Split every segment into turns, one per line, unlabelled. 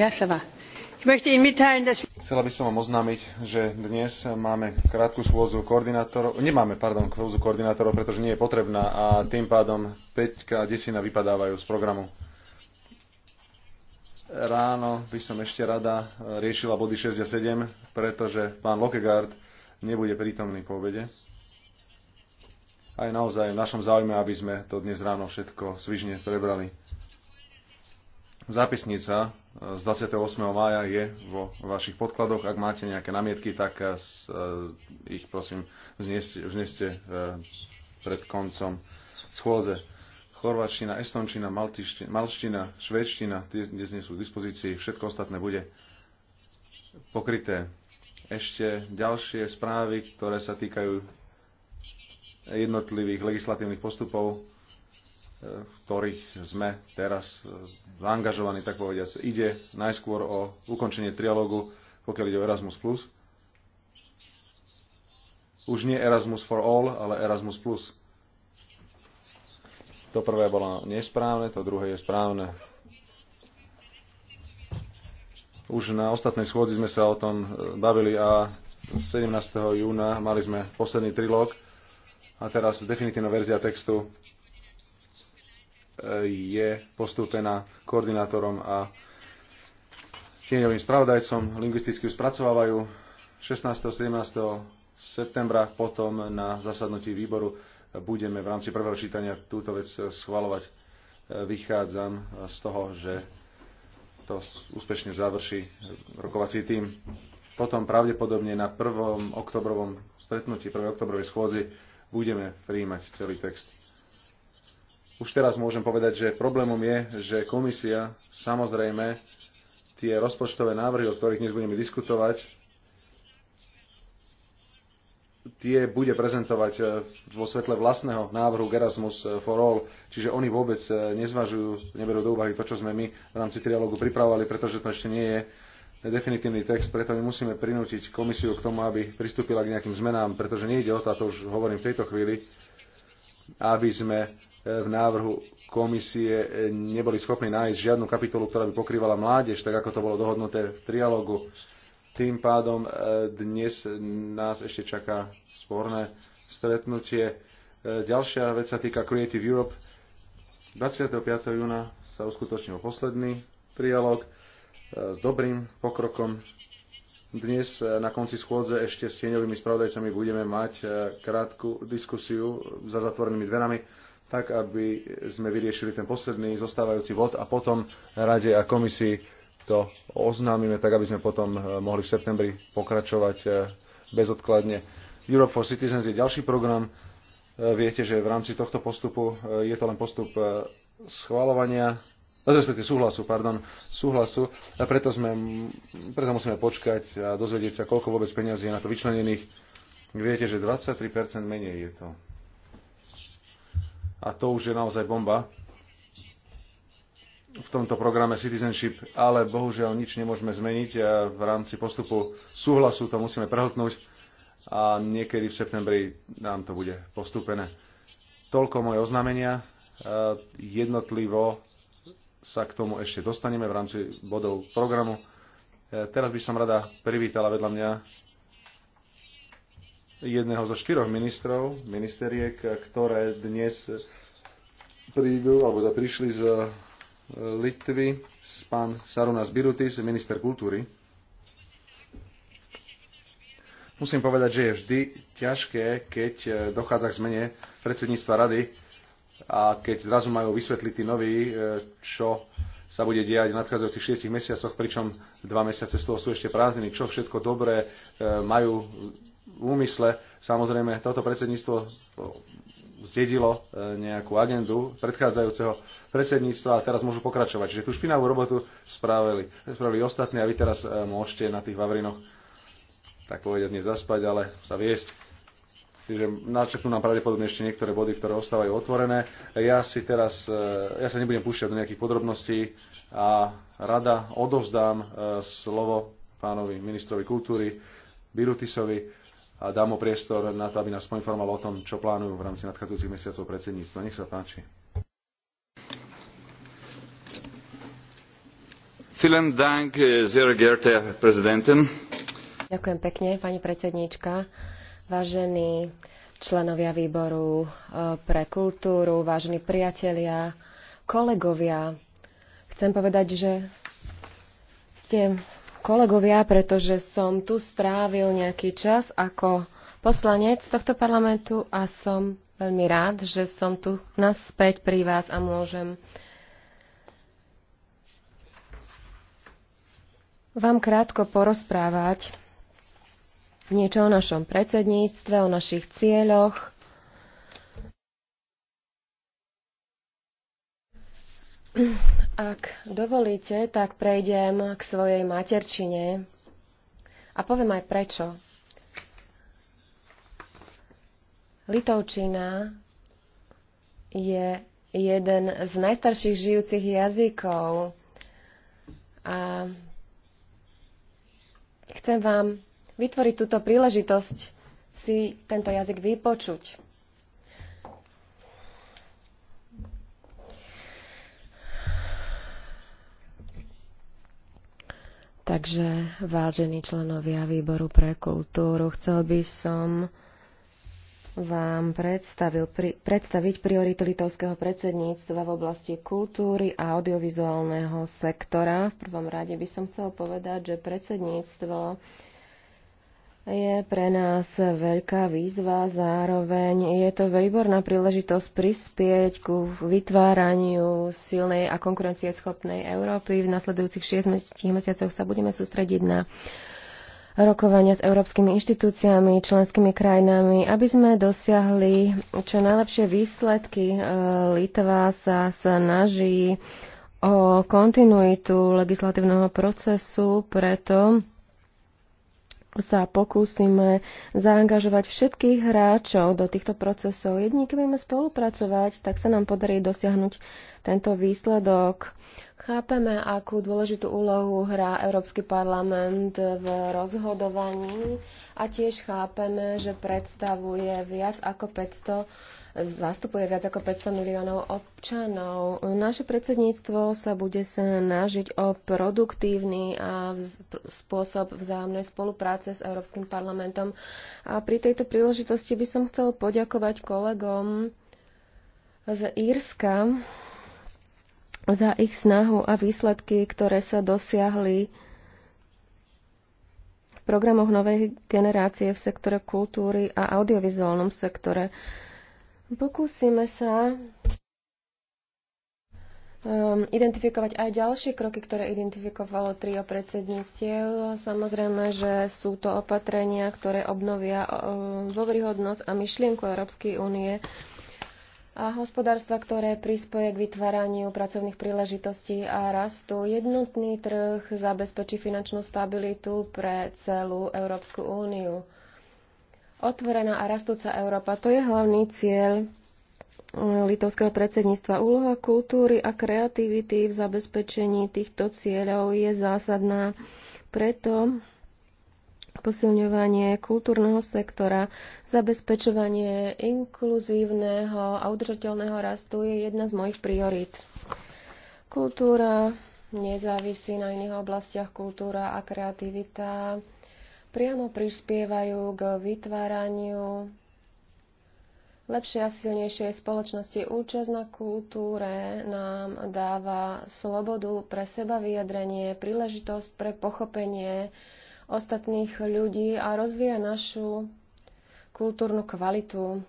Chcela by som vám oznámiť, že dnes máme krátku schôzu koordinátorov, nemáme, pardon, schôzu koordinátorov, pretože nie je potrebná a tým pádom 5 a 10 vypadávajú z programu. Ráno by som ešte rada e, riešila body 6 a 7, pretože pán Lokegard nebude prítomný po obede. A je naozaj v našom záujme, aby sme to dnes ráno všetko svižne prebrali. Zápisnica eh, z 28. mája je vo vašich podkladoch. Ak máte nejaké namietky, tak eh, eh, ich prosím vzneste, pred koncom schôdze. Chorvačtina, estončina, malština, švédština, tie dnes nie sú k dispozícii, všetko ostatné bude pokryté. Ešte ďalšie správy, ktoré sa týkajú jednotlivých legislatívnych postupov v ktorých sme teraz e, zaangažovaní, tak povediať. Ide najskôr o ukončenie trialógu, pokiaľ ide o Erasmus+. Už nie Erasmus for all, ale Erasmus+. To prvé bolo nesprávne, to druhé je správne. Už na ostatnej schôdzi sme sa o tom e, bavili a 17. júna mali sme posledný trilóg a teraz definitívna verzia textu je postúpená koordinátorom a tieňovým spravodajcom. Lingvisticky ju spracovávajú 16. 17. septembra, potom na zasadnutí výboru budeme v rámci prvého čítania túto vec schvalovať. Vychádzam z toho, že to úspešne završí rokovací tým. Potom pravdepodobne na prvom oktobrovom stretnutí, 1. oktobrovej schôdzi budeme príjmať celý text už teraz môžem povedať, že problémom je, že komisia samozrejme tie rozpočtové návrhy, o ktorých dnes budeme diskutovať, tie bude prezentovať e, vo svetle vlastného návrhu Erasmus e, for All, čiže oni vôbec e, nezvažujú, neberú do úvahy to, čo sme my v rámci trialógu pripravovali, pretože to ešte nie je definitívny text, preto my musíme prinútiť komisiu k tomu, aby pristúpila k nejakým zmenám, pretože nejde o to, a to už hovorím v tejto chvíli, aby sme v návrhu komisie neboli schopní nájsť žiadnu kapitolu, ktorá by pokrývala mládež, tak ako to bolo dohodnuté v trialógu. Tým pádom e, dnes nás ešte čaká sporné stretnutie. E, ďalšia vec sa týka Creative Europe. 25. júna sa uskutočnil posledný trialóg e, s dobrým pokrokom. Dnes na konci schôdze ešte s tieňovými spravodajcami budeme mať krátku diskusiu za zatvorenými dverami tak aby sme vyriešili ten posledný zostávajúci bod a potom rade a komisii to oznámime, tak aby sme potom eh, mohli v septembri pokračovať eh, bezodkladne. Europe for Citizens je ďalší program. Eh, viete, že v rámci tohto postupu je to len postup schvalovania respektíve súhlasu, pardon, súhlasu, a preto, sme, preto musíme počkať a dozvedieť sa, koľko vôbec peniazí je na to vyčlenených. Viete, že 23% menej je to a to už je naozaj bomba v tomto programe Citizenship, ale bohužiaľ nič nemôžeme zmeniť a v rámci postupu súhlasu to musíme prehltnúť a niekedy v septembri nám to bude postúpené. Toľko moje oznámenia. E, jednotlivo sa k tomu ešte dostaneme v rámci bodov programu. E, teraz by som rada privítala vedľa mňa jedného zo štyroch ministrov, ministeriek, ktoré dnes prídu, alebo da teda prišli z e, Litvy, s pán Sarunas Birutis, minister kultúry. Musím povedať, že je vždy ťažké, keď e, dochádza k zmene predsedníctva rady a keď zrazu majú vysvetliť tí noví, e, čo sa bude diať v nadchádzajúcich šiestich mesiacoch, pričom dva mesiace z toho sú ešte prázdniny, čo všetko dobré majú úmysle. Samozrejme, toto predsedníctvo eh, zdedilo eh, nejakú agendu predchádzajúceho predsedníctva a teraz môžu pokračovať. Čiže tú špinavú robotu spravili, spravili ostatní a vy teraz eh, môžete na tých Vavrinoch tak povedať, nie zaspať, ale sa viesť. Čiže načrtnú nám pravdepodobne ešte niektoré body, ktoré ostávajú otvorené. Ja si teraz, ja sa nebudem púšťať do nejakých podrobností a rada odovzdám slovo pánovi ministrovi kultúry Birutisovi a dám mu priestor na to, aby nás poinformoval o tom, čo plánujú v rámci nadchádzajúcich mesiacov predsedníctva. Nech sa páči.
Eh,
Ďakujem pekne, pani predsedníčka. Vážení členovia výboru eh, pre kultúru, vážení priatelia, kolegovia, chcem povedať, že ste kolegovia, pretože som tu strávil nejaký čas ako poslanec tohto parlamentu a som veľmi rád, že som tu naspäť pri vás a môžem vám krátko porozprávať niečo o našom predsedníctve, o našich cieľoch, ak dovolíte, tak prejdem k svojej materčine a poviem aj prečo. Litovčina je jeden z najstarších žijúcich jazykov a chcem vám vytvoriť túto príležitosť si tento jazyk vypočuť. Takže, vážení členovia výboru pre kultúru, chcel by som vám predstavil, pri, predstaviť priority litovského predsedníctva v oblasti kultúry a audiovizuálneho sektora. V prvom rade by som chcel povedať, že predsedníctvo pre nás veľká výzva, zároveň je to výborná príležitosť prispieť ku vytváraniu silnej a konkurencieschopnej Európy. V nasledujúcich 6 mesiacoch sa budeme sústrediť na rokovania s európskymi inštitúciami, členskými krajinami, aby sme dosiahli čo najlepšie výsledky. E, Litva sa snaží o kontinuitu legislatívneho procesu, preto sa pokúsime zaangažovať všetkých hráčov do týchto procesov. Jedni, keď budeme spolupracovať, tak sa nám podarí dosiahnuť tento výsledok. Chápeme, akú dôležitú úlohu hrá Európsky parlament v rozhodovaní a tiež chápeme, že predstavuje viac ako 500 zastupuje viac ako 500 miliónov občanov. Naše predsedníctvo sa bude snažiť o produktívny a vz- spôsob vzájomnej spolupráce s Európskym parlamentom. A pri tejto príležitosti by som chcel poďakovať kolegom z Írska za ich snahu a výsledky, ktoré sa dosiahli v programoch novej generácie v sektore kultúry a audiovizuálnom sektore. Pokúsime sa um, identifikovať aj ďalšie kroky, ktoré identifikovalo trio predsedníctiev. Samozrejme, že sú to opatrenia, ktoré obnovia um, dôveryhodnosť a myšlienku Európskej únie a hospodárstva, ktoré prispoje k vytváraniu pracovných príležitostí a rastu. Jednotný trh zabezpečí finančnú stabilitu pre celú Európsku úniu. Otvorená a rastúca Európa, to je hlavný cieľ um, litovského predsedníctva. Úloha kultúry a kreativity v zabezpečení týchto cieľov je zásadná. Preto posilňovanie kultúrneho sektora, zabezpečovanie inkluzívneho a udržateľného rastu je jedna z mojich priorít. Kultúra nezávisí na iných oblastiach, kultúra a kreativita priamo prispievajú k vytváraniu lepšej a silnejšej spoločnosti. Účasť na kultúre nám dáva slobodu pre seba vyjadrenie, príležitosť pre pochopenie ostatných ľudí a rozvíja našu kultúrnu kvalitu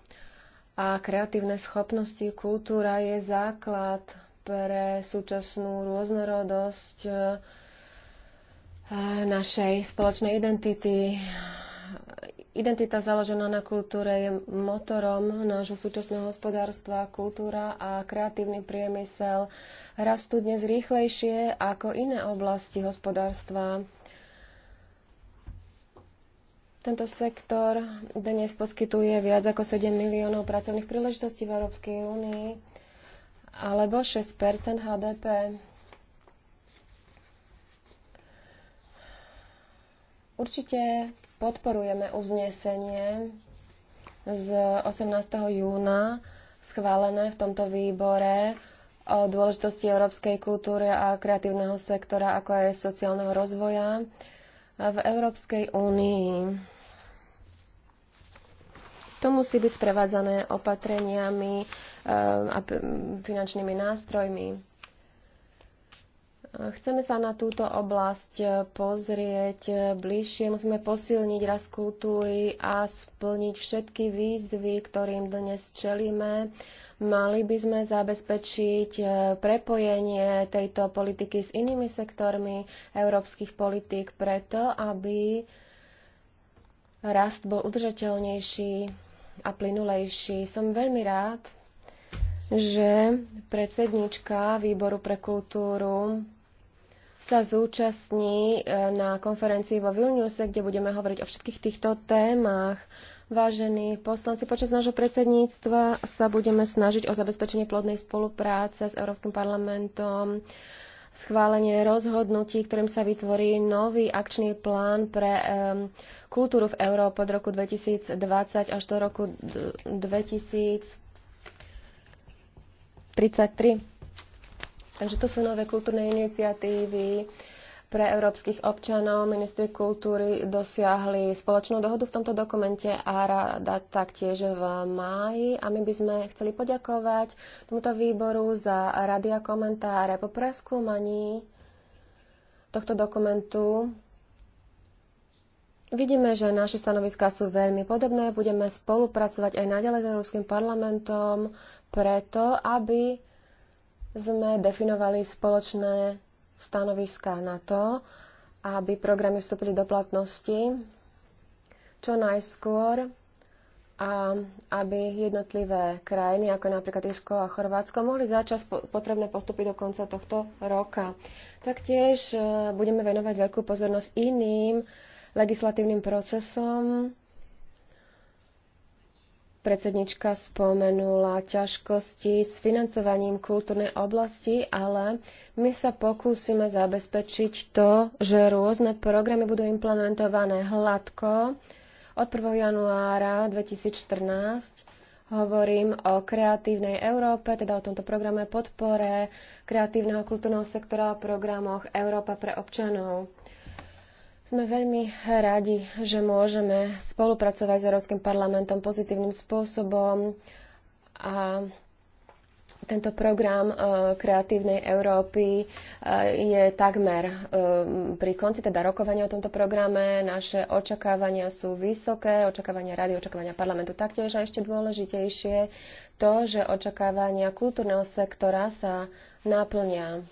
a kreatívne schopnosti. Kultúra je základ pre súčasnú rôznorodosť, našej spoločnej identity. Identita založená na kultúre je motorom nášho súčasného hospodárstva. Kultúra a kreatívny priemysel rastú dnes rýchlejšie ako iné oblasti hospodárstva. Tento sektor dnes poskytuje viac ako 7 miliónov pracovných príležitostí v Európskej únii alebo 6 HDP. Určite podporujeme uznesenie z 18. júna schválené v tomto výbore o dôležitosti európskej kultúry a kreatívneho sektora, ako aj sociálneho rozvoja v Európskej únii. To musí byť sprevádzané opatreniami eh, a finančnými nástrojmi. Chceme sa na túto oblasť eh, pozrieť eh, bližšie, musíme posilniť raz kultúry a splniť všetky výzvy, ktorým dnes čelíme. Mali by sme zabezpečiť eh, prepojenie tejto politiky s inými sektormi európskych politík preto, aby rast bol udržateľnejší a plynulejší. Som veľmi rád, že predsednička výboru pre kultúru sa zúčastní e, na konferencii vo Vilniuse, kde budeme hovoriť o všetkých týchto témach. Vážení poslanci, počas nášho predsedníctva sa budeme snažiť o zabezpečenie plodnej spolupráce s Európskym parlamentom, schválenie rozhodnutí, ktorým sa vytvorí nový akčný plán pre um, kultúru v Európe od roku 2020 až do roku 2033. Takže to sú nové kultúrne iniciatívy pre európskych občanov. Ministri kultúry dosiahli spoločnú dohodu v tomto dokumente a rada taktiež v máji. A my by sme chceli poďakovať tomuto výboru za rady a komentáre po preskúmaní tohto dokumentu. Vidíme, že naše stanoviská sú veľmi podobné. Budeme spolupracovať aj naďalej s Európskym parlamentom preto, aby sme definovali spoločné stanoviská na to, aby programy vstúpili do platnosti čo najskôr a aby jednotlivé krajiny, ako napríklad Irsko a Chorvátsko, mohli začať potrebné postupy do konca tohto roka. Taktiež e, budeme venovať veľkú pozornosť iným legislatívnym procesom, Predsednička spomenula ťažkosti s financovaním kultúrnej oblasti, ale my sa pokúsime zabezpečiť to, že rôzne programy budú implementované hladko. Od 1. januára 2014 hovorím o kreatívnej Európe, teda o tomto programe podpore kreatívneho kultúrneho sektora a programoch Európa pre občanov. Sme veľmi radi, že môžeme spolupracovať s Európskym parlamentom pozitívnym spôsobom a tento program e, Kreatívnej Európy e, je takmer e, pri konci, teda rokovania o tomto programe. Naše očakávania sú vysoké, očakávania rady, očakávania parlamentu taktiež a ešte dôležitejšie to, že očakávania kultúrneho sektora sa naplňa.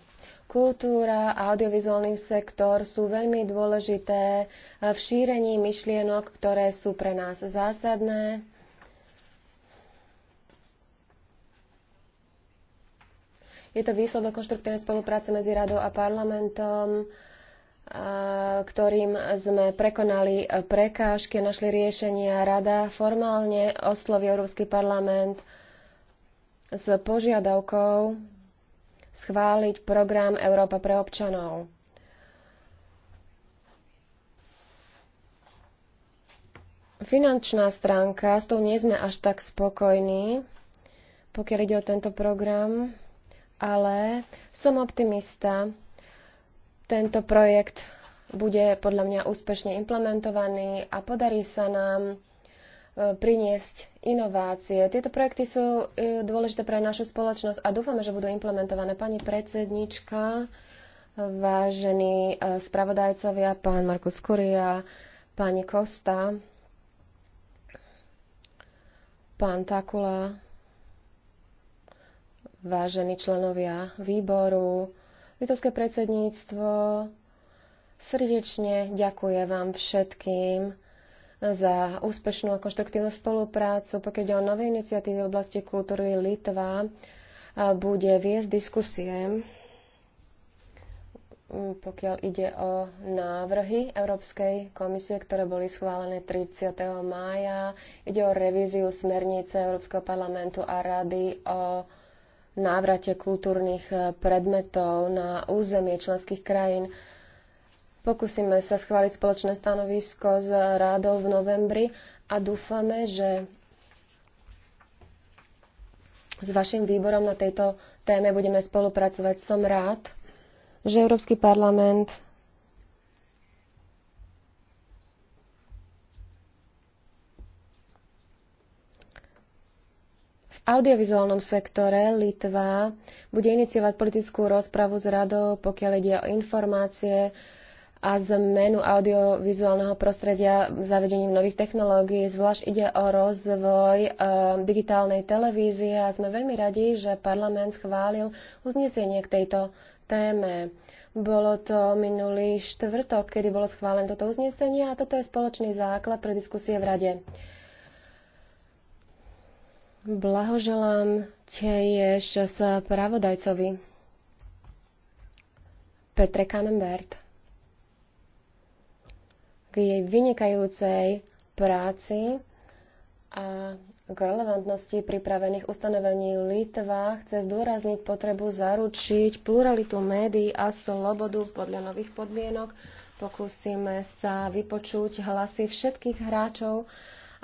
Kultúra a audiovizuálny sektor sú veľmi dôležité v šírení myšlienok, ktoré sú pre nás zásadné. Je to výsledok konštruktívnej spolupráce medzi radou a parlamentom, ktorým sme prekonali prekážky a našli riešenia. Rada formálne osloví Európsky parlament s požiadavkou schváliť program Európa pre občanov. Finančná stránka, s tou nie sme až tak spokojní, pokiaľ ide o tento program, ale som optimista. Tento projekt bude podľa mňa úspešne implementovaný a podarí sa nám E, priniesť inovácie. Tieto projekty sú e, dôležité pre našu spoločnosť a dúfame, že budú implementované. Pani predsednička, vážení e, spravodajcovia, pán Markus Kuria, pani Kosta, pán Takula, vážení členovia výboru, litovské predsedníctvo, srdečne ďakujem vám všetkým za úspešnú a konštruktívnu spoluprácu. Pokiaľ ide o nové iniciatívy v oblasti kultúry, Litva bude viesť diskusie, pokiaľ ide o návrhy Európskej komisie, ktoré boli schválené 30. mája. Ide o revíziu smernice Európskeho parlamentu a rady o návrate kultúrnych e, predmetov na územie členských krajín. Pokúsime sa schváliť spoločné stanovisko s rádou v novembri a dúfame, že s vašim výborom na tejto téme budeme spolupracovať. Som rád, že Európsky parlament audiovizuálnom sektore Litva bude iniciovať politickú rozpravu s radou, pokiaľ ide o informácie, a zmenu audiovizuálneho prostredia zavedením nových technológií. Zvlášť ide o rozvoj e, digitálnej televízie a sme veľmi radi, že parlament schválil uznesenie k tejto téme. Bolo to minulý štvrtok, kedy bolo schválené toto uznesenie a toto je spoločný základ pre diskusie v Rade. Blahoželám tiež spravodajcovi Petre Kamenbert k jej vynikajúcej práci a k relevantnosti pripravených ustanovení Litva chce zdôrazniť potrebu zaručiť pluralitu médií a slobodu podľa nových podmienok. Pokúsime sa vypočuť hlasy všetkých hráčov,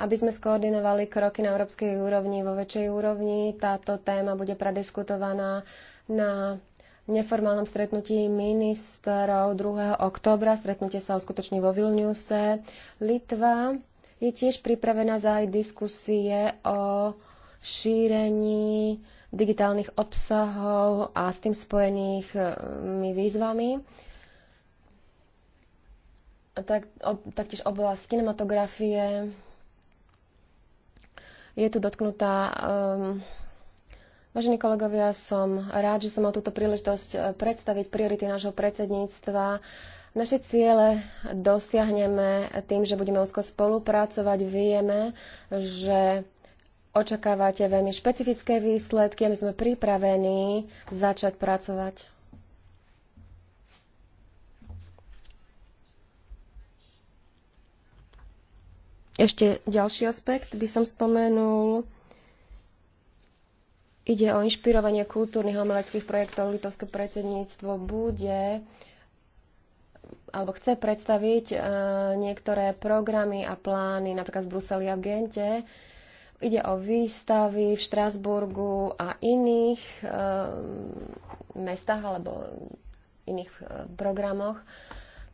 aby sme skoordinovali kroky na európskej úrovni vo väčšej úrovni. Táto téma bude prediskutovaná na neformálnom stretnutí ministrov 2. októbra. Stretnutie sa uskutoční vo Vilniuse. Litva je tiež pripravená za aj diskusie o šírení digitálnych obsahov a s tým spojených výzvami. Tak, ob, taktiež oblasť kinematografie je tu dotknutá um, Vážení kolegovia, som rád, že som mal túto príležitosť eh, predstaviť priority nášho predsedníctva. Naše ciele dosiahneme tým, že budeme úzko spolupracovať. Vieme, že očakávate veľmi špecifické výsledky a my sme pripravení začať pracovať. Ešte ďalší aspekt by som spomenul. Ide o inšpirovanie kultúrnych omeleckých projektov. Litovské predsedníctvo bude alebo chce predstaviť eh, niektoré programy a plány napríklad v Bruseli a v Gente. Ide o výstavy v Štrasburgu a iných eh, mestách alebo iných eh, programoch.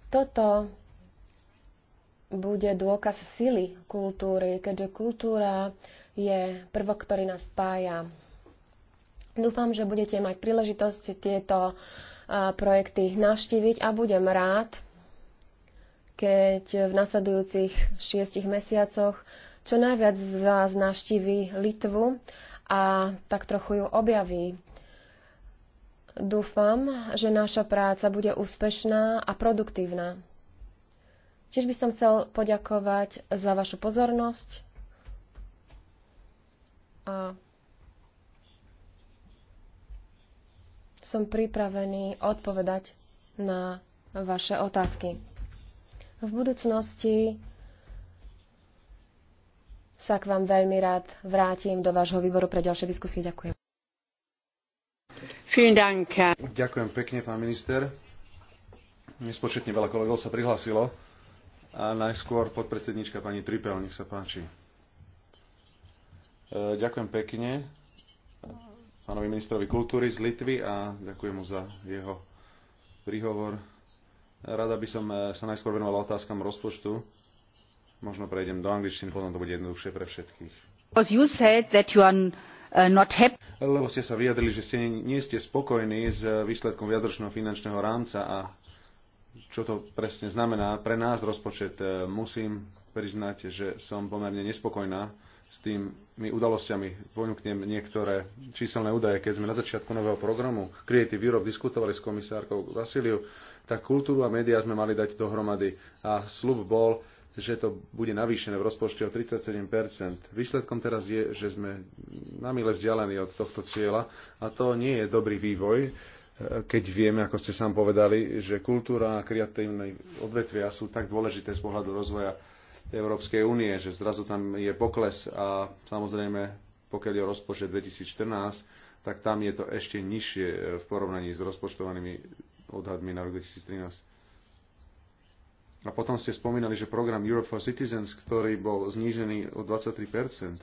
Toto bude dôkaz sily kultúry, keďže kultúra je prvok, ktorý nás spája. Dúfam, že budete mať príležitosť tieto projekty navštíviť a budem rád, keď v nasledujúcich šiestich mesiacoch čo najviac z vás navštíví Litvu a tak trochu ju objaví. Dúfam, že naša práca bude úspešná a produktívna. Tiež by som chcel poďakovať za vašu pozornosť a som pripravený odpovedať na vaše otázky. V budúcnosti sa k vám veľmi rád vrátim do vášho výboru pre ďalšie diskusie. Ďakujem.
Ďakujem pekne, pán minister. Nespočetne veľa kolegov sa prihlásilo. A najskôr podpredsednička pani Tripel, nech sa páči. E, ďakujem pekne pánovi ministrovi kultúry z Litvy a ďakujem mu za jeho príhovor. Rada by som e, sa najskôr venovala otázkam rozpočtu. Možno prejdem do angličtiny, potom to bude jednoduchšie pre všetkých.
You said that you are uh, not happy.
Lebo ste sa vyjadrili, že ste, nie ste spokojní s e, výsledkom viadročného finančného rámca a čo to presne znamená pre nás rozpočet. E, musím priznať, že som pomerne nespokojná s tými udalosťami. Ponúknem niektoré číselné údaje. Keď sme na začiatku nového programu Creative Europe diskutovali s komisárkou Vasiliu, tak kultúru a médiá sme mali dať dohromady. A slub bol, že to bude navýšené v rozpočte o 37%. Výsledkom teraz je, že sme na mile vzdialení od tohto cieľa a to nie je dobrý vývoj, e, keď vieme, ako ste sám povedali, že kultúra a kreatívne odvetvia sú tak dôležité z pohľadu rozvoja Európskej únie, že zrazu tam je pokles a samozrejme, pokiaľ je rozpočet 2014, tak tam je to ešte nižšie e, v porovnaní s rozpočtovanými odhadmi na rok 2013. A potom ste spomínali, že program Europe for Citizens, ktorý bol znížený o 23%,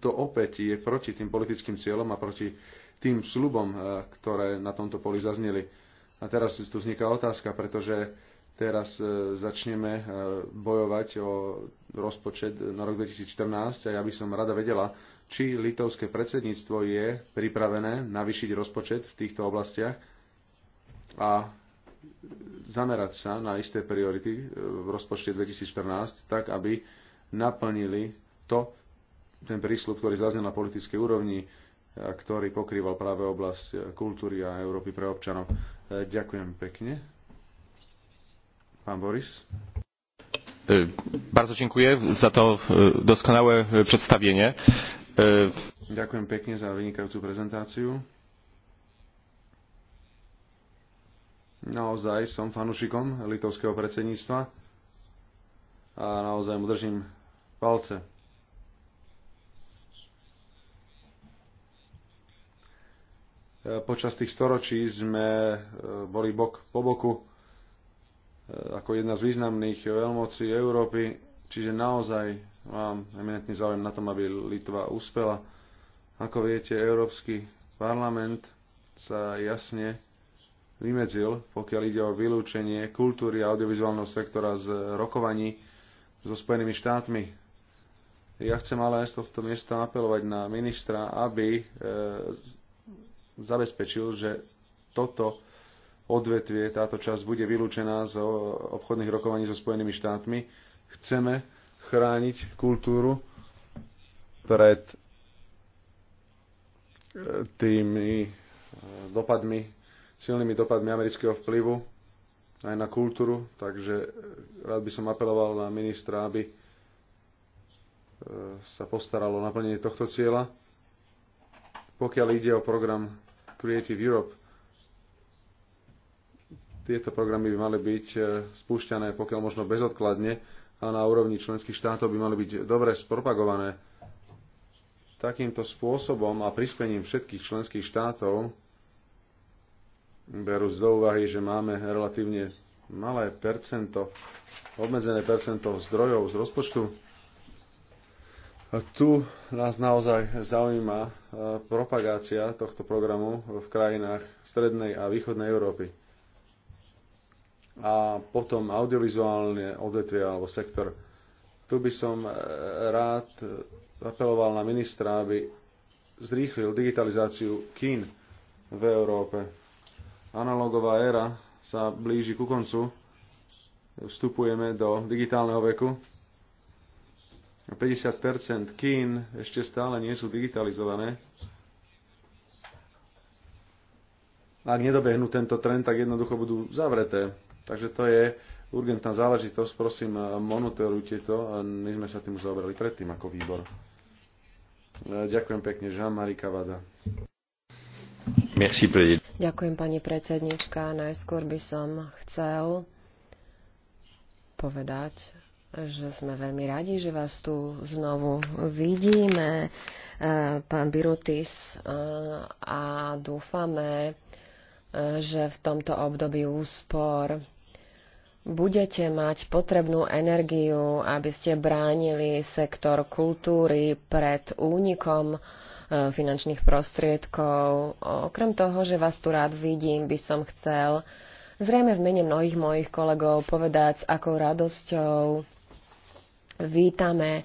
to opäť je proti tým politickým cieľom a proti tým slubom, e, ktoré na tomto poli zazneli. A teraz tu vzniká otázka, pretože Teraz e, začneme e, bojovať o rozpočet na rok 2014 a ja by som rada vedela, či litovské predsedníctvo je pripravené navýšiť rozpočet v týchto oblastiach a zamerať sa na isté priority e, v rozpočte 2014, tak aby naplnili to, ten prísľub, ktorý zaznel na politickej úrovni, ktorý pokrýval práve oblasť kultúry a Európy pre občanov. Ďakujem pekne. Pán Boris.
E, bardzo dziękuję za to e, doskonałe e, przedstawienie.
Ďakujem pekne za vynikajúcu prezentáciu. Naozaj som fanušikom litovského predsedníctva a naozaj mu držím palce. Počas tých storočí sme boli bok po boku E, ako jedna z významných veľmocí Európy, čiže naozaj mám eminentný záujem na tom, aby Litva uspela. Ako viete, Európsky parlament sa jasne vymedzil, pokiaľ ide o vylúčenie kultúry a audiovizuálneho sektora z rokovaní so Spojenými štátmi. Ja chcem ale aj z tohto miesta apelovať na ministra, aby e, zabezpečil, že toto odvetvie, táto časť bude vylúčená z obchodných rokovaní so Spojenými štátmi. Chceme chrániť kultúru pred e, tými e, dopadmi, silnými dopadmi amerického vplyvu aj na kultúru, takže e, rád by som apeloval na ministra, aby sa postaralo o naplnenie tohto cieľa. Pokiaľ ide o program Creative Europe, tieto programy by mali byť e, spúšťané pokiaľ možno bezodkladne a na úrovni členských štátov by mali byť dobre spropagované. Takýmto spôsobom a prispením všetkých členských štátov berú z úvahy, že máme relatívne malé percento, obmedzené percento zdrojov z rozpočtu. A tu nás naozaj zaujíma e, propagácia tohto programu v krajinách strednej a východnej Európy a potom audiovizuálne odvetvie alebo sektor. Tu by som e, rád apeloval na ministra, aby zrýchlil digitalizáciu kín v Európe. Analogová éra sa blíži ku koncu. Vstupujeme do digitálneho veku. 50% kín ešte stále nie sú digitalizované. Ak nedobehnú tento trend, tak jednoducho budú zavreté. Takže to je urgentná záležitosť. Prosím, eh, monitorujte to. My sme sa tým už zaoberali predtým ako výbor. Eh, ďakujem pekne. Jean-Marie Cavada.
Merci, Ďakujem, pani predsednička. Najskôr by som chcel povedať, že sme veľmi radi, že vás tu znovu vidíme, eh, pán Birutis, a dúfame, že v tomto období úspor budete mať potrebnú energiu, aby ste bránili sektor kultúry pred únikom e, finančných prostriedkov. Okrem toho, že vás tu rád vidím, by som chcel zrejme v mene mnohých mojich kolegov povedať, s akou radosťou vítame e,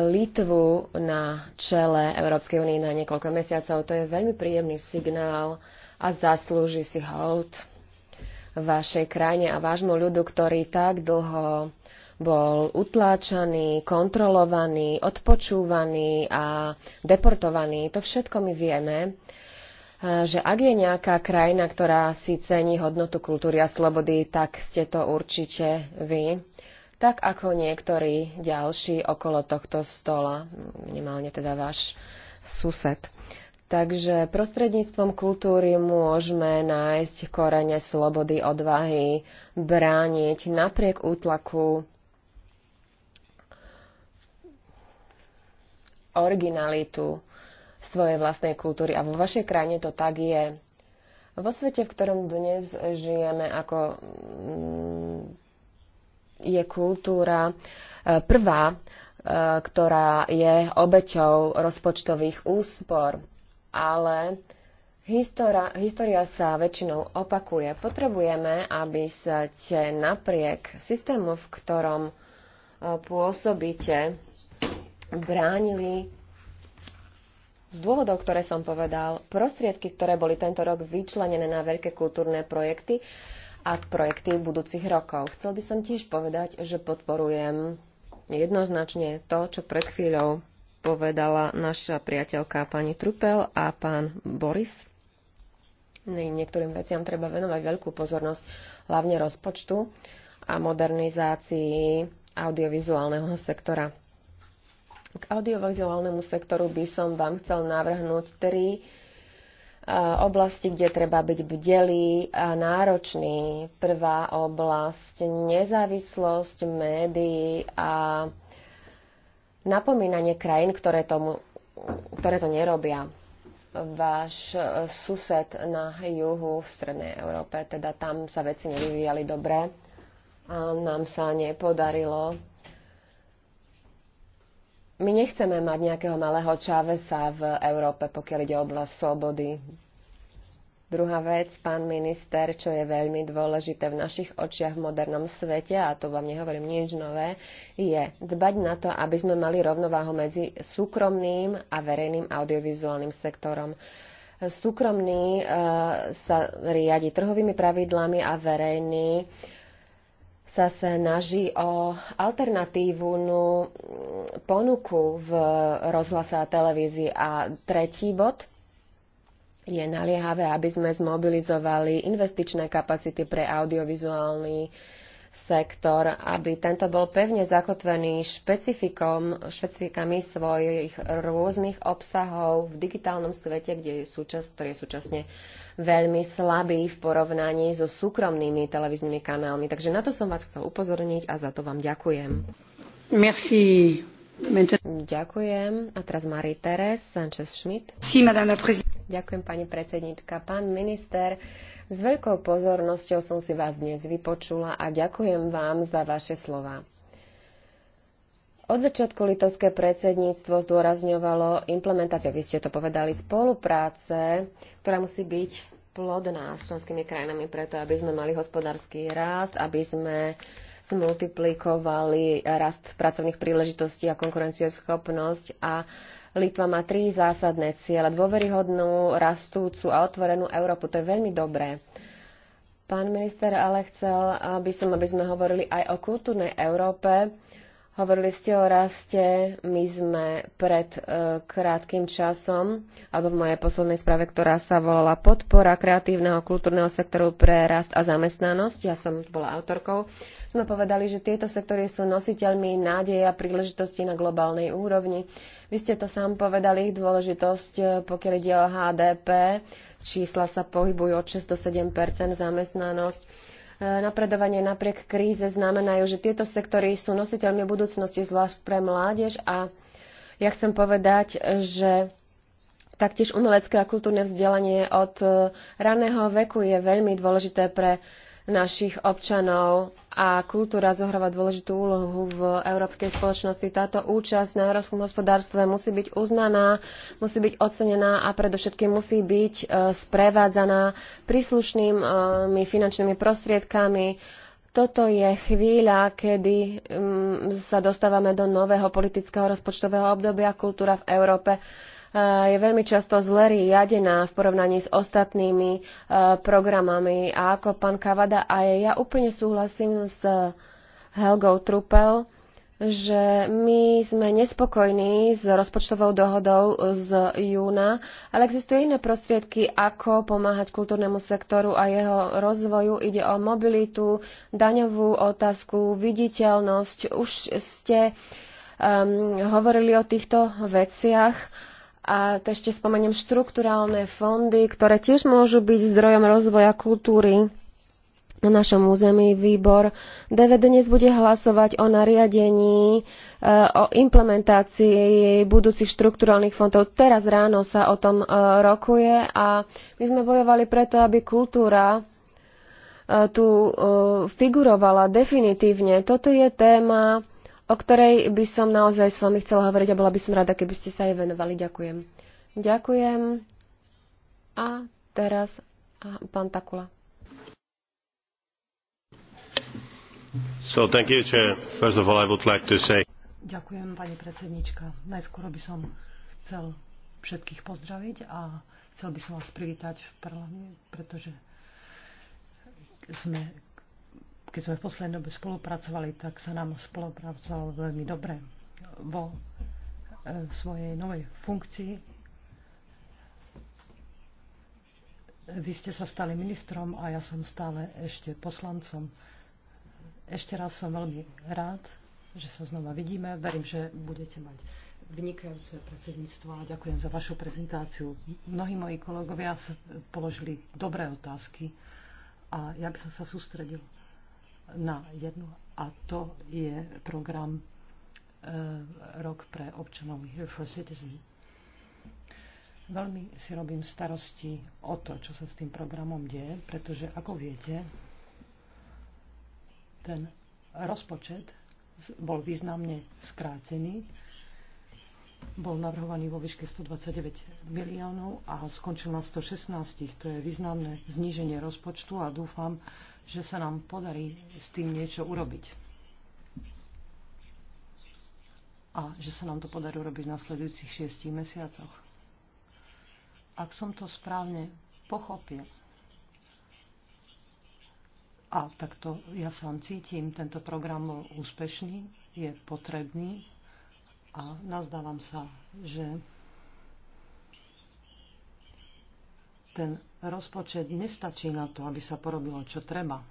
Litvu na čele Európskej únie na niekoľko mesiacov. To je veľmi príjemný signál a zaslúži si hold vašej krajine a vášmu ľudu, ktorý tak dlho bol utláčaný, kontrolovaný, odpočúvaný a deportovaný. To všetko my vieme, eh, že ak je nejaká krajina, ktorá si cení hodnotu kultúry a slobody, tak ste to určite vy tak ako niektorí ďalší okolo tohto stola, minimálne teda váš sused. Takže prostredníctvom kultúry môžeme nájsť korene slobody, odvahy, brániť napriek útlaku originalitu svojej vlastnej kultúry. A vo vašej krajine to tak je. Vo svete, v ktorom dnes žijeme, ako mm, je kultúra e, prvá, e, ktorá je obeťou rozpočtových úspor ale históra, história sa väčšinou opakuje. Potrebujeme, aby sa te napriek systému, v ktorom e, pôsobíte, bránili z dôvodov, ktoré som povedal, prostriedky, ktoré boli tento rok vyčlenené na veľké kultúrne projekty a projekty budúcich rokov. Chcel by som tiež povedať, že podporujem jednoznačne to, čo pred chvíľou povedala naša priateľka pani Trupel a pán Boris. Niektorým veciam treba venovať veľkú pozornosť, hlavne rozpočtu a modernizácii audiovizuálneho sektora. K audiovizuálnemu sektoru by som vám chcel navrhnúť tri e, oblasti, kde treba byť bdelý a náročný. Prvá oblasť nezávislosť médií a napomínanie krajín, ktoré, tomu, ktoré to nerobia. Váš e, sused na juhu v Strednej Európe, teda tam sa veci nevyvíjali dobre a nám sa nepodarilo. My nechceme mať nejakého malého Čávesa v Európe, pokiaľ ide o oblasť slobody, Druhá vec, pán minister, čo je veľmi dôležité v našich očiach v modernom svete, a to vám nehovorím nič nové, je dbať na to, aby sme mali rovnováhu medzi súkromným a verejným audiovizuálnym sektorom. Súkromný e, sa riadi trhovými pravidlami a verejný sa snaží o alternatívnu ponuku v rozhlase a televízii. A tretí bod – je naliehavé, aby sme zmobilizovali investičné kapacity pre audiovizuálny sektor, aby tento bol pevne zakotvený špecifikom, špecifikami svojich rôznych obsahov v digitálnom svete, kde je súčas, ktorý je súčasne veľmi slabý v porovnaní so súkromnými televíznymi kanálmi. Takže na to som vás chcel upozorniť a za to vám ďakujem. Merci. Ďakujem. A teraz Marie Teres Sanchez Schmidt. Sí, madame la Ďakujem, pani predsednička. Pán minister, s veľkou pozornosťou som si vás dnes vypočula a ďakujem vám za vaše slova. Od začiatku litovské predsedníctvo zdôrazňovalo implementáciu, vy ste to povedali, spolupráce, ktorá musí byť plodná s členskými krajinami preto, aby sme mali hospodársky rast, aby sme zmultiplikovali rast pracovných príležitostí a konkurencieschopnosť a Litva má tri zásadné ciele. Dôveryhodnú, rastúcu a otvorenú Európu. To je veľmi dobré. Pán minister, ale chcel aby som, aby sme hovorili aj o kultúrnej Európe. Hovorili ste o raste, my sme pred e, krátkým časom, alebo v mojej poslednej správe, ktorá sa volala Podpora kreatívneho kultúrneho sektoru pre rast a zamestnanosť, ja som bola autorkou, sme povedali, že tieto sektory sú nositeľmi nádeje a príležitosti na globálnej úrovni. Vy ste to sám povedali, ich dôležitosť, eh, pokiaľ ide o HDP, čísla sa pohybujú od 6 do 7 zamestnanosť. Eh, napredovanie napriek kríze znamenajú, že tieto sektory sú nositeľmi budúcnosti, zvlášť pre mládež a ja chcem povedať, že taktiež umelecké a kultúrne vzdelanie od eh, raného veku je veľmi dôležité pre našich občanov a kultúra zohráva dôležitú úlohu v európskej spoločnosti. Táto účasť na európskom hospodárstve musí byť uznaná, musí byť ocenená a predovšetkým musí byť e, sprevádzaná príslušnými e, finančnými prostriedkami. Toto je chvíľa, kedy mm, sa dostávame do nového politického rozpočtového obdobia. Kultúra v Európe Eh, je veľmi často zle riadená v porovnaní s ostatnými eh, programami. A ako pán Kavada aj ja úplne súhlasím s eh, Helgou Trupel, že my sme nespokojní s rozpočtovou dohodou z júna, ale existujú iné prostriedky, ako pomáhať kultúrnemu sektoru a jeho rozvoju. Ide o mobilitu, daňovú otázku, viditeľnosť. Už ste um, hovorili o týchto veciach a ešte spomeniem štrukturálne fondy, ktoré tiež môžu byť zdrojom rozvoja kultúry na našom území. Výbor DVD dnes bude hlasovať o nariadení, e, o implementácii budúcich štrukturálnych fondov. Teraz ráno sa o tom e, rokuje a my sme bojovali preto, aby kultúra e, tu figurovala definitívne. Toto je téma, o ktorej by som naozaj s vami chcela hovoriť a bola by som rada, keby ste sa jej venovali. Ďakujem. Ďakujem. A teraz
a pán Takula.
So, thank you, Chair. First of all, I would like to say...
Ďakujem, pani predsednička. Najskôr by som chcel všetkých pozdraviť a chcel by som vás privítať v parlamente, pretože sme keď sme v poslednej dobe spolupracovali, tak sa nám spolupracovalo veľmi dobre vo e, svojej novej funkcii. Vy ste sa stali ministrom a ja som stále ešte poslancom. Ešte raz som veľmi rád, že sa znova vidíme. Verím, že budete mať vynikajúce predsedníctvo a ďakujem za vašu prezentáciu. Mnohí moji kolegovia položili dobré otázky a ja by som sa sústredil na jednu a to je program eh, Rok pre občanov Here for Citizen. Veľmi si robím starosti o to, čo sa s tým programom deje, pretože ako viete, ten rozpočet bol významne skrátený, bol navrhovaný vo výške 129 miliónov a skončil na 116. To je významné zníženie rozpočtu a dúfam, že sa nám podarí s tým niečo urobiť. A že sa nám to podarí urobiť v nasledujúcich šiestich mesiacoch. Ak som to správne pochopil, a takto ja vám cítim, tento program bol úspešný, je potrebný a nazdávam sa, že Ten rozpočet nestačí na to, aby sa porobilo, čo treba.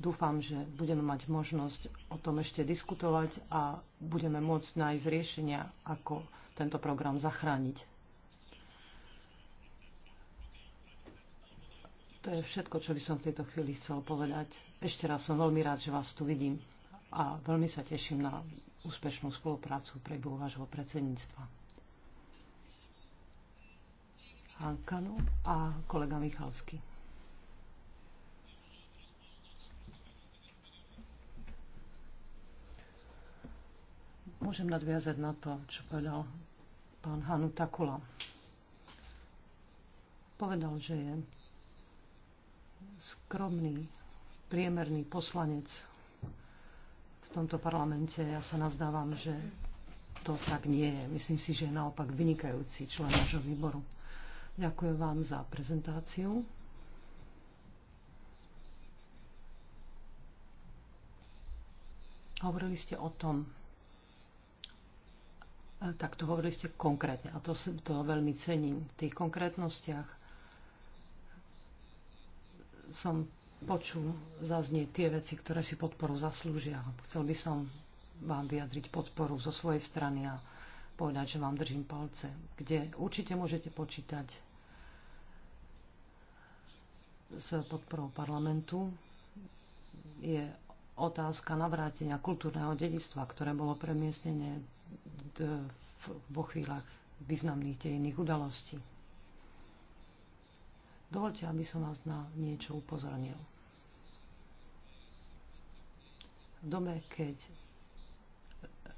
Dúfam, že budeme mať možnosť o tom ešte diskutovať a budeme môcť nájsť riešenia, ako tento program zachrániť. To je všetko, čo by som v tejto chvíli chcel povedať. Ešte raz som veľmi rád, že vás tu vidím a veľmi sa teším na úspešnú spoluprácu pre vášho predsedníctva. Hankanu a kolega Michalsky. Môžem nadviazať na to, čo povedal pán Hanu Takula. Povedal, že je skromný, priemerný poslanec v tomto parlamente. Ja sa nazdávam, že to tak nie je. Myslím si, že je naopak vynikajúci člen nášho výboru. Ďakujem vám za prezentáciu. Hovorili ste o tom, e, tak to hovorili ste konkrétne a to, to veľmi cením. V tých konkrétnostiach som počul zaznieť tie veci, ktoré si podporu zaslúžia. Chcel by som vám vyjadriť podporu zo svojej strany a povedať, že vám držím palce, kde určite môžete počítať s podporou parlamentu. Je otázka navrátenia kultúrneho dedistva, ktoré bolo premiestnené vo chvíľach významných dejinných udalostí. Dovolte, aby som vás na niečo upozornil. V dobe, keď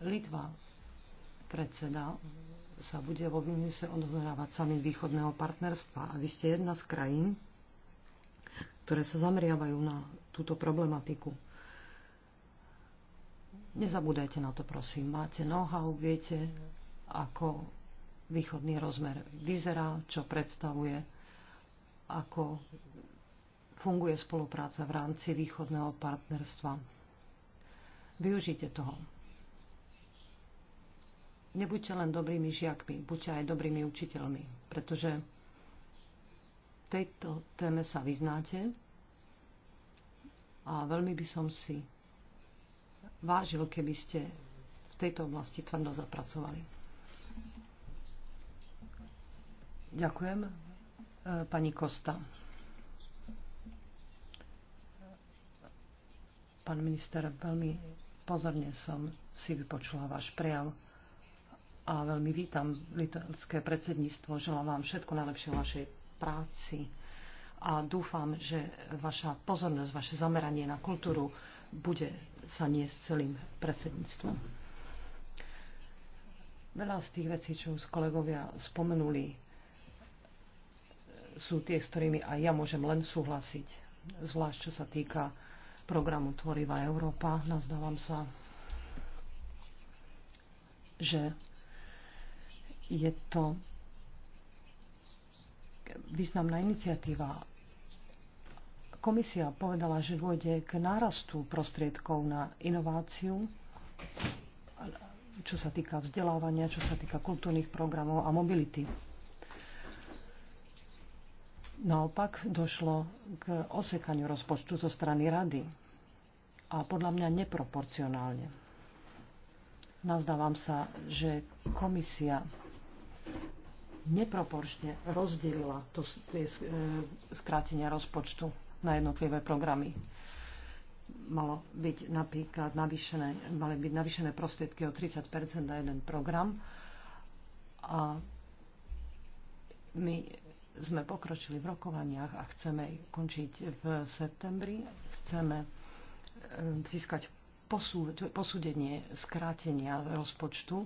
Litva predseda sa bude vo Vilniuse odohrávať samým východného partnerstva. A vy ste jedna z krajín, ktoré sa zameriavajú na túto problematiku. Nezabúdajte na to, prosím. Máte know-how, viete, ako východný rozmer vyzerá, čo predstavuje, ako funguje spolupráca v rámci východného partnerstva. Využite toho nebuďte len dobrými žiakmi, buďte aj dobrými učiteľmi, pretože tejto téme sa vyznáte a veľmi by som si vážil, keby ste v tejto oblasti tvrdo zapracovali. Ďakujem. E, pani Kosta. Pán minister, veľmi pozorne som si vypočula váš prejav a veľmi vítam litovské predsedníctvo. Želám vám všetko najlepšie v vašej práci a dúfam, že vaša pozornosť, vaše zameranie na kultúru bude sa niesť celým predsedníctvom. Veľa z tých vecí, čo už kolegovia spomenuli, sú tie, s ktorými aj ja môžem len súhlasiť. Zvlášť, čo sa týka programu Tvorivá Európa, nazdávam sa, že je to významná iniciatíva. Komisia povedala, že dôjde k nárastu prostriedkov na inováciu, čo sa týka vzdelávania, čo sa týka kultúrnych programov a mobility. Naopak došlo k osekaniu rozpočtu zo strany rady a podľa mňa neproporcionálne. Nazdávam sa, že komisia neproporčne rozdelila to, tie e, skrátenia rozpočtu na jednotlivé programy. Malo byť napríklad navýšené, mali byť navýšené prostriedky o 30 na jeden program a my sme pokročili v rokovaniach a chceme končiť v septembri. Chceme e, získať posúdenie skrátenia rozpočtu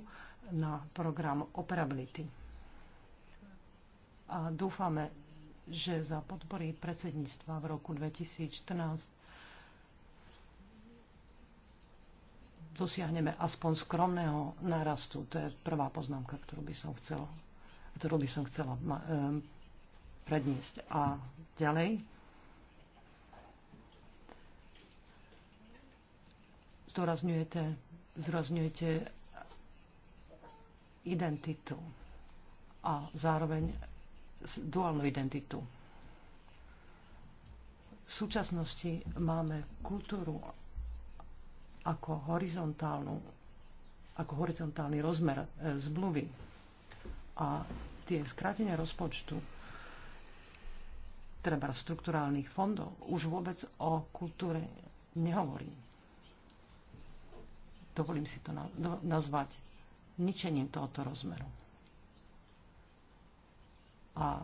na program Operability a dúfame, že za podpory predsedníctva v roku 2014 dosiahneme aspoň skromného nárastu. To je prvá poznámka, ktorú by som chcela, ktorú by som chcela e, predniesť. A ďalej. Zdôrazňujete, zdôrazňujete identitu a zároveň duálnu identitu. V súčasnosti máme kultúru ako horizontálnu, ako horizontálny rozmer e, zmluvy a tie skrátenia rozpočtu treba strukturálnych fondov už vôbec o kultúre nehovorí. Dovolím si to nazvať ničením tohoto rozmeru. A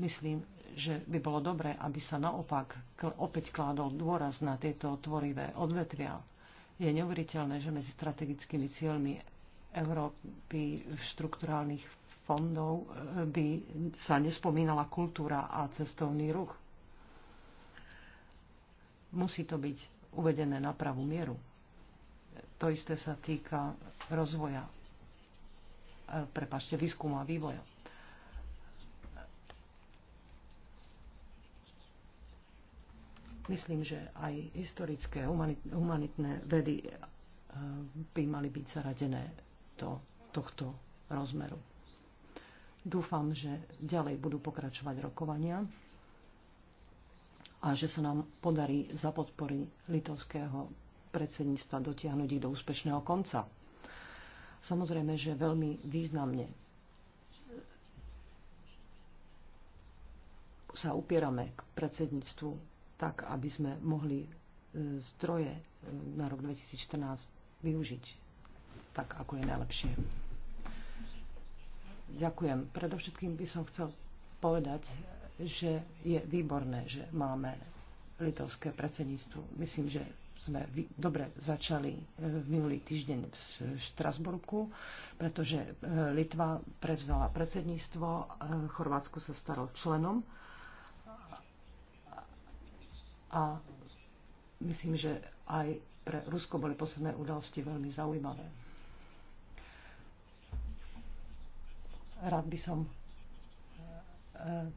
myslím, že by bolo dobré, aby sa naopak opäť kládol dôraz na tieto tvorivé odvetvia. Je neuveriteľné, že medzi strategickými cieľmi Európy štrukturálnych fondov e, by sa nespomínala kultúra a cestovný ruch. Musí to byť uvedené na pravú mieru. To isté sa týka rozvoja, e, prepašte, výskumu a vývoja Myslím, že aj historické humanitné vedy eh, by mali byť zaradené do tohto rozmeru. Dúfam, že ďalej budú pokračovať rokovania a že sa nám podarí za podpory litovského predsedníctva dotiahnuť ich do úspešného konca. Samozrejme, že veľmi významne sa upierame k predsedníctvu tak aby sme mohli e, stroje e, na rok 2014 využiť tak, ako je najlepšie. Ďakujem. Predovšetkým by som chcel povedať, že je výborné, že máme litovské predsedníctvo. Myslím, že sme dobre začali v e, minulý týždeň v Štrasburku, pretože Litva prevzala predsedníctvo, Chorvátsko sa stalo členom a myslím, že aj pre Rusko boli posledné udalosti veľmi zaujímavé. Rád by som eh,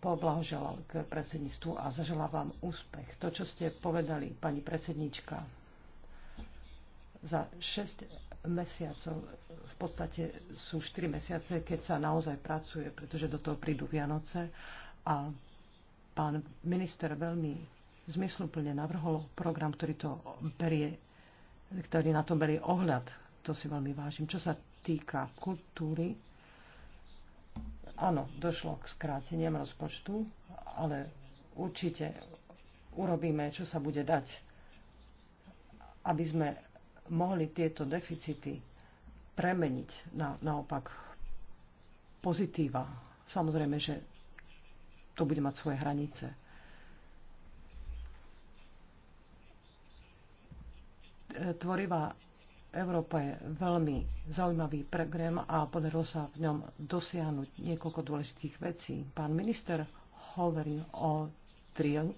poblahoželal k predsedníctvu a zaželám vám úspech. To, čo ste povedali, pani predsedníčka, za 6 mesiacov, v podstate sú 4 mesiace, keď sa naozaj pracuje, pretože do toho prídu Vianoce a Pán minister veľmi zmysluplne navrhol program, ktorý, to berie, ktorý na tom berie ohľad. To si veľmi vážim. Čo sa týka kultúry, áno, došlo k skráteniem rozpočtu, ale určite urobíme, čo sa bude dať, aby sme mohli tieto deficity premeniť na, naopak pozitíva. Samozrejme, že to bude mať svoje hranice. Tvorivá Európa je veľmi zaujímavý program a podarilo sa v ňom dosiahnuť niekoľko dôležitých vecí. Pán minister hovorí o TRIL,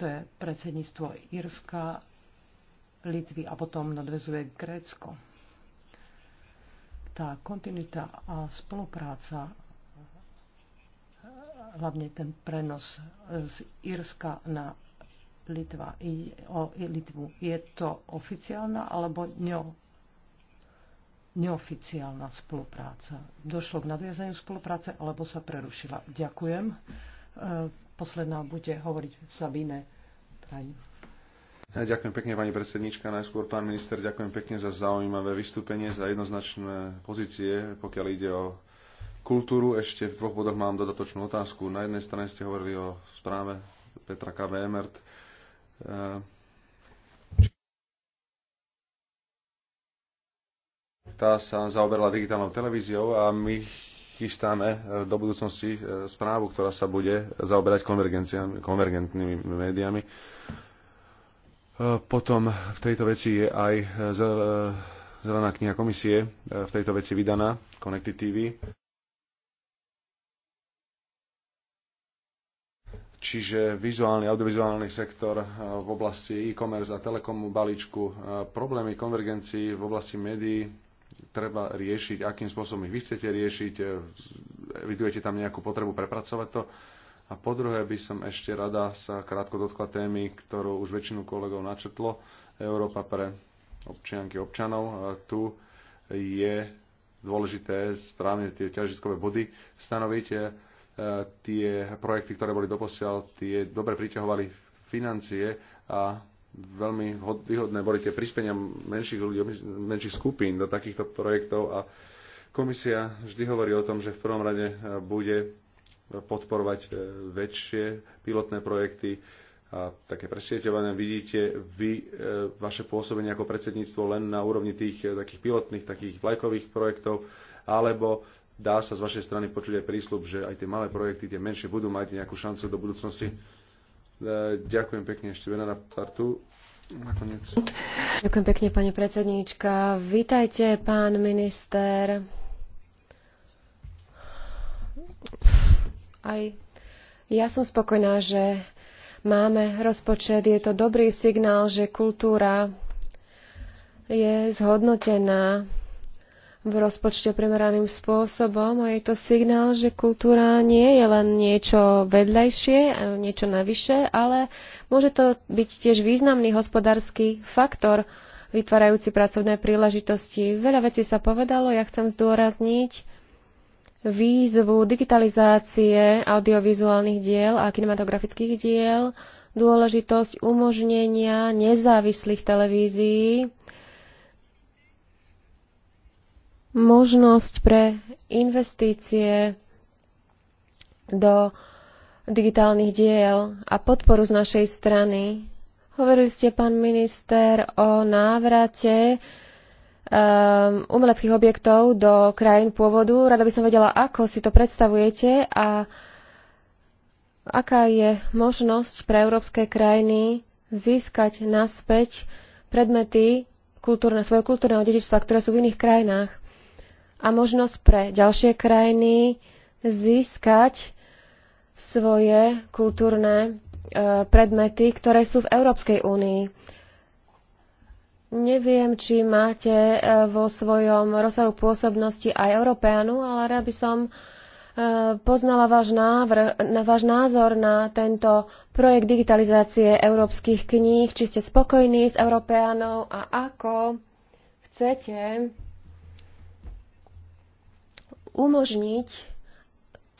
to je predsedníctvo Írska, Litvy a potom nadvezuje Grécko. Tá kontinuita a spolupráca hlavne ten prenos e, z Írska na Litva. Ide o Litvu. Je to oficiálna alebo ňo, neoficiálna spolupráca? Došlo k nadviazaniu spolupráce alebo sa prerušila? Ďakujem. E, posledná bude hovoriť Sabine
Ja Ďakujem pekne, pani predsednička. Najskôr, pán minister, ďakujem pekne za zaujímavé vystúpenie, za jednoznačné pozície, pokiaľ ide o kultúru. Ešte v dvoch bodoch mám dodatočnú otázku. Na jednej strane ste hovorili o správe Petra K. Emert. E, tá sa zaoberala digitálnou televíziou a my chystáme do budúcnosti e, správu, ktorá sa bude zaoberať konvergentnými médiami. E, potom v tejto veci je aj zelená kniha komisie v tejto veci vydaná, Connected TV. Čiže vizuálny, audiovizuálny sektor eh, v oblasti e-commerce a telekomu balíčku, eh, problémy konvergencií v oblasti médií treba riešiť, akým spôsobom ich vy chcete riešiť, eh, vidujete tam nejakú potrebu prepracovať to. A po druhé by som ešte rada sa krátko dotkla témy, ktorú už väčšinu kolegov načetlo, Európa pre občianky občanov. Tu je dôležité správne tie ťažiskové body stanoviť tie projekty, ktoré boli doposiaľ, tie dobre priťahovali financie a veľmi výhodné boli tie prispenia menších ľudí, menších skupín do takýchto projektov a komisia vždy hovorí o tom, že v prvom rade e, bude podporovať e, väčšie pilotné projekty a také presieťované. Vidíte vy e, vaše pôsobenie ako predsedníctvo len na úrovni tých takých pilotných, takých vlajkových projektov, alebo dá sa z vašej strany počuť aj prísľub, že aj tie malé projekty, tie menšie budú mať nejakú šancu do budúcnosti. E, ďakujem pekne ešte Venera Partu. Nakoniec.
Ďakujem pekne, pani predsedníčka. Vítajte, pán minister. Aj ja som spokojná, že máme rozpočet. Je to dobrý signál, že kultúra je zhodnotená v rozpočte primeraným spôsobom a je to signál, že kultúra nie je len niečo vedľajšie, e, niečo navyše, ale môže to byť tiež významný hospodársky faktor vytvárajúci pracovné príležitosti. Veľa vecí sa povedalo, ja chcem zdôrazniť výzvu digitalizácie audiovizuálnych diel a kinematografických diel, dôležitosť umožnenia nezávislých televízií, možnosť pre investície do digitálnych diel a podporu z našej strany. Hovorili ste, pán minister, o návrate um, umeleckých objektov do krajín pôvodu. Rada by som vedela, ako si to predstavujete a aká je možnosť pre európske krajiny získať naspäť predmety kultúrne, svojho kultúrneho dedičstva, ktoré sú v iných krajinách a možnosť pre ďalšie krajiny získať svoje kultúrne e, predmety, ktoré sú v Európskej únii. Neviem, či máte e, vo svojom rozsahu pôsobnosti aj Európeanu, ale rád by som e, poznala váš, návr, na váš názor na tento projekt digitalizácie európskych kníh. Či ste spokojní s Európeanou a ako chcete umožniť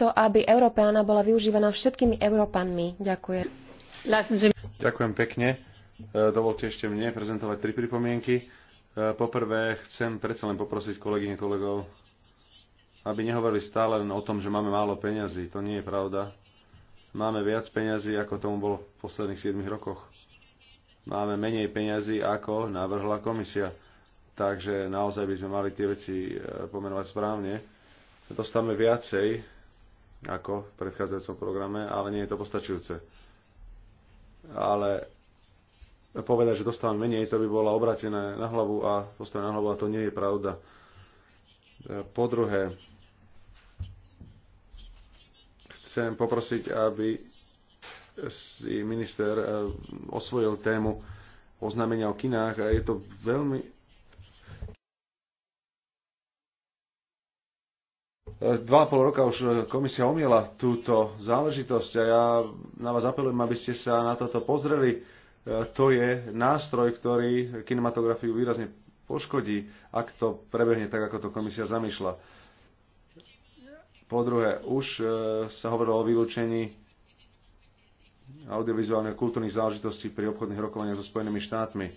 to, aby Európeana bola využívaná všetkými Európanmi. Ďakujem.
Ďakujem pekne. E, dovolte ešte mne prezentovať tri pripomienky. E, poprvé chcem predsa len poprosiť kolegyne kolegov, aby nehovorili stále len o tom, že máme málo peňazí. To nie je pravda. Máme viac peňazí, ako tomu bolo v posledných 7 rokoch. Máme menej peňazí, ako navrhla komisia. Takže naozaj by sme mali tie veci e, pomenovať správne dostávame viacej ako v predchádzajúcom programe, ale nie je to postačujúce. Ale povedať, že dostávame menej, to by bola obratené na hlavu a postavené na hlavu a to nie je pravda. Po druhé, chcem poprosiť, aby si minister eh, osvojil tému oznámenia o kinách a je to veľmi Dva a pol roka už e, komisia omiela túto záležitosť a ja na vás apelujem, aby ste sa na toto pozreli. E, to je nástroj, ktorý kinematografiu výrazne poškodí, ak to prebehne tak, ako to komisia zamýšľa. Po druhé, už e, sa hovorilo o vylúčení audiovizuálnych kultúrnych záležitostí pri obchodných rokovaniach so Spojenými štátmi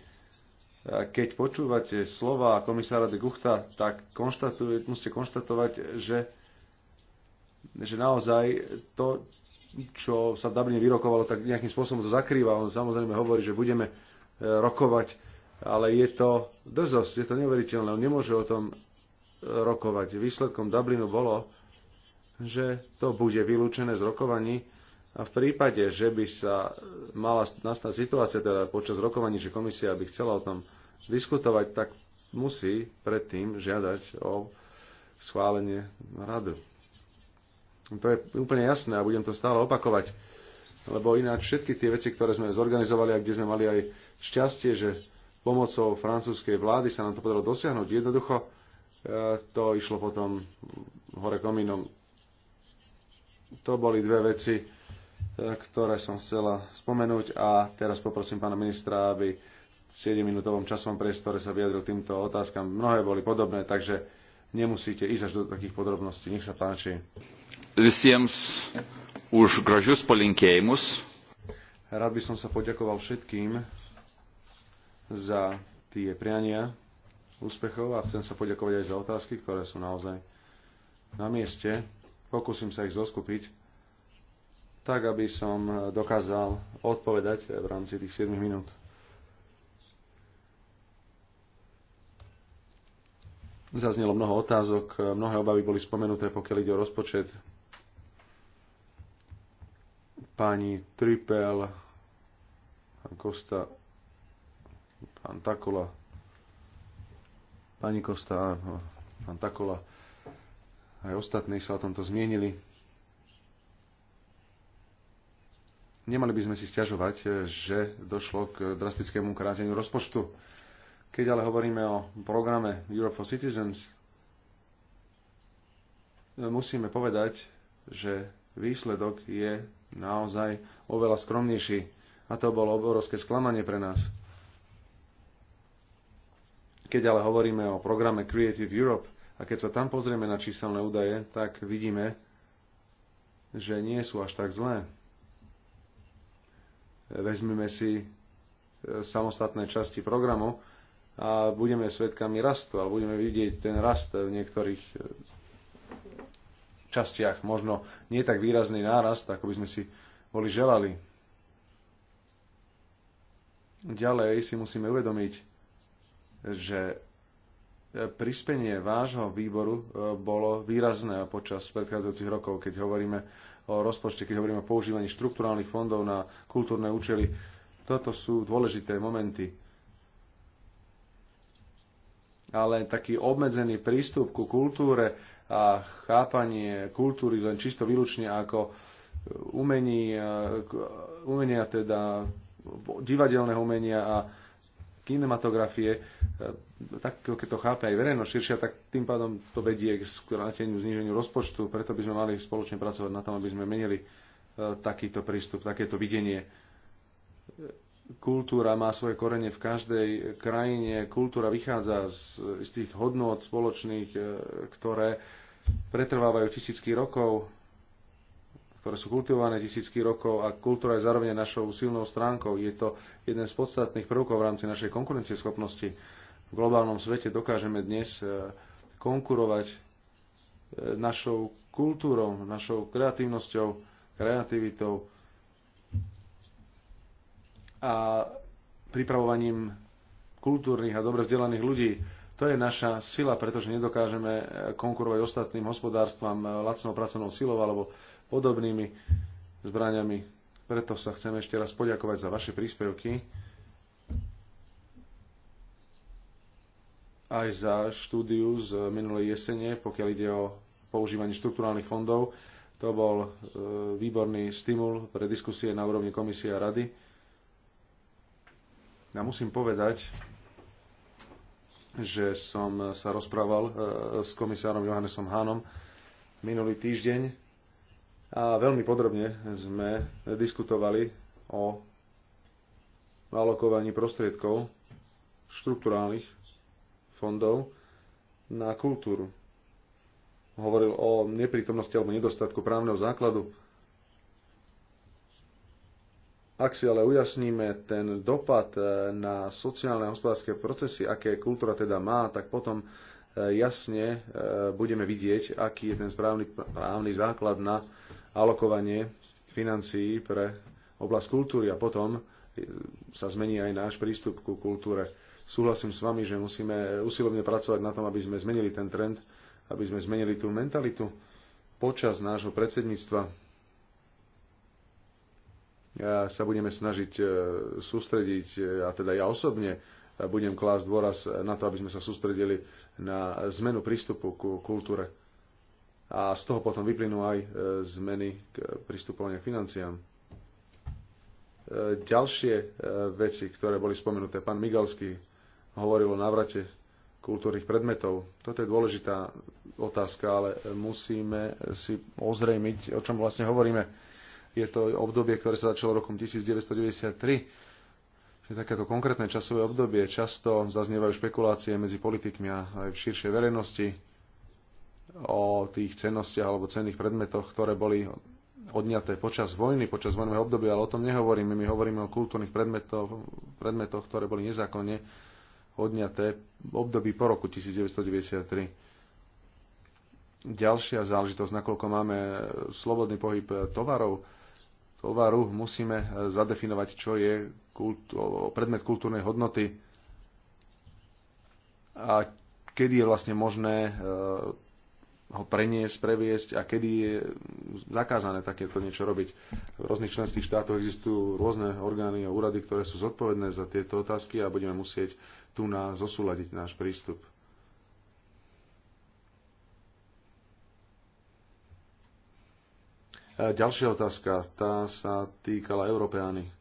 keď počúvate slova komisára de Guchta, tak konštatuje, musíte konštatovať, že, že naozaj to, čo sa v Dubline vyrokovalo, tak nejakým spôsobom to zakrýva. On samozrejme hovorí, že budeme e, rokovať, ale je to drzosť, je to neuveriteľné. On nemôže o tom rokovať. Výsledkom Dublinu bolo, že to bude vylúčené z rokovaní a v prípade, že by sa mala nastať situácia teda počas rokovaní, že komisia by chcela o tom diskutovať, tak musí predtým žiadať o schválenie radu. To je úplne jasné a budem to stále opakovať, lebo ináč všetky tie veci, ktoré sme zorganizovali a kde sme mali aj šťastie, že pomocou francúzskej vlády sa nám to podarilo dosiahnuť, jednoducho e, to išlo potom hore komínom. To boli dve veci, E, ktoré som chcela spomenúť a teraz poprosím pána ministra, aby v 7-minútovom časovom priestore sa vyjadril týmto otázkam. Mnohé boli podobné, takže nemusíte ísť až do takých podrobností. Nech sa páči.
Visiems už gražius polinkėjimus.
Rád by som sa poďakoval všetkým za tie priania úspechov a chcem sa poďakovať aj za otázky, ktoré sú naozaj na mieste. Pokúsim sa ich zoskupiť tak aby som e, dokázal odpovedať e, v rámci tých 7 minút. Zaznelo mnoho otázok, e, mnohé obavy boli spomenuté, pokiaľ ide o rozpočet. Pani Tripel, pán Kosta, pán Takola, pani Kosta, pán Takola, aj ostatní sa o tomto zmienili. Nemali by sme si stiažovať, eh, že došlo k drastickému kráteniu rozpočtu. Keď ale hovoríme o programe Europe for Citizens, eh, musíme povedať, že výsledok je naozaj oveľa skromnejší. A to bolo obrovské sklamanie pre nás. Keď ale hovoríme o programe Creative Europe a keď sa tam pozrieme na číselné údaje, tak vidíme, že nie sú až tak zlé vezmeme si e, samostatné časti programu a budeme svedkami rastu, ale budeme vidieť ten rast v niektorých e, častiach, možno nie tak výrazný nárast, ako by sme si boli želali. Ďalej si musíme uvedomiť, že e, prispenie vášho výboru bolo výrazné počas predchádzajúcich rokov, keď hovoríme o rozpočte, keď hovoríme o používaní štrukturálnych fondov na kultúrne účely. Toto sú dôležité momenty. Ale taký obmedzený prístup ku kultúre a chápanie kultúry len čisto výlučne ako umení, umenia teda divadelného umenia a kinematografie, tak keď to chápe aj verejnosť širšia, tak tým pádom to vedie k skráteniu, zníženiu rozpočtu, preto by sme mali spoločne pracovať na tom, aby sme menili e, takýto prístup, takéto videnie. Kultúra má svoje korene v každej krajine, kultúra vychádza z, istých hodnot spoločných, e, ktoré pretrvávajú tisícky rokov, ktoré sú kultivované tisícky rokov a kultúra je zároveň našou silnou stránkou. Je to jeden z podstatných prvkov v rámci našej konkurencieschopnosti v globálnom svete dokážeme dnes e, konkurovať e, našou kultúrou, našou kreatívnosťou, kreativitou a pripravovaním kultúrnych a dobre vzdelaných ľudí. To je naša sila, pretože nedokážeme e, konkurovať ostatným hospodárstvam lacnou pracovnou silou alebo podobnými zbraniami. Preto sa chcem ešte raz poďakovať za vaše príspevky. aj za štúdiu z minulej jesene, pokiaľ ide o používanie štruktúrálnych fondov. To bol e, výborný stimul pre diskusie na úrovni komisie a rady. Ja musím povedať, že som sa rozprával e, s komisárom Johannesom Hánom minulý týždeň a veľmi podrobne sme diskutovali o alokovaní prostriedkov štruktúrálnych fondov na kultúru. Hovoril o neprítomnosti alebo nedostatku právneho základu. Ak si ale ujasníme ten dopad eh, na sociálne a hospodárske procesy, aké kultúra teda má, tak potom eh, jasne eh, budeme vidieť, aký je ten správny právny základ na alokovanie financií pre oblasť kultúry a potom sa zmení aj náš prístup ku kultúre súhlasím s vami, že musíme usilovne pracovať na tom, aby sme zmenili ten trend, aby sme zmenili tú mentalitu počas nášho predsedníctva. Ja sa budeme snažiť e, sústrediť, e, a teda ja osobne budem klásť dôraz na to, aby sme sa sústredili na zmenu prístupu ku kultúre. A z toho potom vyplynú aj e, zmeny k pristupovaniu k financiám ďalšie veci, ktoré boli spomenuté. Pán Migalský hovoril o návrate kultúrnych predmetov. Toto je dôležitá otázka, ale musíme si ozrejmiť, o čom vlastne hovoríme. Je to obdobie, ktoré sa začalo rokom 1993. Je takéto konkrétne časové obdobie. Často zaznievajú špekulácie medzi politikmi a aj v širšej verejnosti o tých cennostiach alebo cenných predmetoch, ktoré boli odňaté počas vojny, počas vojnového obdobia, ale o tom nehovoríme. My hovoríme o kultúrnych predmetoch, predmetoch ktoré boli nezákonne odňaté v období po roku 1993. Ďalšia záležitosť, nakoľko máme slobodný pohyb tovarov, tovaru, musíme zadefinovať, čo je kultú, predmet kultúrnej hodnoty a kedy je vlastne možné e, ho preniesť, previesť a kedy je zakázané takéto niečo robiť. V rôznych členských štátoch existujú rôzne orgány a úrady, ktoré sú zodpovedné za tieto otázky a budeme musieť tu na zosúľadiť náš prístup. Ďalšia otázka, tá sa týkala Európeány. E,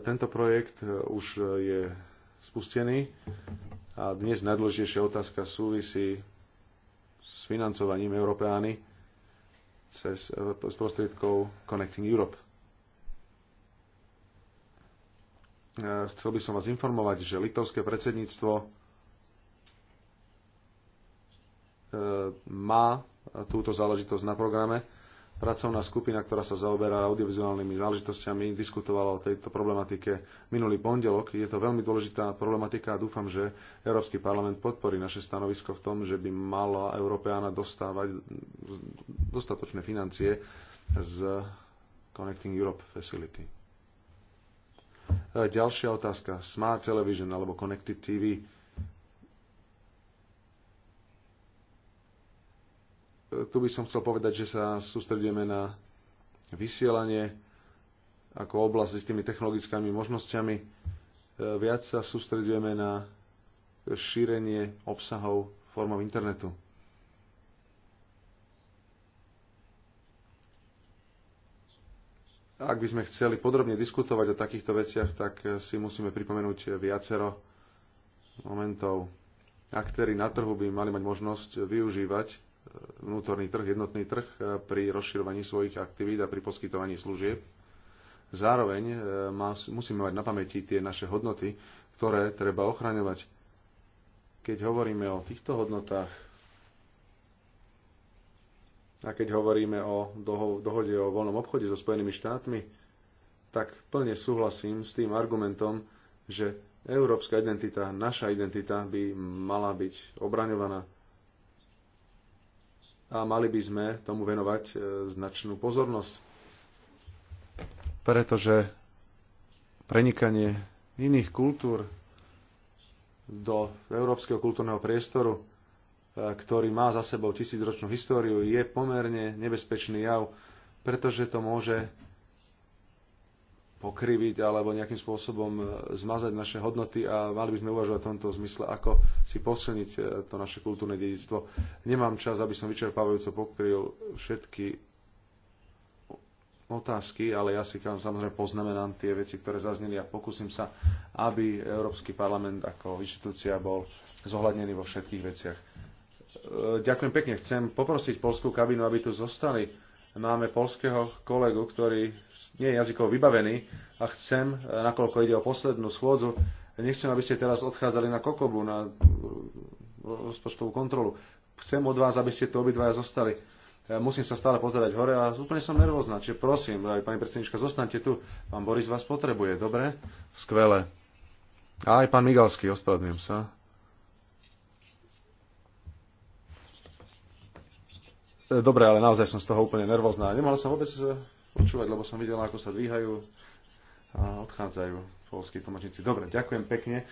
tento projekt už je spustený. A dnes najdôležitejšia otázka súvisí s financovaním Európeány cez, e, prostriedkov Connecting Europe. E, chcel by som vás informovať, že litovské predsedníctvo e, má túto záležitosť na programe Pracovná skupina, ktorá sa zaoberá audiovizuálnymi záležitosťami, diskutovala o tejto problematike minulý pondelok. Je to veľmi dôležitá problematika a dúfam, že Európsky parlament podporí naše stanovisko v tom, že by mala Európeána dostávať dostatočné financie z Connecting Europe Facility. E, ďalšia otázka. Smart Television alebo Connected TV tu by som chcel povedať, že sa sústredíme na vysielanie ako oblasť s tými technologickými možnosťami. E, viac sa sústredujeme na šírenie obsahov formou internetu. Ak by sme chceli podrobne diskutovať o takýchto veciach, tak si musíme pripomenúť viacero momentov. Aktéry na trhu by mali mať možnosť využívať vnútorný trh, jednotný trh e, pri rozširovaní svojich aktivít a pri poskytovaní služieb. Zároveň e, musíme mať na pamäti tie naše hodnoty, ktoré treba ochraňovať. Keď hovoríme o týchto hodnotách a keď hovoríme o dohode o voľnom obchode so Spojenými štátmi, tak plne súhlasím s tým argumentom, že európska identita, naša identita by mala byť obraňovaná a mali by sme tomu venovať e, značnú pozornosť, pretože prenikanie iných kultúr do európskeho kultúrneho priestoru, e, ktorý má za sebou tisícročnú históriu, je pomerne nebezpečný jav, pretože to môže pokriviť alebo nejakým spôsobom e, zmazať naše hodnoty a mali by sme uvažovať v tomto zmysle, ako si posilniť e, to naše kultúrne dedictvo. Nemám čas, aby som vyčerpávajúco pokryl všetky otázky, ale ja si samozrejme poznamenám tie veci, ktoré zazneli a pokúsim sa, aby Európsky parlament ako inštitúcia bol zohľadnený vo všetkých veciach. E, ďakujem pekne. Chcem poprosiť polskú kabinu, aby tu zostali máme polského kolegu, ktorý nie je jazykovo vybavený a chcem, nakoľko ide o poslednú schôdzu, nechcem, aby ste teraz odchádzali na Kokobu, na e, rozpočtovú kontrolu. Chcem od vás, aby ste tu obidvaja zostali. E, musím sa stále pozerať hore a úplne som nervózna, čiže prosím, aj pani predsednička, zostaňte tu. Pán Boris vás potrebuje, dobre? Skvele. A aj pán Migalský, ospravedlňujem sa. Dobre, ale naozaj som z toho úplne nervózna. Nemohla som vôbec eh, počúvať, lebo som videla, ako sa dvíhajú a odchádzajú polskí tlmočníci. Dobre, ďakujem pekne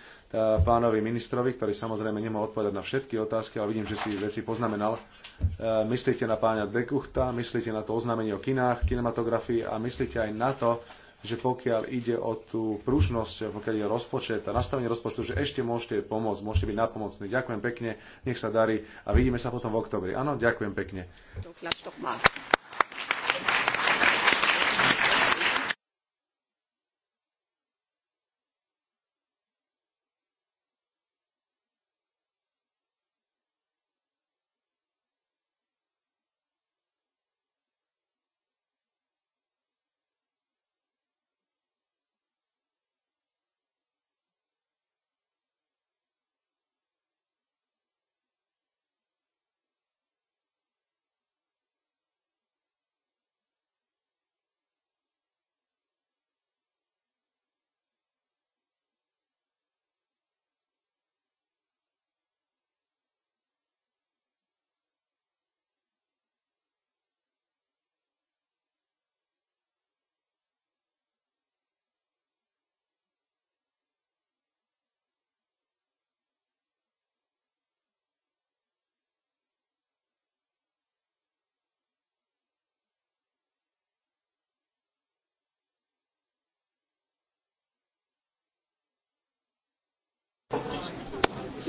pánovi ministrovi, ktorý samozrejme nemohol odpovedať na všetky otázky, ale vidím, že si veci poznamenal. Eh, myslíte na pána Dekuchta, myslíte na to oznámenie o kinách, kinematografii a myslíte aj na to, že pokiaľ ide o tú pružnosť, pokiaľ ide o rozpočet a nastavenie rozpočtu, že ešte môžete pomôcť, môžete byť napomocní. Ďakujem pekne, nech sa darí a vidíme sa potom v oktobri. Áno, ďakujem pekne.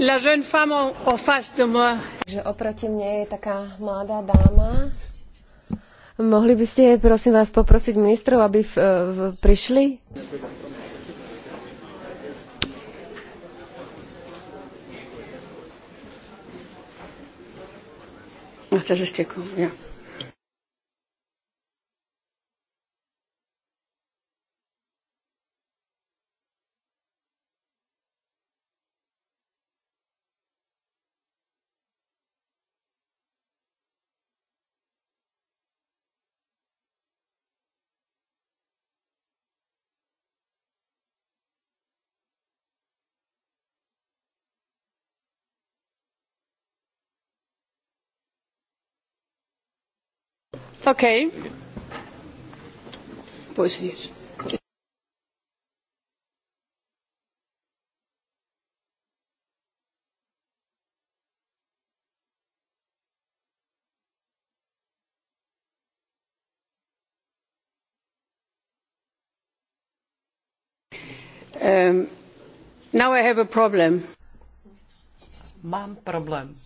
La jeune femme en face de moi. Že oproti mne je taká mladá dáma. Mohli by ste, prosím vás, poprosiť ministrov, aby v, v, prišli?
Ach, das ist der Kuh, ja.
Okay.
Um, now I have a problem. Mám problém.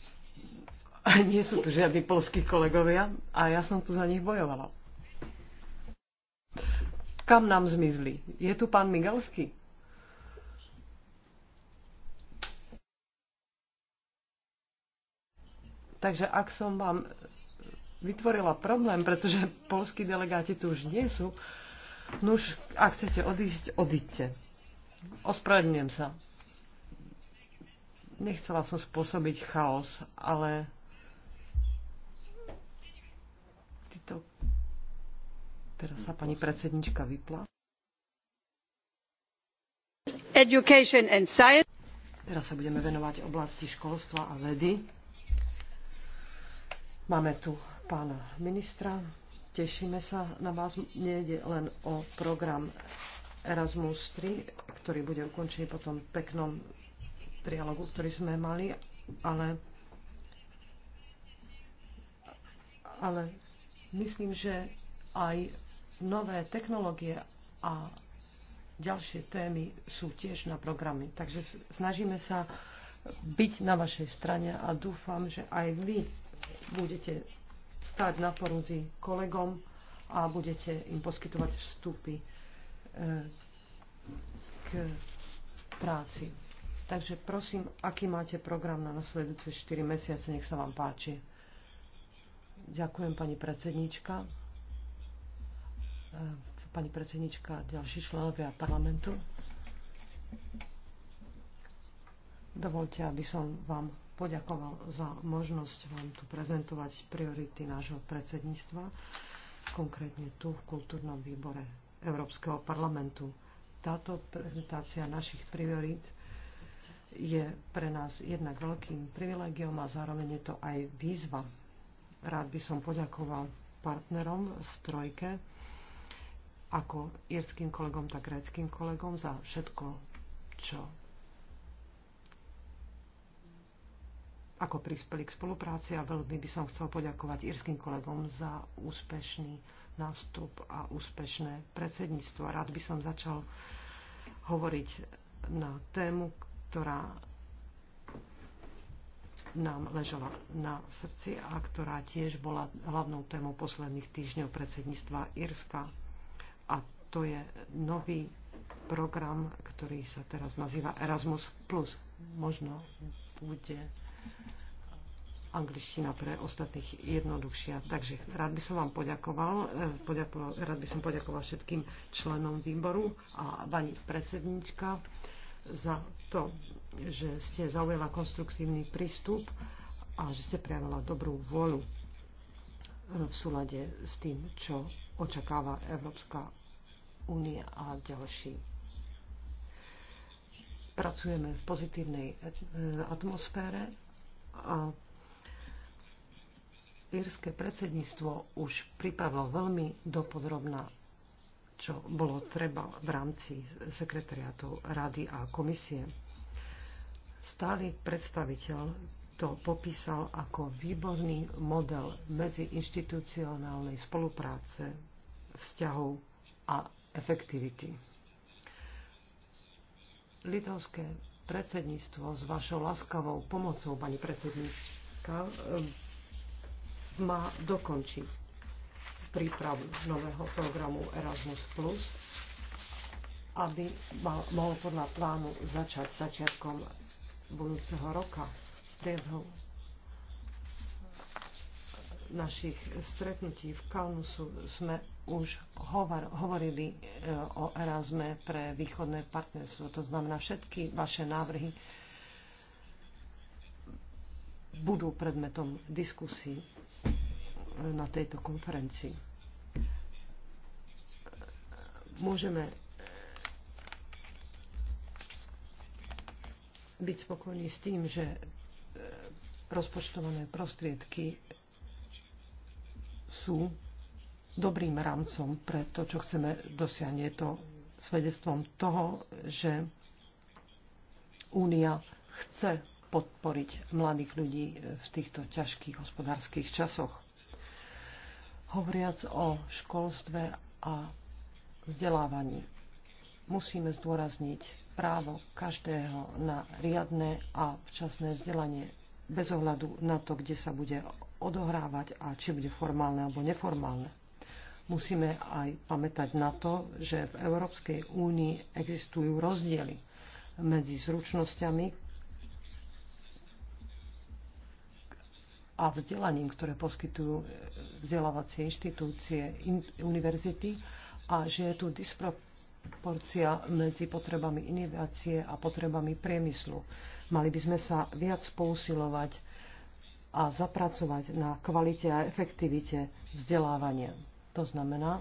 A nie sú tu žiadni polskí kolegovia a ja som tu za nich bojovala. Kam nám zmizli? Je tu pán Migalský? Takže ak som vám vytvorila problém, pretože polskí delegáti tu už nie sú, no už ak chcete odísť, odíďte. Ospravedlňujem sa. Nechcela som spôsobiť chaos, ale to... Teraz sa pani predsednička vypla. Education and science. Teraz sa budeme venovať oblasti školstva a vedy. Máme tu pána ministra. Tešíme sa na vás. Nejde len o program Erasmus 3, ktorý bude ukončený po tom peknom trialogu, ktorý sme mali, ale, ale Myslím, že aj nové technológie a ďalšie témy sú tiež na programy. Takže snažíme sa byť na vašej strane a dúfam, že aj vy budete stať na porúdy kolegom a budete im poskytovať vstupy e, k práci. Takže prosím, aký máte program na nasledujúce 4 mesiace, nech sa vám páči. Ďakujem, pani predsednička. E, pani predsednička, ďalší členovia parlamentu. Dovolte, aby som vám poďakoval za možnosť vám tu prezentovať priority nášho predsedníctva, konkrétne tu v Kultúrnom výbore Európskeho parlamentu. Táto prezentácia našich priorít je pre nás jednak veľkým privilegiom a zároveň je to aj výzva Rád by som poďakoval partnerom v trojke, ako írským kolegom, tak gréckým kolegom za všetko, čo ako prispeli k spolupráci a veľmi by som chcel poďakovať írským kolegom za úspešný nástup a úspešné predsedníctvo. Rád by som začal hovoriť na tému, ktorá nám ležala na srdci a ktorá tiež bola hlavnou témou posledných týždňov predsedníctva Írska. A to je nový program, ktorý sa teraz nazýva Erasmus+. Plus, Možno bude angličtina pre ostatných jednoduchšia. Takže rád by som vám poďakoval, eh, poďakoval rád by som poďakoval všetkým členom výboru a pani predsedníčka za to, že ste zaujala konstruktívny prístup a že ste prejavila dobrú vôľu v súlade s tým, čo očakáva Európska únia a ďalší. Pracujeme v pozitívnej eh, atmosfére a írske predsedníctvo už pripravilo veľmi dopodrobná čo bolo treba v rámci sekretariátu rady a komisie. Stály predstaviteľ to popísal ako výborný model medziinstitucionálnej spolupráce, vzťahov a efektivity. Litovské predsedníctvo s vašou laskavou pomocou, pani predsedníčka, má dokončiť prípravu nového programu Erasmus+, aby mal, mohol podľa plánu začať začiatkom budúceho roka. Priebehu našich stretnutí v Kaunusu sme už hovor, hovorili e, o Erasme pre východné partnerstvo. To znamená, všetky vaše návrhy budú predmetom diskusí na tejto konferencii. Môžeme byť spokojní s tým, že e, rozpočtované prostriedky sú dobrým rámcom pre to, čo chceme dosiahnuť. Je to svedectvom toho, že Únia chce podporiť mladých ľudí e, v týchto ťažkých hospodárskych časoch hovoriac o školstve a vzdelávaní. Musíme zdôrazniť právo každého na riadne a včasné vzdelanie bez ohľadu na to, kde sa bude odohrávať a či bude formálne alebo neformálne. Musíme aj pamätať na to, že v Európskej únii existujú rozdiely medzi zručnosťami, a vzdelaním, ktoré poskytujú e, vzdelávacie inštitúcie, in, univerzity a že je tu disproporcia medzi potrebami inovácie a potrebami priemyslu. Mali by sme sa viac pousilovať a zapracovať na kvalite a efektivite vzdelávania. To znamená,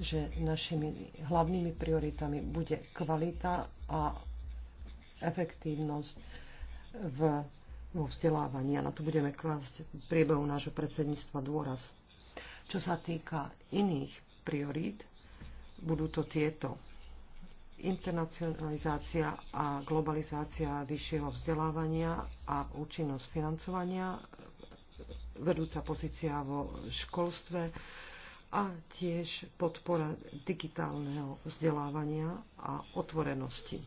že našimi hlavnými prioritami bude kvalita a efektívnosť v vo vzdelávaní a na to budeme klásť v priebehu nášho predsedníctva dôraz. Čo sa týka iných priorít, budú to tieto. Internacionalizácia a globalizácia vyššieho vzdelávania a účinnosť financovania, vedúca pozícia vo školstve a tiež podpora digitálneho vzdelávania a otvorenosti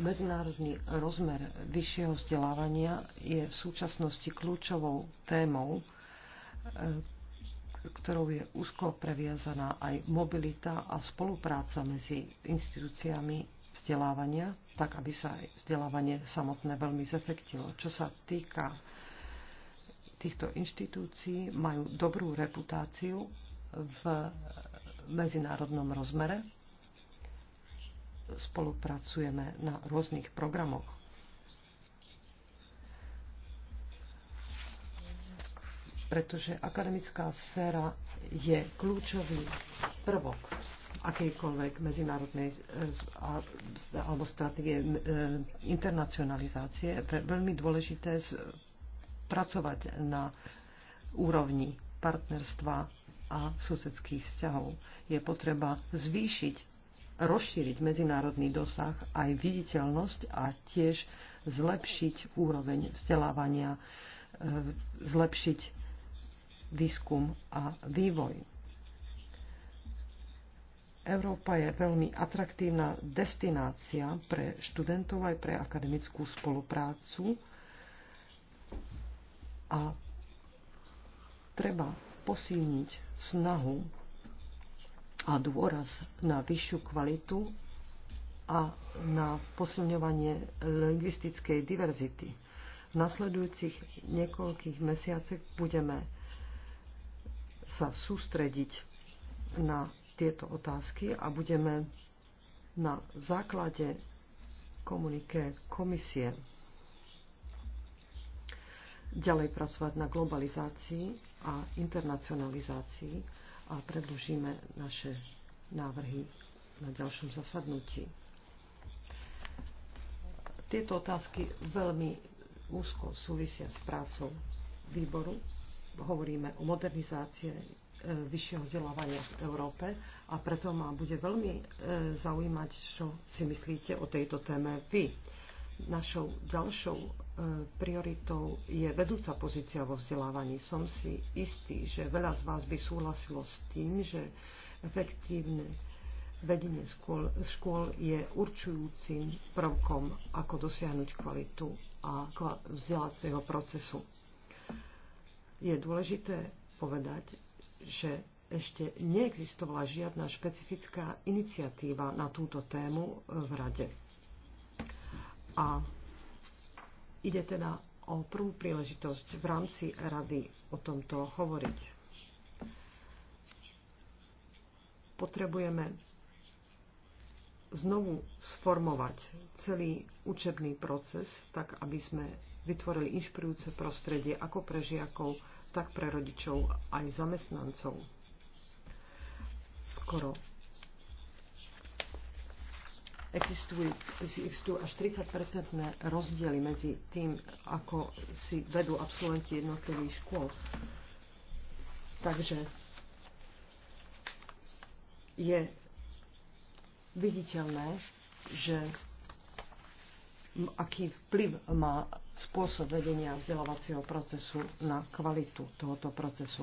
Medzinárodný rozmer vyššieho vzdelávania je v súčasnosti kľúčovou témou, e, ktorou je úzko previazaná aj mobilita a spolupráca medzi inštitúciami vzdelávania, tak aby sa vzdelávanie samotné veľmi zefektilo. Čo sa týka týchto inštitúcií, majú dobrú reputáciu v medzinárodnom rozmere spolupracujeme na rôznych programoch. Pretože akademická sféra je kľúčový prvok akejkoľvek medzinárodnej eh, alebo stratégie eh, internacionalizácie. To je veľmi dôležité pracovať na úrovni partnerstva a susedských vzťahov. Je potreba zvýšiť rozšíriť medzinárodný dosah, aj viditeľnosť a tiež zlepšiť úroveň vzdelávania, e, zlepšiť výskum a vývoj. Európa je veľmi atraktívna destinácia pre študentov aj pre akademickú spoluprácu a treba posilniť snahu a dôraz na vyššiu kvalitu a na posilňovanie lingvistickej diverzity. V nasledujúcich niekoľkých mesiacoch budeme sa sústrediť na tieto otázky a budeme na základe komuniké komisie ďalej pracovať na globalizácii a internacionalizácii a predložíme naše návrhy na ďalšom zasadnutí. Tieto otázky veľmi úzko súvisia s prácou výboru. Hovoríme o modernizácie vyššieho vzdelávania v Európe a preto ma bude veľmi e, zaujímať, čo si myslíte o tejto téme vy. Našou ďalšou e, prioritou je vedúca pozícia vo vzdelávaní. Som si istý, že veľa z vás by súhlasilo s tým, že efektívne vedenie škôl, škôl je určujúcim prvkom, ako dosiahnuť kvalitu a vzdelacieho procesu. Je dôležité povedať, že ešte neexistovala žiadna špecifická iniciatíva na túto tému v Rade. A ide teda o prvú príležitosť v rámci rady o tomto hovoriť. Potrebujeme znovu sformovať celý učebný proces, tak aby sme vytvorili inšpirujúce prostredie ako pre žiakov, tak pre rodičov aj zamestnancov. Skoro existujú, existujú až 30-percentné rozdiely medzi tým, ako si vedú absolventi jednotlivých škôl. Takže je viditeľné, že aký vplyv má spôsob vedenia vzdelávacieho procesu na kvalitu tohoto procesu.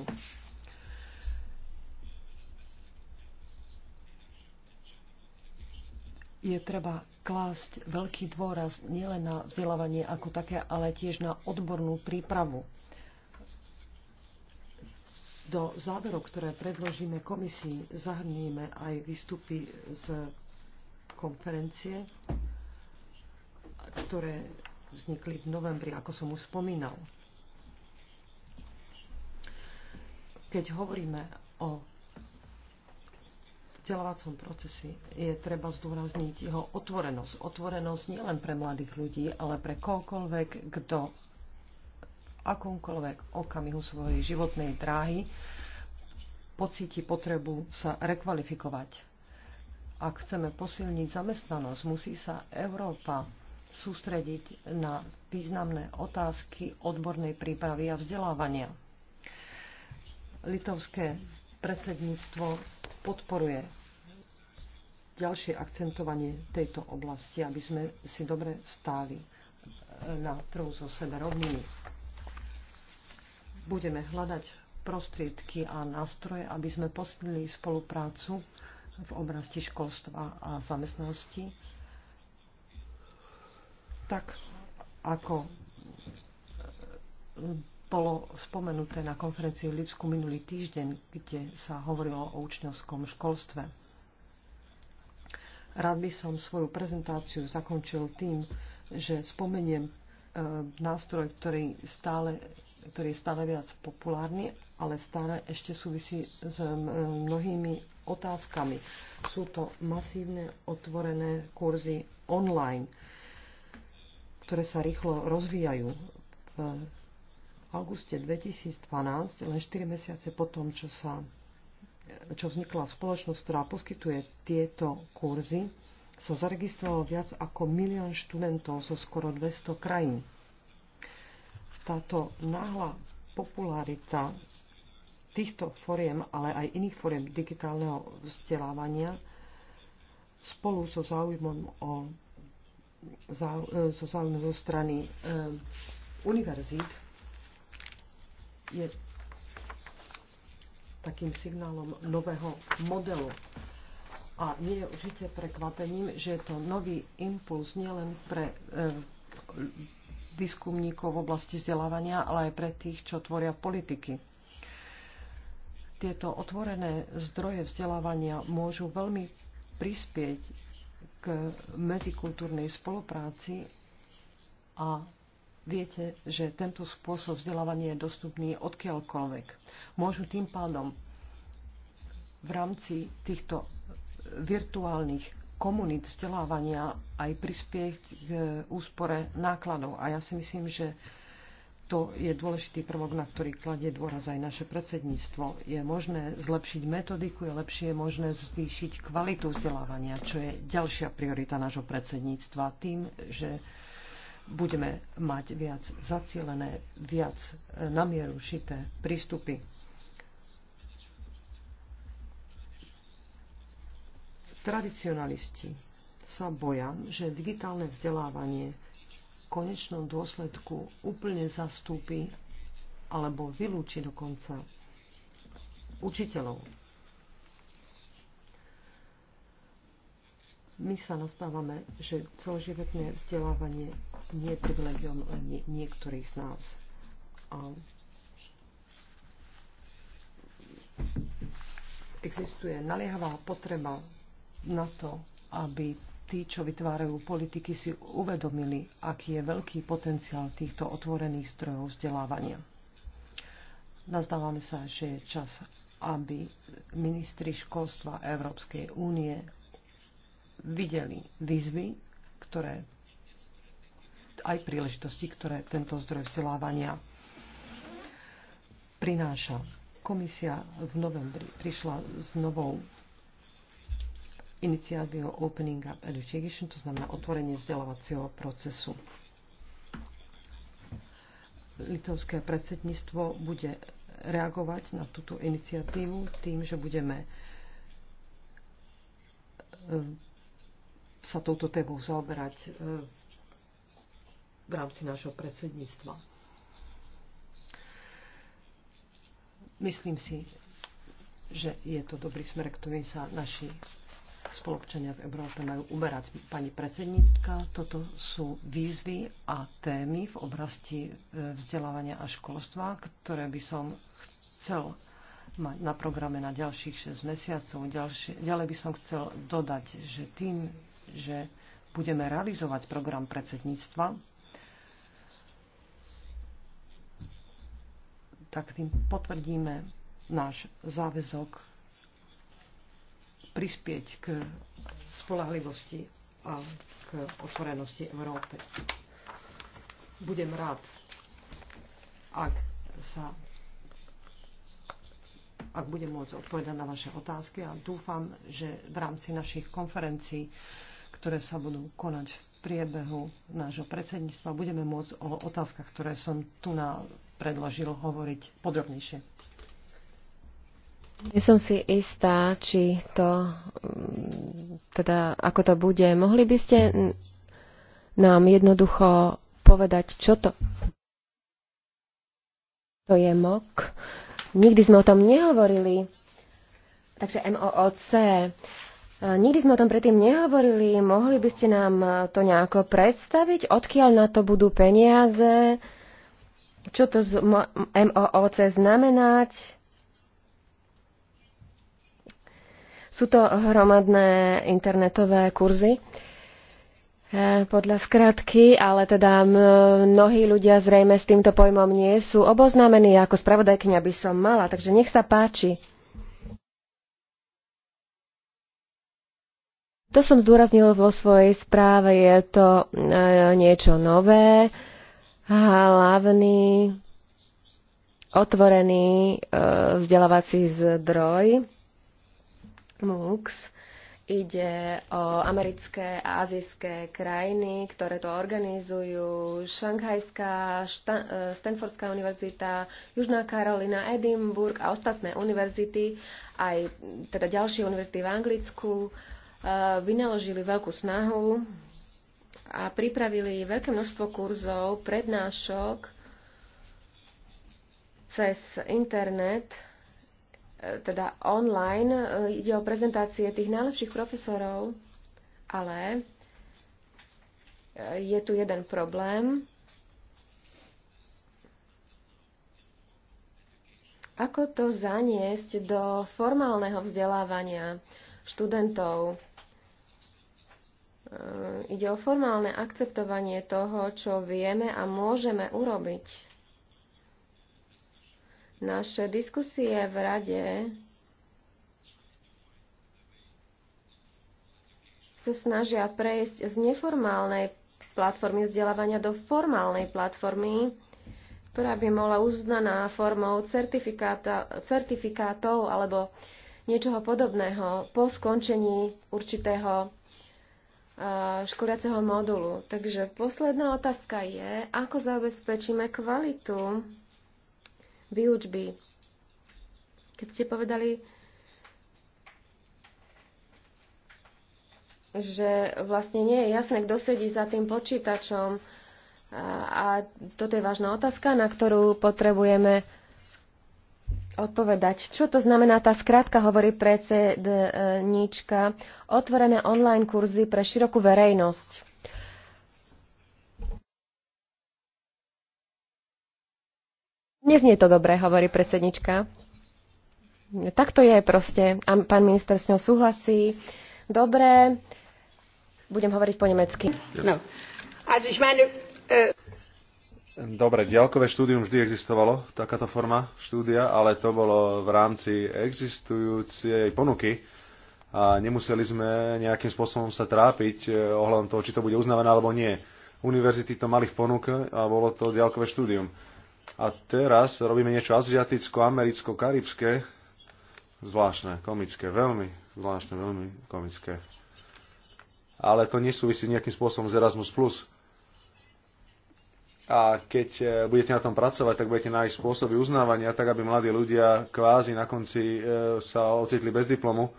je treba klásť veľký dôraz nielen na vzdelávanie ako také, ale tiež na odbornú prípravu. Do záverov, ktoré predložíme komisii, zahrníme aj výstupy z konferencie, ktoré vznikli v novembri, ako som už spomínal. Keď hovoríme o vzdelávacom procese je treba zdôrazniť jeho otvorenosť. Otvorenosť nielen pre mladých ľudí, ale pre koľkoľvek, kto akomkoľvek okamihu svojej životnej dráhy pocíti potrebu sa rekvalifikovať. Ak chceme posilniť zamestnanosť, musí sa Európa sústrediť na významné otázky odbornej prípravy a vzdelávania. Litovské Predsedníctvo podporuje ďalšie akcentovanie tejto oblasti, aby sme si dobre stáli e, na trhu so severovnými. Budeme hľadať prostriedky a nástroje, aby sme posilnili spoluprácu v oblasti školstva a zamestnanosti, tak ako bolo spomenuté na konferencii v Lipsku minulý týždeň, kde sa hovorilo o učňovskom školstve. Rád by som svoju prezentáciu zakončil tým, že spomeniem e, nástroj, ktorý, stále, ktorý je stále viac populárny, ale stále ešte súvisí s e, mnohými otázkami. Sú to masívne otvorené kurzy online, ktoré sa rýchlo rozvíjajú v auguste 2012, len 4 mesiace po tom, čo, sa, čo vznikla spoločnosť, ktorá poskytuje tieto kurzy, sa zaregistrovalo viac ako milión študentov zo skoro 200 krajín. Táto náhla popularita týchto foriem, ale aj iných foriem digitálneho vzdelávania spolu so záujmom o e, so záujmom zo strany e, univerzít je takým signálom nového modelu. A nie je určite prekvapením, že je to nový impuls nielen pre e, výskumníkov v oblasti vzdelávania, ale aj pre tých, čo tvoria politiky. Tieto otvorené zdroje vzdelávania môžu veľmi prispieť k medzikultúrnej spolupráci a Viete, že tento spôsob vzdelávania je dostupný odkiaľkoľvek. Môžu tým pádom v rámci týchto virtuálnych komunít vzdelávania aj prispieť k úspore nákladov. A ja si myslím, že to je dôležitý prvok, na ktorý kladie dôraz aj naše predsedníctvo. Je možné zlepšiť metodiku, je lepšie je možné zvýšiť kvalitu vzdelávania, čo je ďalšia priorita nášho predsedníctva tým, že budeme mať viac zacielené, viac e, na mieru šité prístupy. Tradicionalisti sa boja, že digitálne vzdelávanie v konečnom dôsledku úplne zastúpi alebo vylúči dokonca učiteľov. My sa nastávame, že celoživotné vzdelávanie nie je privilegiom len nie, niektorých z nás. A existuje naliehavá potreba na to, aby tí, čo vytvárajú politiky, si uvedomili, aký je veľký potenciál týchto otvorených strojov vzdelávania. Nazdávame sa, že je čas, aby ministri školstva Európskej únie videli výzvy, ktoré aj príležitosti, ktoré tento zdroj vzdelávania prináša. Komisia v novembri prišla s novou iniciatívou Opening Up Education, to znamená otvorenie vzdelávacieho procesu. Litovské predsedníctvo bude reagovať na túto iniciatívu tým, že budeme e, sa touto tebou zaoberať v e, v rámci nášho predsedníctva. Myslím si, že je to dobrý smer, ktorým sa naši spolupčania v Európe majú uberať. Pani predsedníčka, toto sú výzvy a témy v oblasti e, vzdelávania a školstva, ktoré by som chcel mať na programe na ďalších 6 mesiacov. Ďalšie, ďalej by som chcel dodať, že tým, že budeme realizovať program predsedníctva, tak tým potvrdíme náš záväzok prispieť k spolahlivosti a k otvorenosti Európy. Budem rád, ak sa ak budem môcť odpovedať na vaše otázky a dúfam, že v rámci našich konferencií, ktoré sa budú konať v priebehu nášho predsedníctva, budeme môcť o otázkach, ktoré som tu na predložil hovoriť podrobnejšie.
Nie som si istá, či to, mm, teda ako to bude. Mohli by ste nám jednoducho povedať, čo to, to je MOK. Nikdy sme o tom nehovorili. Takže MOOC. Nikdy sme o tom predtým nehovorili. Mohli by ste nám to nejako predstaviť? Odkiaľ na to budú peniaze? čo to z MOOC znamenať. Sú to hromadné internetové kurzy e, podľa skratky, ale teda mnohí ľudia zrejme s týmto pojmom nie sú oboznámení, ako spravodajkňa by som mala, takže nech sa páči. To som zdôraznila vo svojej správe, je to e, niečo nové hlavný otvorený e, vzdelávací zdroj MOOCs. Ide o americké a azijské krajiny, ktoré to organizujú. Šanghajská, Šta- e, Stanfordská univerzita, Južná Karolina, Edinburgh a ostatné univerzity, aj teda ďalšie univerzity v Anglicku, e, vynaložili veľkú snahu a pripravili veľké množstvo kurzov, prednášok cez internet, e, teda online. E, ide o prezentácie tých najlepších profesorov, ale e, je tu jeden problém. Ako to zaniesť do formálneho vzdelávania študentov? E, ide o formálne akceptovanie toho, čo vieme a môžeme urobiť. Naše diskusie v rade sa snažia prejsť z neformálnej platformy vzdelávania do formálnej platformy, ktorá by mohla uznaná formou certifikátov alebo niečoho podobného po skončení určitého školiaceho modulu. Takže posledná otázka je, ako zabezpečíme kvalitu výučby. Keď ste povedali, že vlastne nie je jasné, kto sedí za tým počítačom. A toto je vážna otázka, na ktorú potrebujeme odpovedať. Čo to znamená tá skrátka, hovorí predsedníčka, otvorené online kurzy pre širokú verejnosť. Neznie to dobre, hovorí predsednička. Tak to je proste. A pán minister s ňou súhlasí. Dobre, budem hovoriť po nemecky. No.
Also ich meine, uh...
Dobre, diaľkové štúdium vždy existovalo, takáto forma štúdia, ale to bolo v rámci existujúcej ponuky a nemuseli sme nejakým spôsobom sa trápiť eh, ohľadom toho, či to bude uznávané alebo nie. Univerzity to mali v ponuke a bolo to diaľkové štúdium. A teraz robíme niečo aziaticko, americko, karibské, zvláštne, komické, veľmi zvláštne, veľmi komické. Ale to nesúvisí nejakým spôsobom s Erasmus+ a keď e, budete na tom pracovať, tak budete nájsť spôsoby uznávania, tak aby mladí ľudia kvázi na konci e, sa ocitli bez diplomu.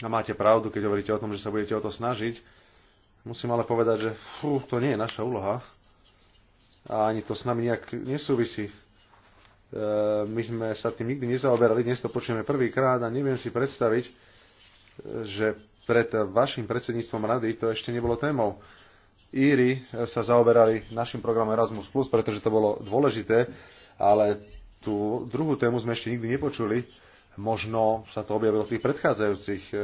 A máte pravdu, keď hovoríte o tom, že sa budete o to snažiť. Musím ale povedať, že fú, to nie je naša úloha. A ani to s nami nejak nesúvisí. E, my sme sa tým nikdy nezaoberali, dnes to počujeme prvýkrát a neviem si predstaviť, e, že pred vašim predsedníctvom rady to ešte nebolo témou. Íry e, sa zaoberali našim programom Erasmus+, pretože to bolo dôležité, ale tú druhú tému sme ešte nikdy nepočuli. Možno sa to objavilo v tých predchádzajúcich e,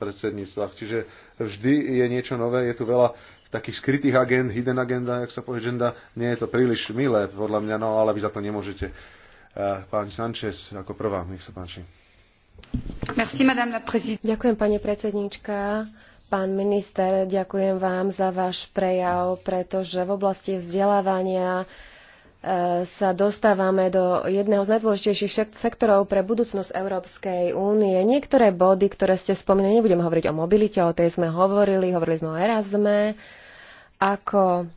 predsedníctvách. Čiže vždy je niečo nové, je tu veľa takých skrytých agent, hidden agenda, jak sa povie agenda. Nie je to príliš milé, podľa mňa, no ale vy za to nemôžete. E, pán Sanchez, ako prvá, nech sa páči.
Merci, madame la Ďakujem, pani predsedníčka. Pán minister, ďakujem vám za váš prejav, pretože v oblasti vzdelávania e, sa dostávame do jedného z najdôležitejších sektorov pre budúcnosť Európskej únie. Niektoré body, ktoré ste spomínali, nebudem hovoriť o mobilite, o tej sme hovorili, hovorili sme o Erasme, ako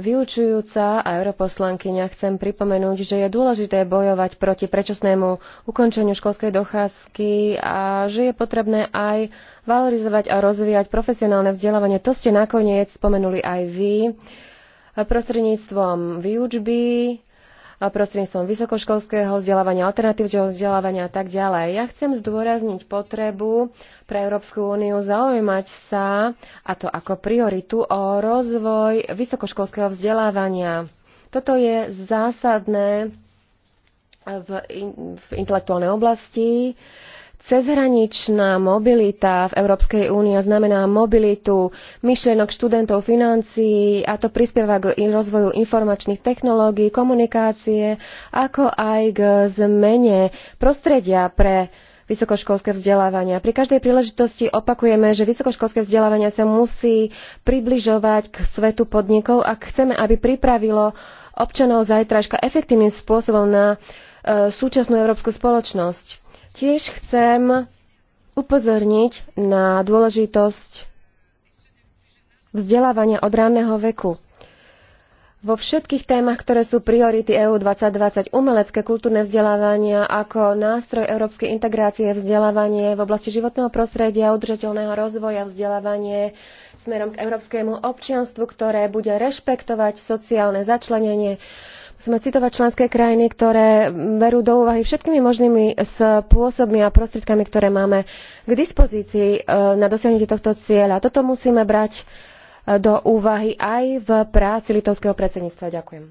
Vyučujúca a europoslankyňa chcem pripomenúť, že je dôležité bojovať proti predčasnému ukončeniu školskej dochádzky a že je potrebné aj valorizovať a rozvíjať profesionálne vzdelávanie. To ste nakoniec spomenuli aj vy prostredníctvom výučby, prostredníctvom vysokoškolského vzdelávania, alternatívneho vzdelávania a tak ďalej. Ja chcem zdôrazniť potrebu pre Európsku úniu zaujímať sa, a to ako prioritu, o rozvoj vysokoškolského vzdelávania. Toto je zásadné v, in, v intelektuálnej oblasti. Uh, Cezhraničná mobilita v Európskej únii znamená mobilitu myšlienok študentov financií a to prispieva k rozvoju informačných technológií, komunikácie, ako aj k zmene prostredia pre vysokoškolské vzdelávania. Pri každej príležitosti opakujeme, že vysokoškolské vzdelávania sa musí približovať k svetu podnikov a chceme, aby pripravilo občanov zajtražka efektívnym spôsobom na e, súčasnú európsku spoločnosť Tiež chcem upozorniť na dôležitosť vzdelávania od ranného veku. Vo všetkých témach, ktoré sú priority EU 2020, umelecké kultúrne vzdelávania ako nástroj európskej integrácie, vzdelávanie v oblasti životného prostredia, udržateľného rozvoja, vzdelávanie smerom k európskemu občianstvu, ktoré bude rešpektovať sociálne začlenenie, sme citovať členské krajiny, ktoré berú do úvahy všetkými možnými spôsobmi a prostriedkami, ktoré máme k dispozícii e, na dosiahnutie tohto cieľa. Toto musíme brať e, do úvahy aj v práci litovského predsedníctva. Ďakujem.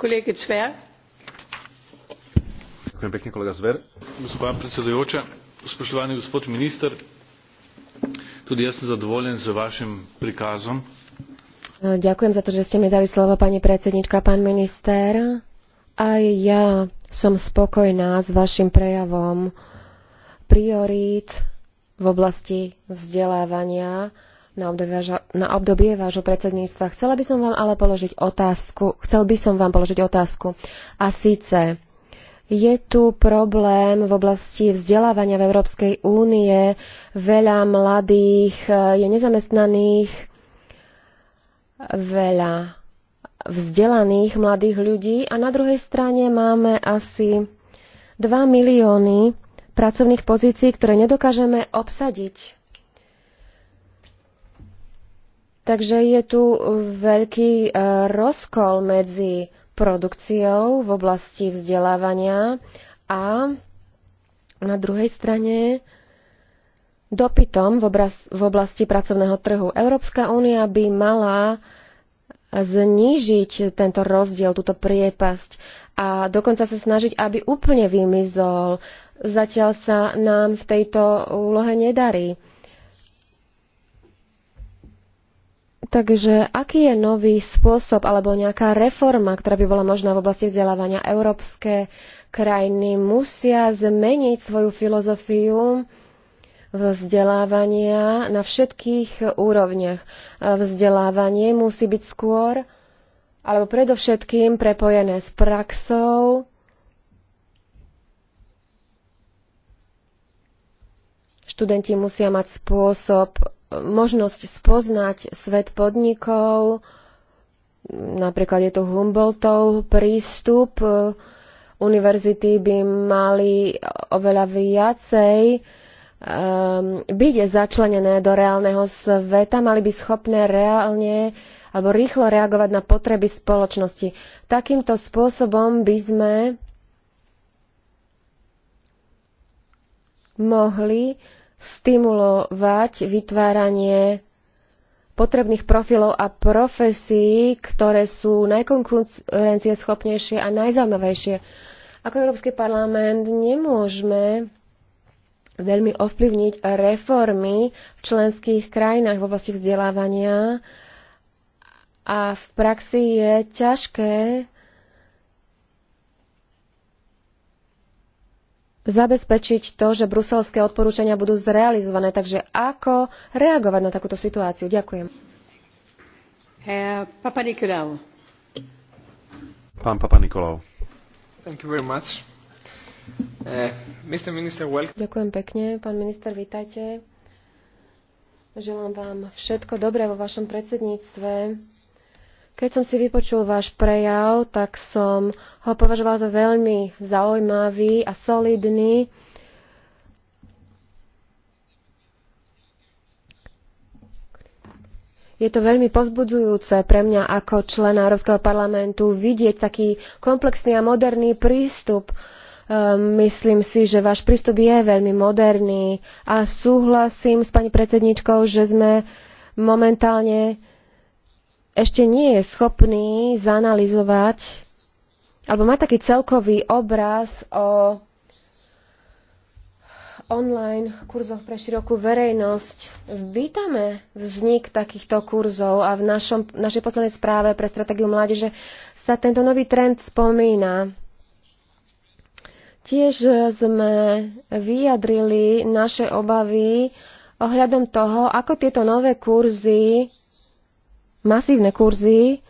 Ďakujem
pekne, kolega Zver. Pán predsedujúča, spoštovaný gospod minister, tudi ja som zadovoljen z
vašim prikazom
Ďakujem za to, že ste mi dali slovo, pani predsednička, pán minister. Aj ja som spokojná s vašim prejavom priorít v oblasti vzdelávania na obdobie, na obdobie vášho predsedníctva. Chcela by som vám ale položiť otázku. Chcel by som vám položiť otázku. A síce, je tu problém v oblasti vzdelávania v Európskej únie. Veľa mladých eh, je nezamestnaných veľa vzdelaných mladých ľudí a na druhej strane máme asi 2 milióny pracovných pozícií, ktoré nedokážeme obsadiť. Takže je tu veľký e, rozkol medzi produkciou v oblasti vzdelávania a na druhej strane dopytom v oblasti pracovného trhu. Európska únia by mala znížiť tento rozdiel, túto priepasť a dokonca sa snažiť, aby úplne vymizol. Zatiaľ sa nám v tejto úlohe nedarí. Takže aký je nový spôsob alebo nejaká reforma, ktorá by bola možná v oblasti vzdelávania? Európske krajiny musia zmeniť svoju filozofiu vzdelávania na všetkých úrovniach. Vzdelávanie musí byť skôr alebo predovšetkým prepojené s praxou, Študenti musia mať spôsob, možnosť spoznať svet podnikov, napríklad je to Humboldtov prístup, univerzity by mali oveľa viacej Ehm, byť začlenené do reálneho sveta, mali by schopné reálne alebo rýchlo reagovať na potreby spoločnosti. Takýmto spôsobom by sme mohli stimulovať vytváranie potrebných profilov a profesí, ktoré sú najkonkurencieschopnejšie a najzaujímavejšie. Ako Európsky parlament nemôžeme veľmi ovplyvniť reformy v členských krajinách v oblasti vzdelávania a v praxi je ťažké zabezpečiť to, že bruselské odporúčania budú zrealizované. Takže ako reagovať na takúto situáciu? Ďakujem.
Pán Papa Nikolau.
Pán Papa Thank you very much. Eh,
Ďakujem pekne. Pán minister, vítajte. Želám vám všetko dobré vo vašom predsedníctve. Keď som si vypočul váš prejav, tak som ho považoval za veľmi zaujímavý a solidný. Je to veľmi pozbudzujúce pre mňa ako člena Európskeho parlamentu vidieť taký komplexný a moderný prístup uh, Ehm, myslím si, že váš prístup je veľmi moderný a súhlasím s pani predsedničkou, že sme momentálne ešte nie je schopný zanalizovať alebo mať taký celkový obraz o online kurzoch pre širokú verejnosť. Vítame vznik takýchto kurzov a v našom, našej poslednej správe pre stratégiu mládeže sa tento nový trend spomína Tiež sme vyjadrili naše obavy ohľadom toho, ako tieto nové kurzy, masívne kurzy,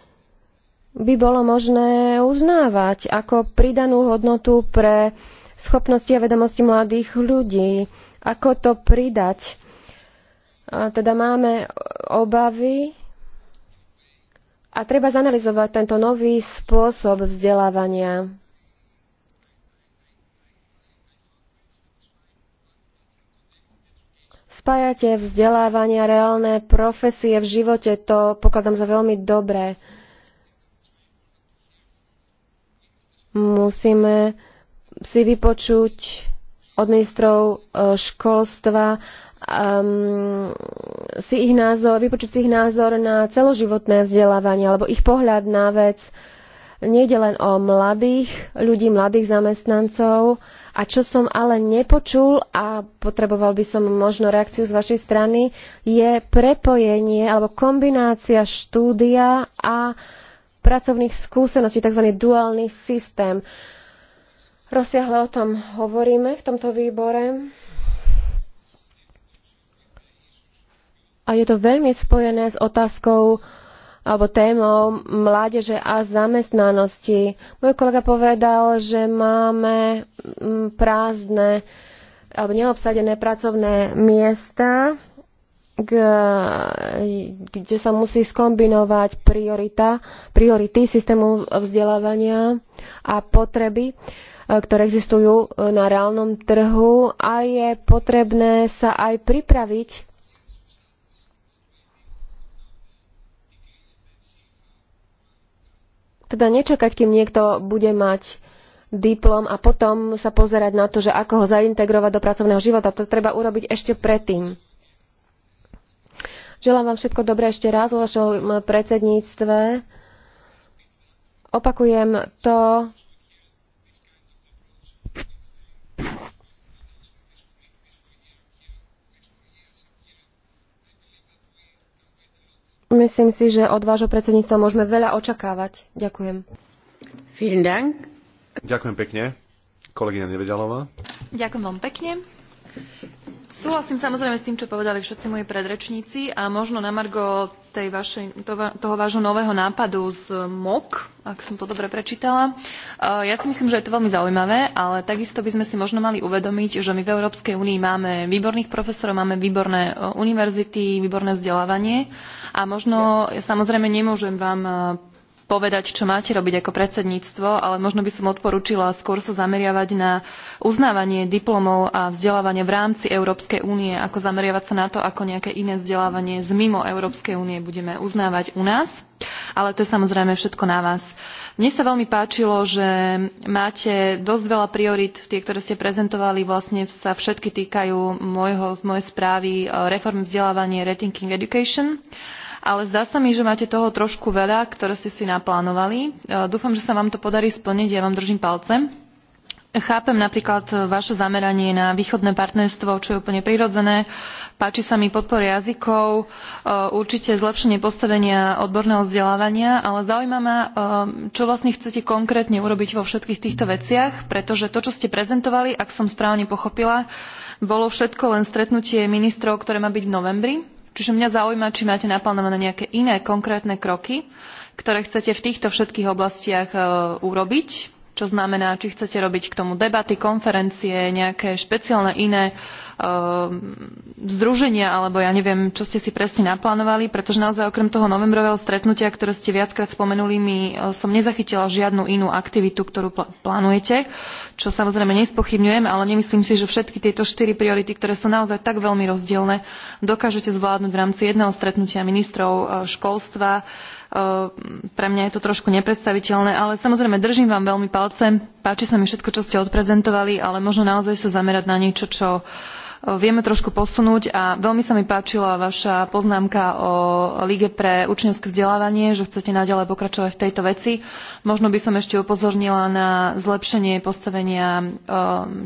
by bolo možné uznávať ako pridanú hodnotu pre schopnosti a vedomosti mladých ľudí. Ako to pridať? A teda máme obavy a treba zanalizovať tento nový spôsob vzdelávania spájate vzdelávanie a reálne profesie v živote, to pokladám za veľmi dobré. Musíme si vypočuť od ministrov e, školstva um, si ich názor, vypočuť si ich názor na celoživotné vzdelávanie alebo ich pohľad na vec, uh, Nejde len o mladých ľudí, mladých zamestnancov. A čo som ale nepočul a potreboval by som možno reakciu z vašej strany, je prepojenie alebo kombinácia štúdia a pracovných skúseností, tzv. duálny systém. Rozsiahle o tom hovoríme v tomto výbore. A je to veľmi spojené s otázkou alebo témou mládeže a zamestnanosti. Môj kolega povedal, že máme mm, prázdne alebo neobsadené pracovné miesta, kde sa musí skombinovať priorita, priority systému vzdelávania a potreby e, ktoré existujú na reálnom trhu a je potrebné sa aj pripraviť Teda nečakať, kým niekto bude mať diplom a potom sa pozerať na to, že ako ho zaintegrovať do pracovného života. To treba urobiť ešte predtým. Želám vám všetko dobré ešte raz vo vašom predsedníctve. Opakujem to, Myslím si, že od vášho predsedníctva môžeme veľa očakávať. Ďakujem.
Vielen Dank.
Ďakujem pekne. Kolegyňa Nevedalová.
Ďakujem vám pekne. Súhlasím samozrejme s tým, čo povedali všetci moji predrečníci a možno na Margo tej vašej, toho, toho vášho nového nápadu z MOK, ak som to dobre prečítala. Eh, ja si myslím, že je to veľmi zaujímavé, ale takisto by sme si možno mali uvedomiť, že my v Európskej únii máme výborných profesorov, máme výborné eh, univerzity, výborné vzdelávanie a možno samozrejme nemôžem vám eh, povedať, čo máte robiť ako predsedníctvo, ale možno by som odporúčila skôr sa zameriavať na uznávanie diplomov a vzdelávanie v rámci Európskej únie, ako zameriavať sa na to, ako nejaké iné vzdelávanie z mimo Európskej únie budeme uznávať u nás. Ale to je samozrejme všetko na vás. Mne sa veľmi páčilo, že máte dosť veľa priorit, tie, ktoré ste prezentovali, vlastne sa všetky týkajú môjho, z mojej správy eh, reform vzdelávanie Rating Education. Uh, ale zdá sa mi, že máte toho trošku veľa, ktoré ste si naplánovali. E, dúfam, že sa vám to podarí splniť, ja vám držím palcem. Chápem napríklad vaše zameranie na východné partnerstvo, čo je úplne prirodzené. Páči sa mi podpora jazykov, e, určite zlepšenie postavenia odborného vzdelávania, ale zaujíma ma, e, čo vlastne chcete konkrétne urobiť vo všetkých týchto veciach, pretože to, čo ste prezentovali, ak som správne pochopila, bolo všetko len stretnutie ministrov, ktoré má byť v novembri Čiže mňa zaujíma, či máte naplánované nejaké iné konkrétne kroky, ktoré chcete v týchto všetkých oblastiach e, urobiť čo znamená, či chcete robiť k tomu debaty, konferencie, nejaké špeciálne iné eh, združenia, alebo ja neviem, čo ste si presne naplánovali, pretože naozaj okrem toho novembrového stretnutia, ktoré ste viackrát spomenuli, my, eh, som nezachytila žiadnu inú aktivitu, ktorú plánujete, čo samozrejme nespochybňujem, ale nemyslím si, že všetky tieto štyri priority, ktoré sú naozaj tak veľmi rozdielne, dokážete zvládnuť v rámci jedného stretnutia ministrov eh, školstva, Ehm, pre mňa je to trošku nepredstaviteľné, ale samozrejme držím vám veľmi palce. Páči sa mi všetko, čo ste odprezentovali, ale možno naozaj sa zamerať na niečo, čo vieme trošku posunúť a veľmi sa mi páčila vaša poznámka o lige pre učňovské vzdelávanie, že chcete naďalej pokračovať v tejto veci. Možno by som ešte upozornila na zlepšenie postavenia e,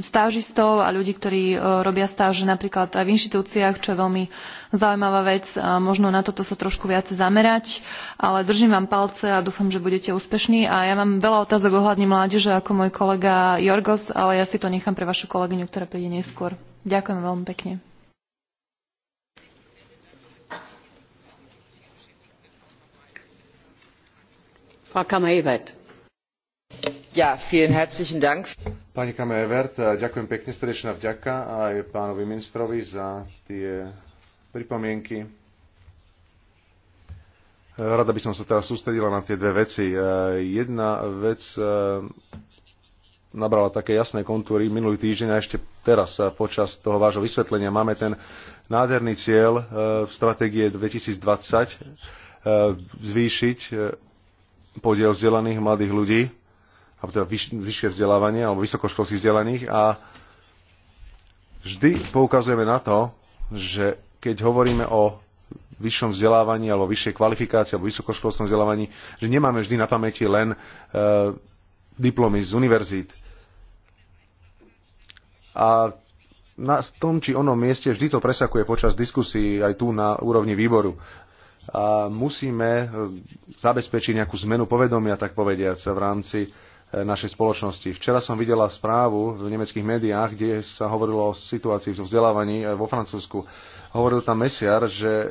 stážistov a ľudí, ktorí e, robia stáže napríklad aj v inštitúciách, čo je veľmi zaujímavá vec. a Možno na toto sa trošku viacej zamerať, ale držím vám palce a dúfam, že budete úspešní. A ja mám veľa otázok ohľadne mládeže ako môj kolega Jorgos, ale ja si to nechám pre vašu kolegyňu, ktorá príde neskôr. Ďakujem veľmi pekne.
Pani Kamejvert, ďakujem pekne, srdečná vďaka aj pánovi ministrovi za tie pripomienky. Rada by som sa teraz sústredila na tie dve veci. Jedna vec nabrala také jasné kontúry minulý týždeň a ešte teraz eh, počas toho vášho vysvetlenia máme ten nádherný cieľ eh, v stratégie 2020 eh, zvýšiť podiel vzdelaných mladých ľudí, alebo teda vyš, vyššie vzdelávanie, alebo vysokoškolských vzdelaných a vždy poukazujeme na to, že keď hovoríme o vyššom vzdelávaní alebo vyššej kvalifikácii alebo vysokoškolskom vzdelávaní, že nemáme vždy na pamäti len e, diplomy z univerzít. A na tom či onom mieste vždy to presakuje počas diskusí aj tu na úrovni výboru. A musíme e, zabezpečiť nejakú zmenu povedomia, tak povediac, v rámci e, našej spoločnosti. Včera som videla správu v nemeckých médiách, kde sa hovorilo o situácii v vzdelávaní e, vo Francúzsku. Hovoril tam mesiar, že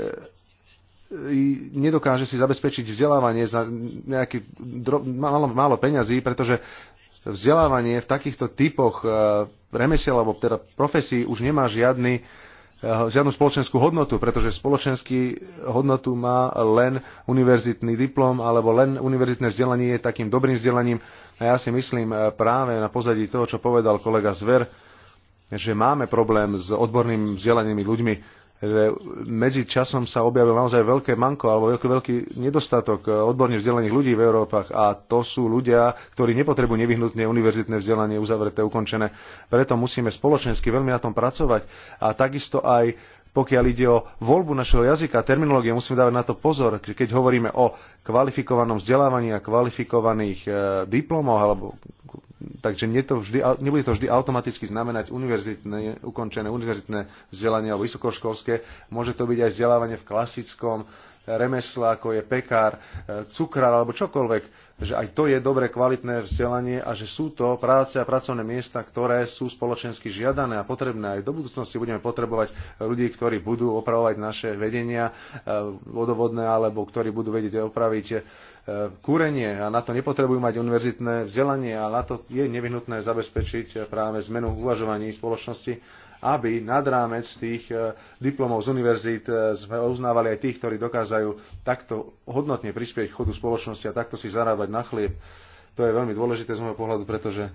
nedokáže si zabezpečiť vzdelávanie za nejaký dro- málo, málo peňazí, pretože vzdelávanie v takýchto typoch e, remesiel alebo teda profesí už nemá žiadny, e, žiadnu spoločenskú hodnotu, pretože spoločenský hodnotu má len univerzitný diplom alebo len univerzitné vzdelanie je takým dobrým vzdelaním. A ja si myslím e, práve na pozadí toho, čo povedal kolega Zver, že máme problém s odborným vzdelanými ľuďmi že medzi časom sa objavil naozaj veľké manko alebo veľký, veľký nedostatok eh, odborne vzdelaných ľudí v Európach a to sú ľudia, ktorí nepotrebujú nevyhnutne univerzitné vzdelanie uzavreté, ukončené. Preto musíme spoločensky veľmi na tom pracovať a takisto aj pokiaľ ide o voľbu našeho jazyka a terminológie, musíme dávať na to pozor, keď hovoríme o kvalifikovanom vzdelávaní a kvalifikovaných e, diplomoch, alebo, takže nie to vždy, nebude to vždy automaticky znamenať univerzitné, ukončené univerzitné vzdelanie alebo vysokoškolské. Môže to byť aj vzdelávanie v klasickom remesle, ako je pekár, e, cukrár alebo čokoľvek že aj to je dobre kvalitné vzdelanie a že sú to práce a pracovné miesta, ktoré sú spoločensky žiadané a potrebné. Aj do budúcnosti budeme potrebovať ľudí, ktorí budú opravovať naše vedenia e, vodovodné alebo ktorí budú vedieť opraviť e, kúrenie a na to nepotrebujú mať univerzitné vzdelanie a na to je nevyhnutné zabezpečiť práve zmenu uvažovaní spoločnosti aby nad rámec tých e, diplomov z univerzít e, sme uznávali aj tých, ktorí dokázajú takto hodnotne prispieť chodu spoločnosti a takto si zarábať na chlieb. To je veľmi dôležité z môjho pohľadu, pretože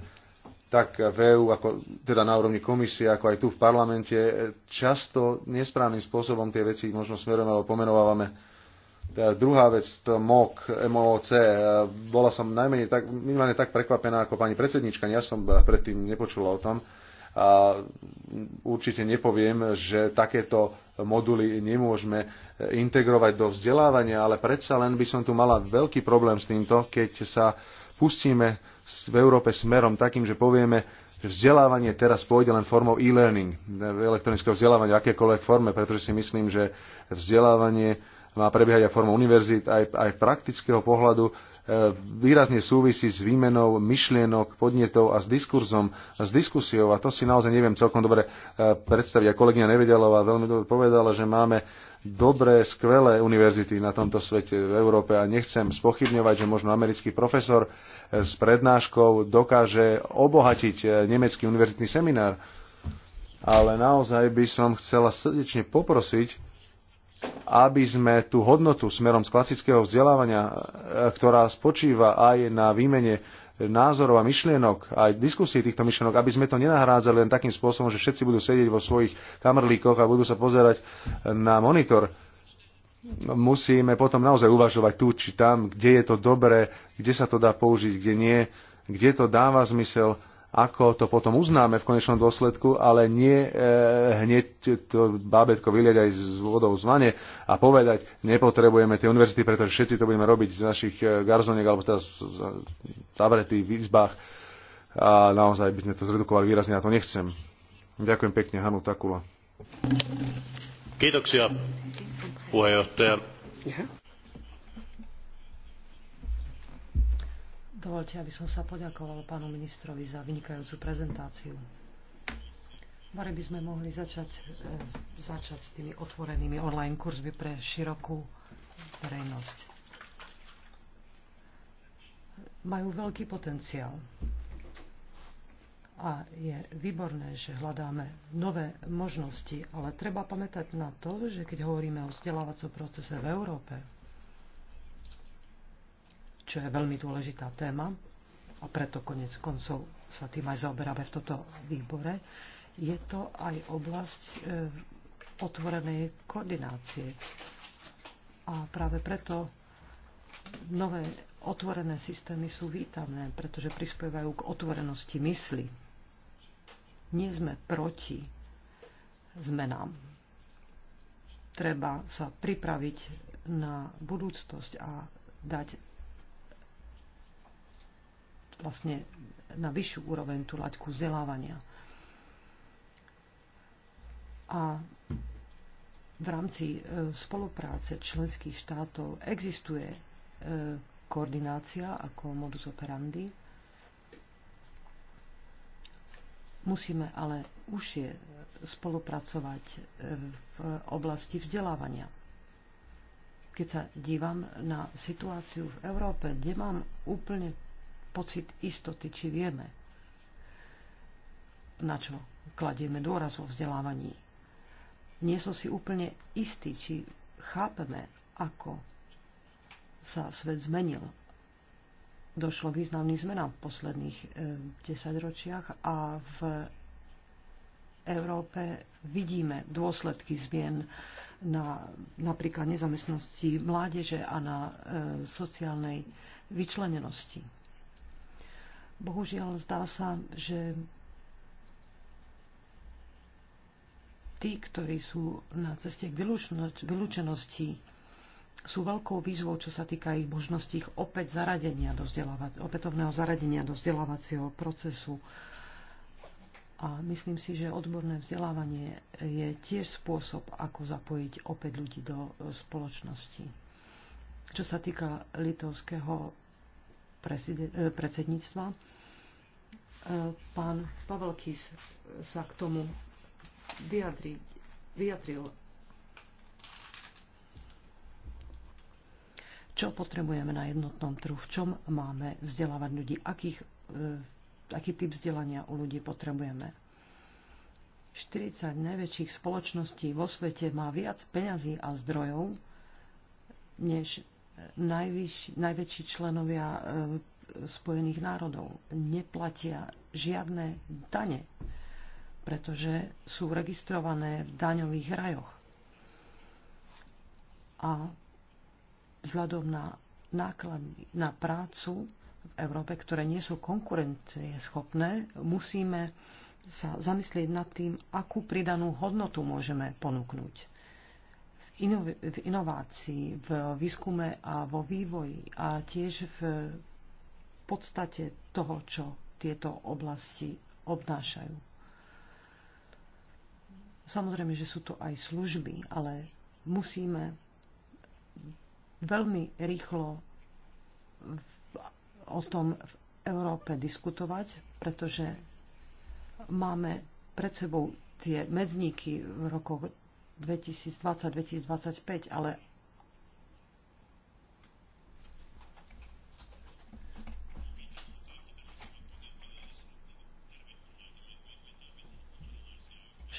tak v EU, ako teda na úrovni komisie, ako aj tu v parlamente, e, často nesprávnym spôsobom tie veci možno smerujeme alebo pomenovávame. Tá druhá vec, to MOC, MOC, bola som najmenej tak, minimálne tak prekvapená ako pani predsednička, ja som predtým nepočula o tom, a určite nepoviem, že takéto moduly nemôžeme integrovať do vzdelávania, ale predsa len by som tu mala veľký problém s týmto, keď sa pustíme v Európe smerom takým, že povieme, že vzdelávanie teraz pôjde len formou e-learning, elektronického vzdelávania v akékoľvek forme, pretože si myslím, že vzdelávanie má prebiehať aj formou univerzít, aj, aj praktického pohľadu E, výrazne súvisí s výmenou myšlienok, podnetov a s diskurzom, a s diskusiou. A to si naozaj neviem celkom dobre e, predstaviť. A kolegyňa Nevedelová veľmi dobre povedala, že máme dobré, skvelé univerzity na tomto svete v Európe a nechcem spochybňovať, že možno americký profesor e, s prednáškou dokáže obohatiť nemecký univerzitný seminár. Ale naozaj by som chcela srdečne poprosiť, aby sme tú hodnotu smerom z klasického vzdelávania, e, ktorá spočíva aj na výmene názorov a myšlienok, aj diskusí týchto myšlienok, aby sme to nenahrádzali len takým spôsobom, že všetci budú sedieť vo svojich kamrlíkoch a budú sa pozerať e, na monitor. Musíme potom naozaj uvažovať tu či tam, kde je to dobré, kde sa to dá použiť, kde nie, kde to dáva zmysel ako to potom uznáme v konečnom dôsledku, ale nie e, hneď to bábetko vyliať aj z vodou z vane a povedať, nepotrebujeme tie univerzity, pretože všetci to budeme robiť z našich e, garzoniek alebo teda zavretých v izbách a naozaj by sme to zredukovali výrazne a to nechcem. Ďakujem pekne, Hanu Takula. Kiitoksia, puheenjohtaja.
Dovolte, aby som sa poďakoval pánu ministrovi za vynikajúcu prezentáciu. Bare by sme mohli začať, e, začať s tými otvorenými online kurzmi pre širokú verejnosť. Majú veľký potenciál a je výborné, že hľadáme nové možnosti, ale treba pamätať na to, že keď hovoríme o vzdelávacom procese v Európe, čo je veľmi dôležitá téma a preto konec koncov sa tým aj zaoberáme v tomto výbore, je to aj oblasť e, otvorenej koordinácie. A práve preto nové otvorené systémy sú vítané, pretože prispievajú k otvorenosti mysli. Nie sme proti zmenám. Treba sa pripraviť na budúcnosť a dať vlastne na vyššiu úroveň tú laťku vzdelávania. A v rámci e, spolupráce členských štátov existuje e, koordinácia ako modus operandi. Musíme ale užšie spolupracovať e, v oblasti vzdelávania. Keď sa dívam na situáciu v Európe, mám úplne pocit istoty, či vieme, na čo kladieme dôraz vo vzdelávaní. Nie som si úplne istý, či chápeme, ako sa svet zmenil. Došlo k významným zmenám v posledných eh, desaťročiach a v Európe vidíme dôsledky zmien na napríklad nezamestnosti mládeže a na e, sociálnej vyčlenenosti. Bohužiaľ zdá sa, že tí, ktorí sú na ceste k vylúčenosti, sú veľkou výzvou, čo sa týka ich možností ich opäť zaradenia do opätovného zaradenia do vzdelávacieho procesu. A myslím si, že odborné vzdelávanie je tiež spôsob, ako zapojiť opäť ľudí do e, spoločnosti. Čo sa týka litovského e, predsedníctva, E, pán Pavel Kis sa k tomu vyjadri, vyjadril. Čo potrebujeme na jednotnom trhu? V čom máme vzdelávať ľudí? Akých, e, aký typ vzdelania u ľudí potrebujeme? 40 najväčších spoločností vo svete má viac peňazí a zdrojov než najvyš, najväčší členovia e, Spojených národov. Neplatia žiadne dane, pretože sú registrované v daňových rajoch. A vzhľadom na náklady na prácu v Európe, ktoré nie sú konkurencieschopné, musíme sa zamyslieť nad tým, akú pridanú hodnotu môžeme ponúknuť v inovácii, v výskume a vo vývoji a tiež v podstate toho, čo tieto oblasti obnášajú. Samozrejme, že sú to aj služby, ale musíme veľmi rýchlo o tom v Európe diskutovať, pretože máme pred sebou tie medzníky v rokoch 2020-2025, ale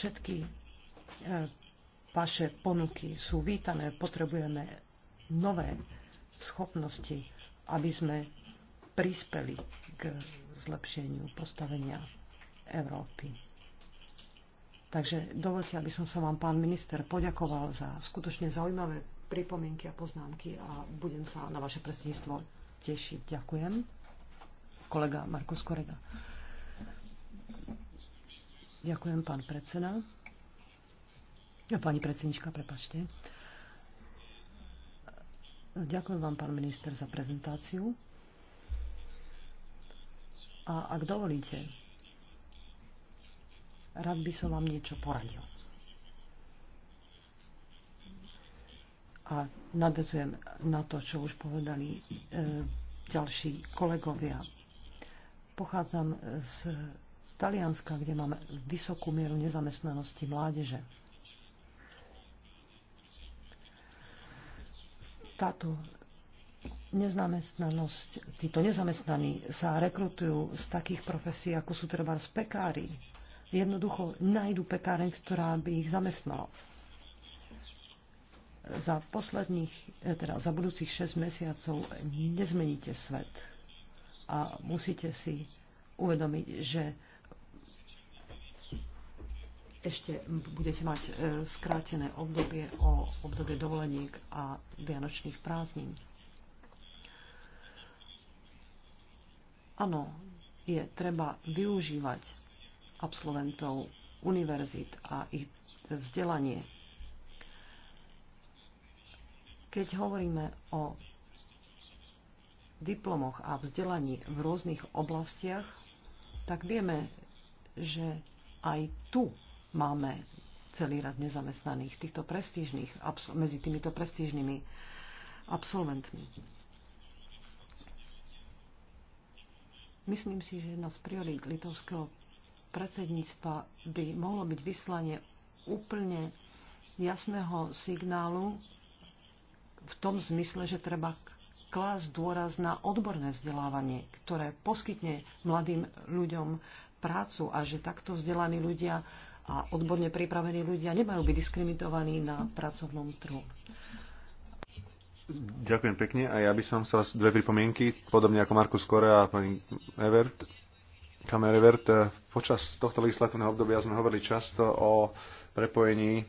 Všetky e, vaše ponuky sú vítané. Potrebujeme nové schopnosti, aby sme prispeli k zlepšeniu postavenia Európy. Takže dovolte, aby som sa vám, pán minister, poďakoval za skutočne zaujímavé pripomienky a poznámky a budem sa na vaše predsedníctvo tešiť. Ďakujem. Kolega Markus Korega. Ďakujem, pán predseda. Ja, pani predsednička, prepačte. Ďakujem vám, pán minister, za prezentáciu. A ak dovolíte, rád by som vám niečo poradil. A nadvezujem na to, čo už povedali e, ďalší kolegovia. Pochádzam z Talianska, kde máme vysokú mieru nezamestnanosti mládeže. Táto nezamestnanosť, títo nezamestnaní sa rekrutujú z takých profesí, ako sú treba z pekári. Jednoducho nájdu pekáreň, ktorá by ich zamestnala. Za posledných, eh, teda za budúcich 6 mesiacov nezmeníte svet a musíte si uvedomiť, že ešte budete mať e, skrátené obdobie o obdobie dovoleniek a vianočných prázdnin. Áno, je treba využívať absolventov univerzit a ich vzdelanie. Keď hovoríme o diplomoch a vzdelaní v rôznych oblastiach, tak vieme, že aj tu Máme celý rad nezamestnaných týchto prestížnych, medzi týmito prestížnymi absolventmi. Myslím si, že jedna z priorít litovského predsedníctva by mohlo byť vyslanie úplne jasného signálu v tom zmysle, že treba klásť dôraz na odborné vzdelávanie, ktoré poskytne mladým ľuďom prácu a že takto vzdelaní ľudia a odborne pripravení ľudia nemajú byť diskriminovaní na pracovnom trhu.
Ďakujem pekne a ja by som chcel dve pripomienky, podobne ako Markus Kore a pani Evert. Kamer Evert, počas tohto legislatívneho obdobia sme hovorili často o prepojení e,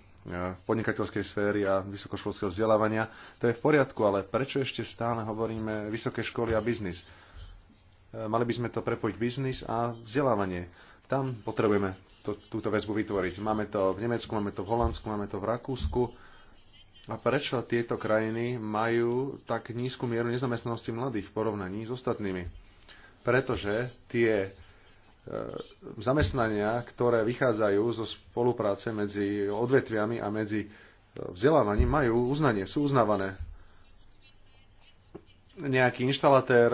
podnikateľskej sféry a vysokoškolského vzdelávania. To je v poriadku, ale prečo ešte stále hovoríme vysoké školy a biznis? E, mali by sme to prepojiť biznis a vzdelávanie. Tam potrebujeme to, túto väzbu vytvoriť. Máme to v Nemecku, máme to v Holandsku, máme to v Rakúsku. A prečo tieto krajiny majú tak nízku mieru nezamestnanosti mladých v porovnaní s ostatnými? Pretože tie e, zamestnania, ktoré vychádzajú zo spolupráce medzi odvetviami a medzi e, vzdelávaním, majú uznanie, sú uznávané nejaký inštalatér,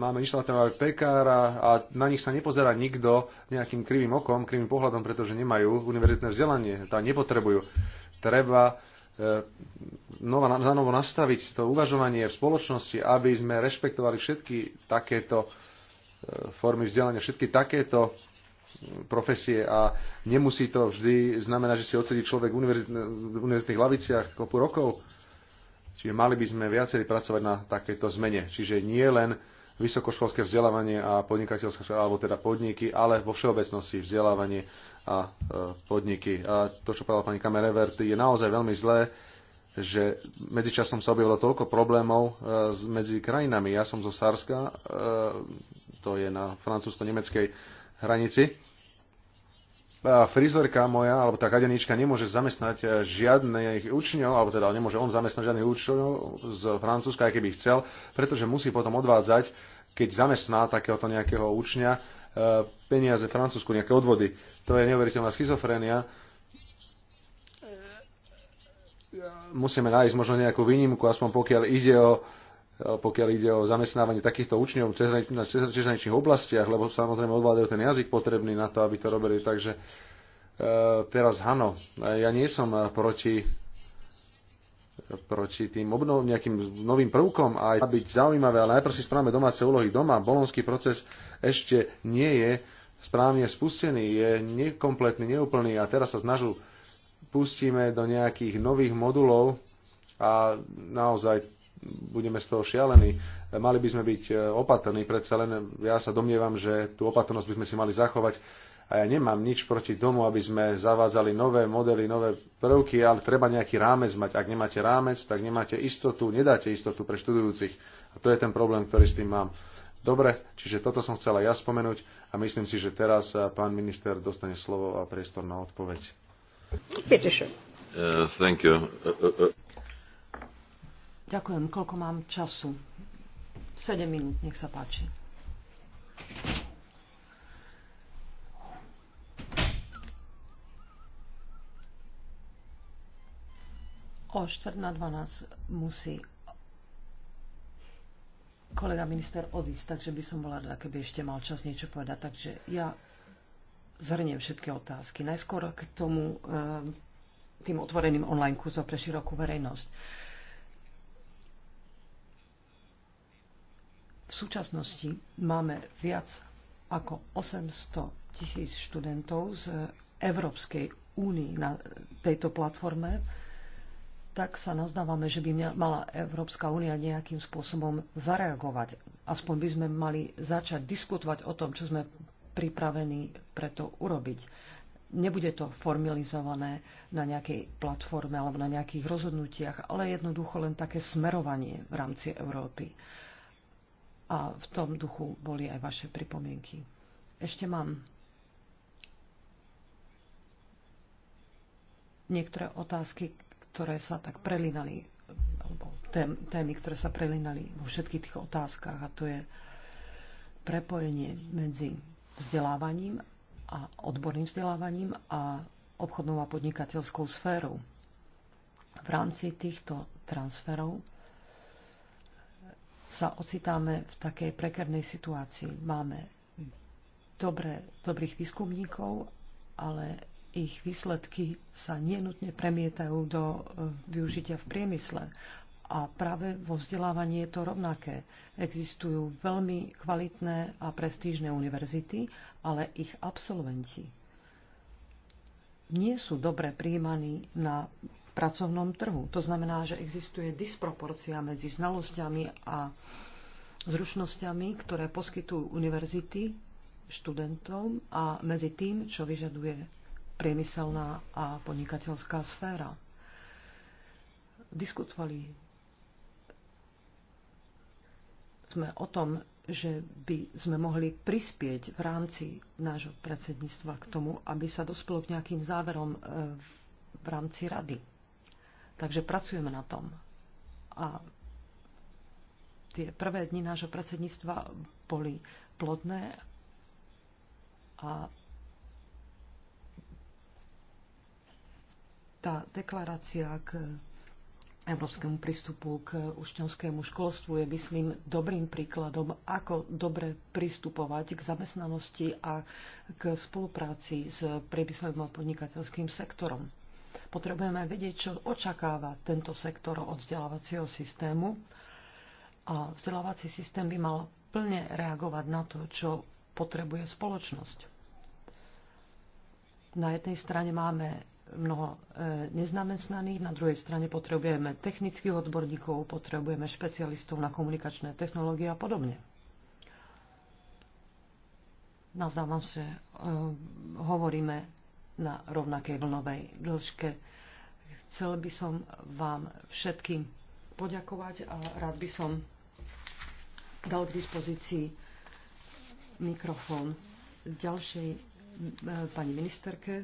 máme inštalatér aj pekára a na nich sa nepozerá nikto nejakým krivým okom, krivým pohľadom, pretože nemajú univerzitné vzdelanie, tá nepotrebujú. Treba e, nova, na novo nastaviť to uvažovanie v spoločnosti, aby sme rešpektovali všetky takéto e, formy vzdelania, všetky takéto profesie a nemusí to vždy znamená, že si odsedí človek v univerzitných laviciach kopu rokov Čiže mali by sme viacerí pracovať na takejto zmene. Čiže nie len vysokoškolské vzdelávanie a podnikateľské, alebo teda podniky, ale vo všeobecnosti vzdelávanie a e, podniky. A to, čo povedala pani Kamerevert, je naozaj veľmi zlé, že medzičasom sa objavilo toľko problémov e, medzi krajinami. Ja som zo Sarska, e, to je na francúzsko-nemeckej hranici frizorka moja, alebo tá kadenička nemôže zamestnať eh, žiadnych učňov, alebo teda nemôže on zamestnať žiadnych učňov z Francúzska, aj keby chcel, pretože musí potom odvádzať, keď zamestná takéhoto nejakého učňa, eh, peniaze Francúzsku, nejaké odvody. To je neuveriteľná schizofrénia. Eh, musíme nájsť možno nejakú výnimku, aspoň pokiaľ ide o Eh, pokiaľ ide o zamestnávanie takýchto učňov na cezhraničných oblastiach, lebo samozrejme odvládajú ten jazyk potrebný na to, aby to robili. Takže eh, teraz áno, eh, ja nie som proti proti tým obnov, nejakým novým prvkom a aj byť zaujímavé, ale najprv si správame domáce úlohy doma. Bolonský proces ešte nie je správne spustený, je nekompletný, neúplný a teraz sa znažu pustíme do nejakých nových modulov a naozaj budeme z toho šialení. Mali by sme byť e, opatrní, predsa len ja sa domnievam, že tú opatrnosť by sme si mali zachovať a ja nemám nič proti tomu, aby sme zavádzali nové modely, nové prvky, ale treba nejaký rámec mať. Ak nemáte rámec, tak nemáte istotu, nedáte istotu pre študujúcich. A to je ten problém, ktorý s tým mám. Dobre, čiže toto som chcela ja spomenúť a myslím si, že teraz e, pán minister dostane slovo a priestor na odpoveď. Uh, thank you. Uh,
uh, uh.
Ďakujem. Koľko mám času? 7 minút, nech sa páči. O 4 na 12 musí kolega minister odísť, takže by som bola rada, keby ešte mal čas niečo povedať. Takže ja zhrniem všetky otázky. Najskôr k tomu eh, tým otvoreným online kurzom pre širokú verejnosť V súčasnosti máme viac ako 800 tisíc študentov z Európskej únii na tejto platforme, tak sa nazdávame, že by mala Európska únia nejakým spôsobom zareagovať. Aspoň by sme mali začať diskutovať o tom, čo sme pripravení preto urobiť. Nebude to formalizované na nejakej platforme alebo na nejakých rozhodnutiach, ale jednoducho len také smerovanie v rámci Európy a v tom duchu boli aj vaše pripomienky. Ešte mám niektoré otázky, ktoré sa tak prelinali, alebo témy, ktoré sa prelinali vo všetkých tých otázkach a to je prepojenie medzi vzdelávaním a odborným vzdelávaním a obchodnou a podnikateľskou sférou. V rámci týchto transferov sa ocitáme v takej prekernej situácii. Máme dobré, dobrých výskumníkov, ale ich výsledky sa nenutne premietajú do e, využitia v priemysle. A práve vo vzdelávaní je to rovnaké. Existujú veľmi kvalitné a prestížne univerzity, ale ich absolventi nie sú dobre príjmaní na pracovnom trhu. To znamená, že existuje disproporcia medzi znalosťami a zručnosťami, ktoré poskytujú univerzity študentom a medzi tým, čo vyžaduje priemyselná a podnikateľská sféra. Diskutovali sme o tom, že by sme mohli prispieť v rámci nášho predsedníctva k tomu, aby sa dospelo k nejakým záverom e, v rámci rady. Takže pracujeme na tom. A tie prvé dni nášho predsedníctva boli plodné a tá deklarácia k európskemu prístupu k učňovskému školstvu je, myslím, dobrým príkladom, ako dobre pristupovať k zamestnanosti a k spolupráci s priemyslom a podnikateľským sektorom. Potrebujeme vedieť, čo očakáva tento sektor od vzdelávacieho systému. A vzdelávací systém by mal plne reagovať na to, čo potrebuje spoločnosť. Na jednej strane máme mnoho e, nezamestnaných, na druhej strane potrebujeme technických odborníkov, potrebujeme špecialistov na komunikačné technológie a podobne. Nazdávam, že e, hovoríme na rovnakej vlnovej dĺžke. Chcel by som vám všetkým poďakovať a rád by som dal k dispozícii mikrofón ďalšej e, pani ministerke.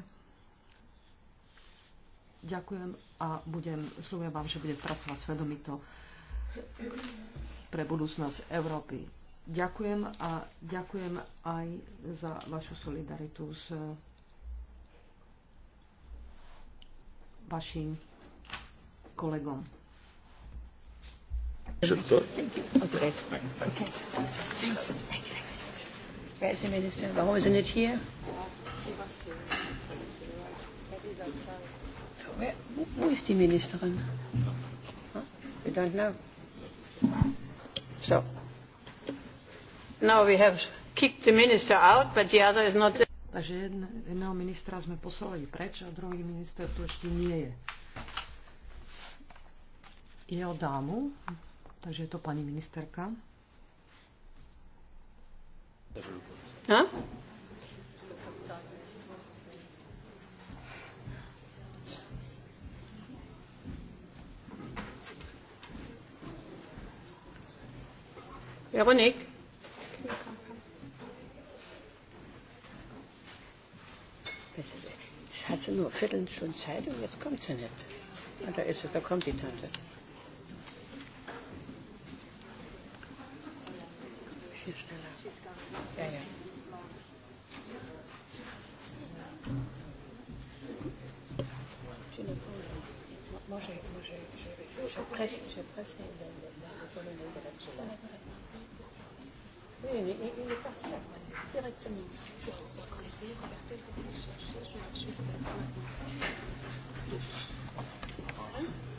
Ďakujem a budem, slúbujem vám, že budem pracovať svedomito pre budúcnosť Európy. Ďakujem a ďakujem aj za vašu solidaritu s vašim kolegom. wo, ist die Ministerin? Huh? We don't know. So now we have kicked the minister out, but the other is not. there. Takže jedného ministra sme poslali preč a druhý minister tu ešte nie je. Je o dámu, takže je to pani ministerka. A? Veronique? sie nur schon Zeit und jetzt kommt sie nicht. Und da ist sie, da kommt die Tante. Bisschen schneller. Ja, ja. Moi, je, moi je, je, presse, presse.
Oui, mais il est parti directement. Quand les élèves Roberto, il faut les chercher, je vais chercher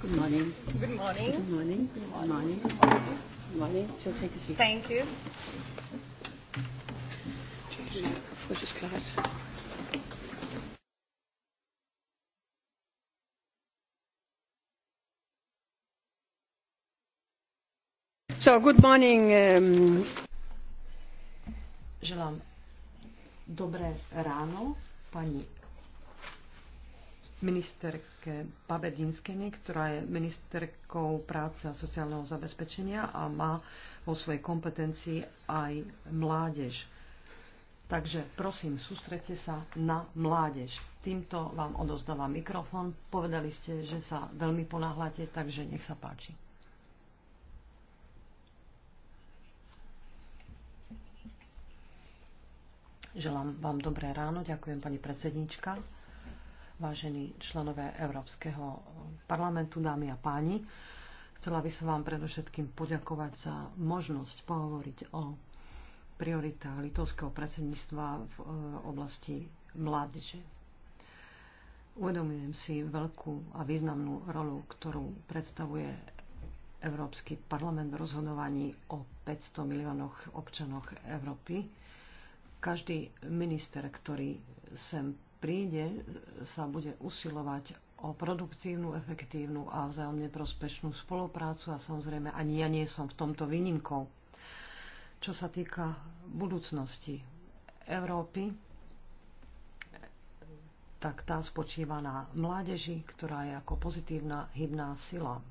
Good morning. Good morning. Good morning. Good morning. Good morning. Good morning. So take a seat. Thank you. Frisches Glas.
So good morning. Um, Želám dobré ráno pani ministerke Babedinskene, ktorá je ministerkou práce a sociálneho zabezpečenia a má vo svojej kompetencii aj mládež. Takže prosím, sústrete sa na mládež. Týmto vám odozdávam mikrofón. Povedali ste, že sa veľmi ponáhľate, takže nech sa páči. Želám vám dobré ráno. Ďakujem pani predsednička, vážení členové Európskeho parlamentu, dámy a páni. Chcela by som vám predovšetkým poďakovať za možnosť pohovoriť o prioritách litovského predsedníctva v e, oblasti mládeže. Uvedomujem si veľkú a významnú rolu, ktorú predstavuje Európsky parlament v rozhodovaní o 500 miliónoch občanoch Európy každý minister, ktorý sem príde, sa bude usilovať o produktívnu, efektívnu a vzájomne prospešnú spoluprácu a samozrejme ani ja nie som v tomto výnimkou. Čo sa týka budúcnosti Európy, tak tá spočíva na mládeži, ktorá je ako pozitívna hybná sila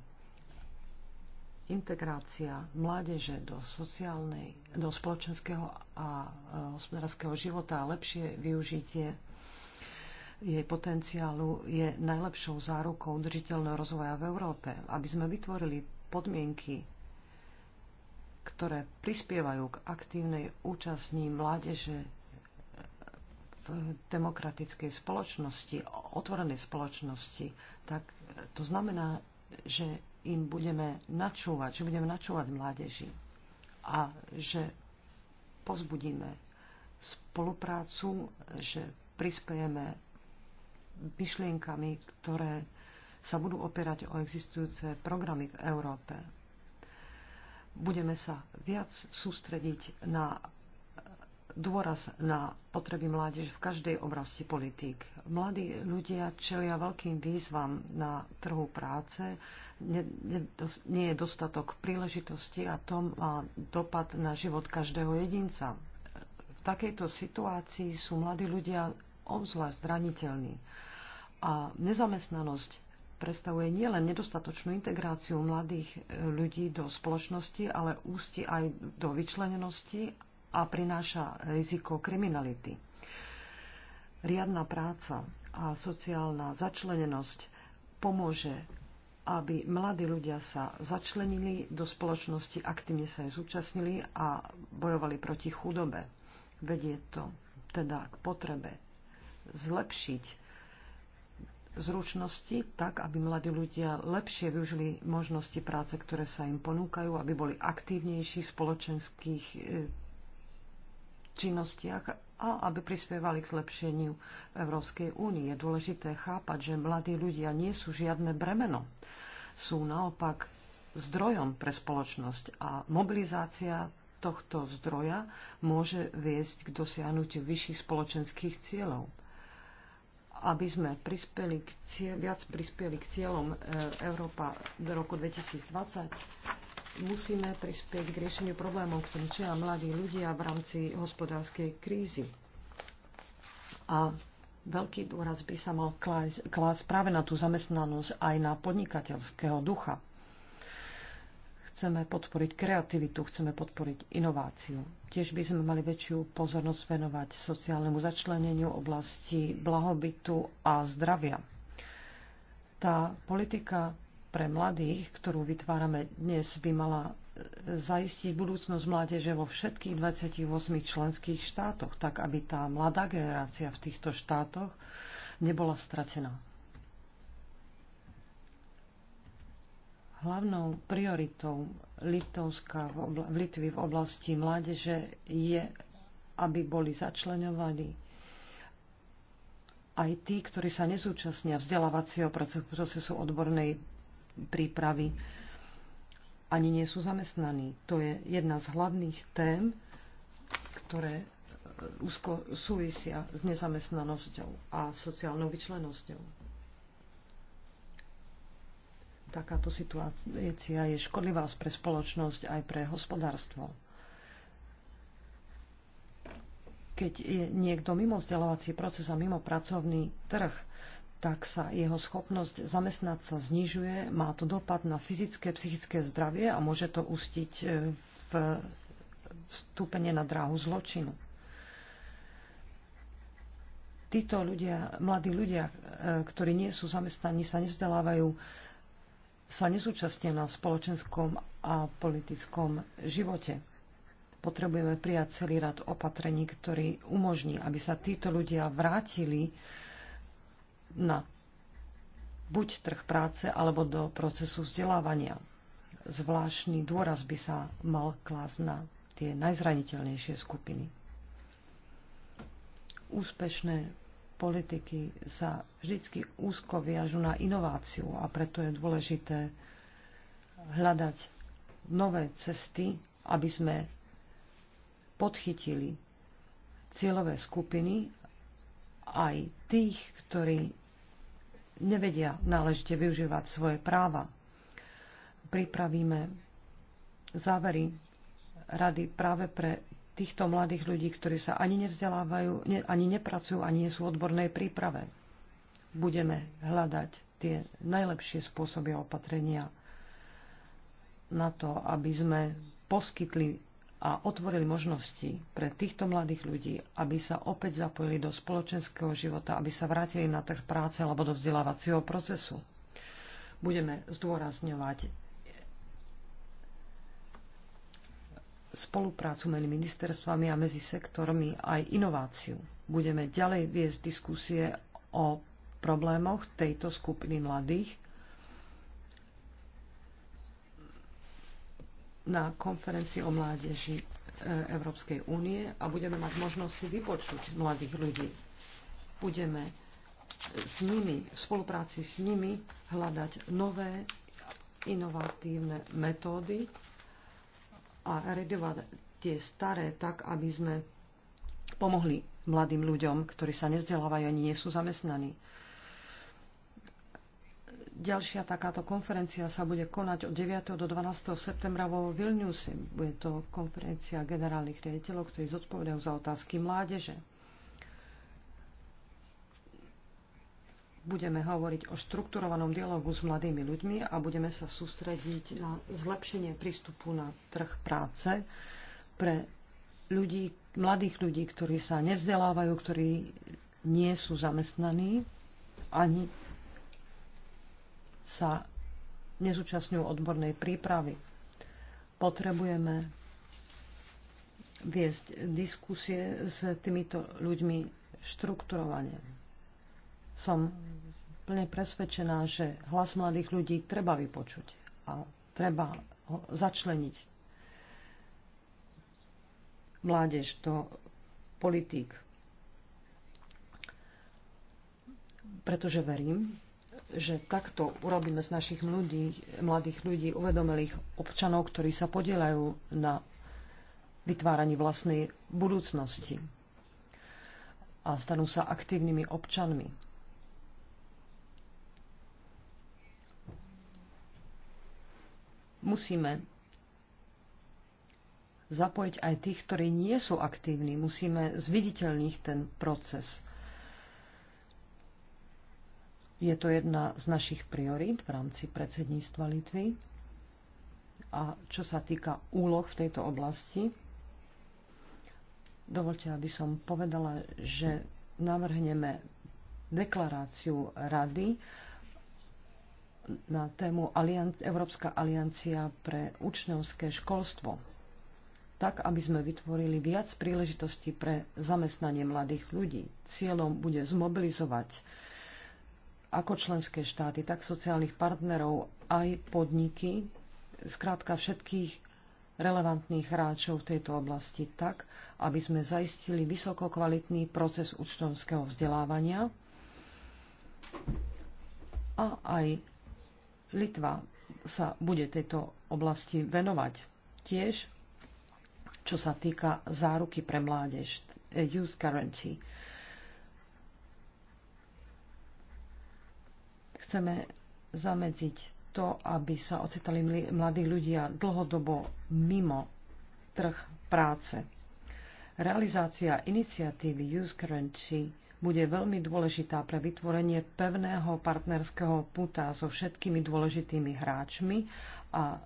integrácia mládeže do sociálnej, do spoločenského a e, hospodárskeho života a lepšie využitie jej potenciálu je najlepšou zárukou udržiteľného rozvoja v Európe. Aby sme vytvorili podmienky, ktoré prispievajú k aktívnej účastní mládeže e, v demokratickej spoločnosti, otvorenej spoločnosti, tak to znamená, že im budeme načúvať, že budeme načúvať mládeži a že pozbudíme spoluprácu, že prispejeme myšlienkami, ktoré sa budú opierať o existujúce programy v Európe. Budeme sa viac sústrediť na dôraz na potreby mládež v každej oblasti politík. Mladí ľudia čelia veľkým výzvam na trhu práce, nie je dostatok príležitosti a to má dopad na život každého jedinca. V takejto situácii sú mladí ľudia obzvlášť zraniteľní a nezamestnanosť predstavuje nielen nedostatočnú integráciu mladých ľudí do spoločnosti, ale ústi aj do vyčlenenosti a prináša riziko kriminality. Riadna práca a sociálna začlenenosť pomôže, aby mladí ľudia sa začlenili do spoločnosti, aktívne sa jej zúčastnili a bojovali proti chudobe. Vedie to teda k potrebe zlepšiť zručnosti tak, aby mladí ľudia lepšie využili možnosti práce, ktoré sa im ponúkajú, aby boli aktívnejší v spoločenských e, činnostiach a aby prispievali k zlepšeniu Európskej únie. Je dôležité chápať, že mladí ľudia nie sú žiadne bremeno. Sú naopak zdrojom pre spoločnosť a mobilizácia tohto zdroja môže viesť k dosiahnutiu vyšších spoločenských cieľov. Aby sme prispeli k cieľ, viac prispeli k cieľom e, Európa do roku 2020, musíme prispieť k riešeniu problémov, ktorým čia mladí ľudia v rámci hospodárskej krízy. A veľký dôraz by sa mal klásť práve na tú zamestnanosť aj na podnikateľského ducha. Chceme podporiť kreativitu, chceme podporiť inováciu. Tiež by sme mali väčšiu pozornosť venovať sociálnemu začleneniu oblasti blahobytu a zdravia. Tá politika pre mladých, ktorú vytvárame dnes, by mala e, zaistiť budúcnosť mládeže vo všetkých 28 členských štátoch, tak aby tá mladá generácia v týchto štátoch nebola stratená. Hlavnou prioritou Litovska v Litvy v oblasti mládeže je, aby boli začlenovaní aj tí, ktorí sa nezúčastnia vzdelávacieho procesu odbornej prípravy ani nie sú zamestnaní. To je jedna z hlavných tém, ktoré e, úzko súvisia s nezamestnanosťou a sociálnou vyčlenosťou. Takáto situácia je škodlivá pre spoločnosť aj pre hospodárstvo. Keď je niekto mimo vzdelávací proces a mimo pracovný trh, tak sa jeho schopnosť zamestnať sa znižuje, má to dopad na fyzické, psychické zdravie a môže to ustiť e, v vstúpenie na dráhu zločinu. Títo ľudia, mladí ľudia, e, ktorí nie sú zamestnaní, sa nezdelávajú, sa nezúčastnia na spoločenskom a politickom živote. Potrebujeme prijať celý rad opatrení, ktorý umožní, aby sa títo ľudia vrátili na buď trh práce alebo do procesu vzdelávania. Zvláštny dôraz by sa mal klásť na tie najzraniteľnejšie skupiny. Úspešné politiky sa vždy úzko viažu na inováciu a preto je dôležité hľadať nové cesty, aby sme podchytili cieľové skupiny aj tých, ktorí nevedia náležite využívať svoje práva. Pripravíme závery rady práve pre týchto mladých ľudí, ktorí sa ani nevzdelávajú, ani nepracujú, ani nie sú v odbornej príprave. Budeme hľadať tie najlepšie spôsoby opatrenia na to, aby sme poskytli a otvorili možnosti pre týchto mladých ľudí, aby sa opäť zapojili do spoločenského života, aby sa vrátili na trh práce alebo do vzdelávacieho procesu. Budeme zdôrazňovať spoluprácu medzi ministerstvami a medzi sektormi aj inováciu. Budeme ďalej viesť diskusie o problémoch tejto skupiny mladých na konferencii o mládeži e, Európskej únie a budeme mať možnosť si vypočuť mladých ľudí. Budeme s nimi, v spolupráci s nimi hľadať nové inovatívne metódy a redovať tie staré tak, aby sme pomohli mladým ľuďom, ktorí sa nezdelávajú ani nie sú zamestnaní. Ďalšia takáto konferencia sa bude konať od 9. do 12. septembra vo Vilniuse. Bude to konferencia generálnych riaditeľov, ktorí zodpovedajú za otázky mládeže. Budeme hovoriť o štrukturovanom dialogu s mladými ľuďmi a budeme sa sústrediť na zlepšenie prístupu na trh práce pre ľudí, mladých ľudí, ktorí sa nevzdelávajú, ktorí nie sú zamestnaní ani sa nezúčastňujú odbornej prípravy. Potrebujeme viesť diskusie s týmito ľuďmi štrukturovane. Som plne presvedčená, že hlas mladých ľudí treba vypočuť a treba ho začleniť mládež do politík. Pretože verím, že takto urobíme z našich ľudí, mladých ľudí uvedomelých občanov, ktorí sa podielajú na vytváraní vlastnej budúcnosti a stanú sa aktívnymi občanmi. Musíme zapojiť aj tých, ktorí nie sú aktívni. Musíme zviditeľniť ten proces je to jedna z našich priorít v rámci predsedníctva Litvy. A čo sa týka úloh v tejto oblasti, dovolte, aby som povedala, že navrhneme deklaráciu Rady na tému Európska aliancia pre učňovské školstvo, tak aby sme vytvorili viac príležitostí pre zamestnanie mladých ľudí. Cieľom bude zmobilizovať ako členské štáty, tak sociálnych partnerov, aj podniky, zkrátka všetkých relevantných hráčov v tejto oblasti tak, aby sme zaistili vysokokvalitný proces účtovského vzdelávania. A aj Litva sa bude tejto oblasti venovať. Tiež, čo sa týka záruky pre mládež, eh, Youth Guarantee. Chceme zamedziť to, aby sa ocitali mladí ľudia dlhodobo mimo trh práce. Realizácia iniciatívy Youth Currency bude veľmi dôležitá pre vytvorenie pevného partnerského puta so všetkými dôležitými hráčmi a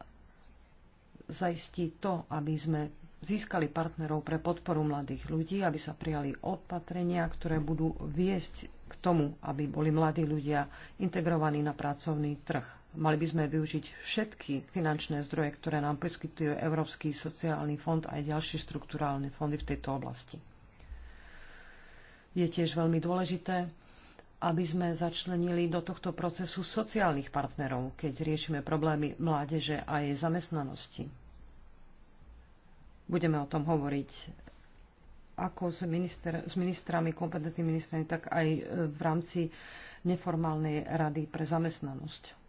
zaistí to, aby sme získali partnerov pre podporu mladých ľudí, aby sa prijali opatrenia, ktoré budú viesť k tomu, aby boli mladí ľudia integrovaní na pracovný trh. Mali by sme využiť všetky finančné zdroje, ktoré nám poskytuje Európsky sociálny fond a aj ďalšie štruktúrálne fondy v tejto oblasti. Je tiež veľmi dôležité, aby sme začlenili do tohto procesu sociálnych partnerov, keď riešime problémy mládeže a jej zamestnanosti. Budeme o tom hovoriť ako s, minister, s ministrami, kompetentnými ministrami, tak aj e, v rámci neformálnej rady pre zamestnanosť.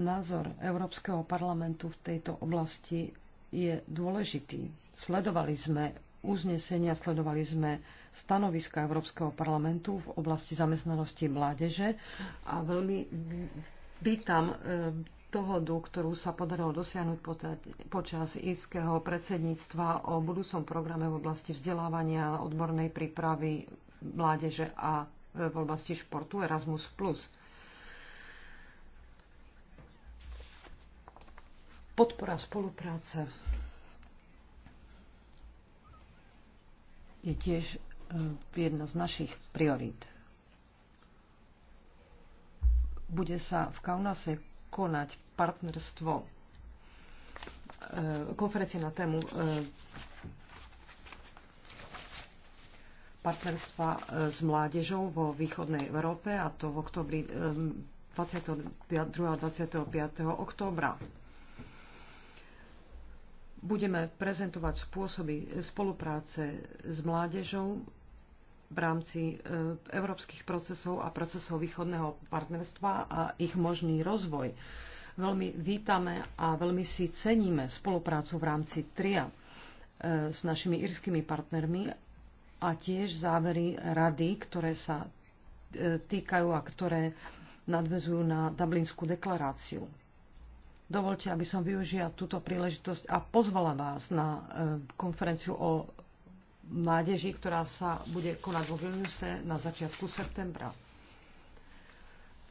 Názor Európskeho parlamentu v tejto oblasti je dôležitý. Sledovali sme uznesenia, sledovali sme stanoviska Európskeho parlamentu v oblasti zamestnanosti mládeže a veľmi vítam e, dohodu, ktorú sa podarilo dosiahnuť počas írskeho predsedníctva o budúcom programe v oblasti vzdelávania, odbornej prípravy mládeže a e, v oblasti športu Erasmus+. Podpora spolupráce je tiež e, jedna z našich priorít. Bude sa v Kaunase konať partnerstvo, e, konferencie na tému e, partnerstva e, s mládežou vo východnej Európe a to v oktobri 22. a 25. októbra. Budeme prezentovať spôsoby spolupráce s mládežou v rámci e, európskych procesov a procesov východného partnerstva a ich možný rozvoj. Veľmi vítame a veľmi si ceníme spoluprácu v rámci TRIA e, s našimi írskymi partnermi a tiež závery rady, ktoré sa e, týkajú a ktoré nadvezujú na Dublinskú deklaráciu. Dovolte, aby som využila túto príležitosť a pozvala vás na konferenciu o mládeži, ktorá sa bude konať vo Vilniuse na začiatku septembra.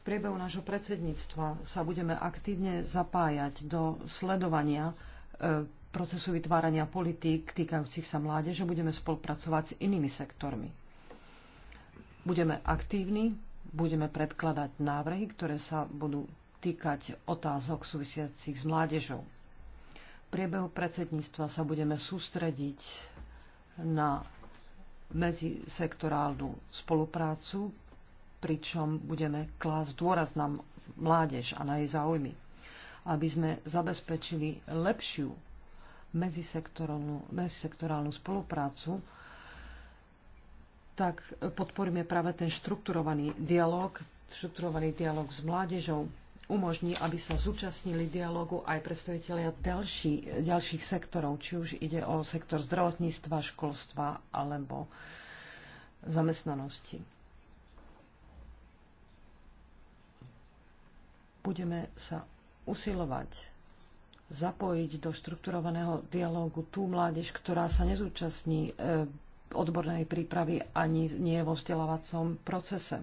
V priebehu nášho predsedníctva sa budeme aktívne zapájať do sledovania e, procesu vytvárania politík týkajúcich sa mládeže. Budeme spolupracovať s inými sektormi. Budeme aktívni, budeme predkladať návrhy, ktoré sa budú týkať otázok súvisiacich s mládežou. V priebehu predsedníctva sa budeme sústrediť na medzisektorálnu spoluprácu, pričom budeme klásť dôraz na mládež a na jej záujmy, aby sme zabezpečili lepšiu medzisektorálnu, medzisektorálnu spoluprácu, tak podporíme práve ten štrukturovaný dialog, štrukturovaný dialog s mládežou, umožní, aby sa zúčastnili dialogu aj predstavitelia ďalší, ďalších sektorov, či už ide o sektor zdravotníctva, školstva alebo zamestnanosti. Budeme sa usilovať zapojiť do štrukturovaného dialógu tú mládež, ktorá sa nezúčastní e, odbornej prípravy ani nie vo vzdelávacom procese.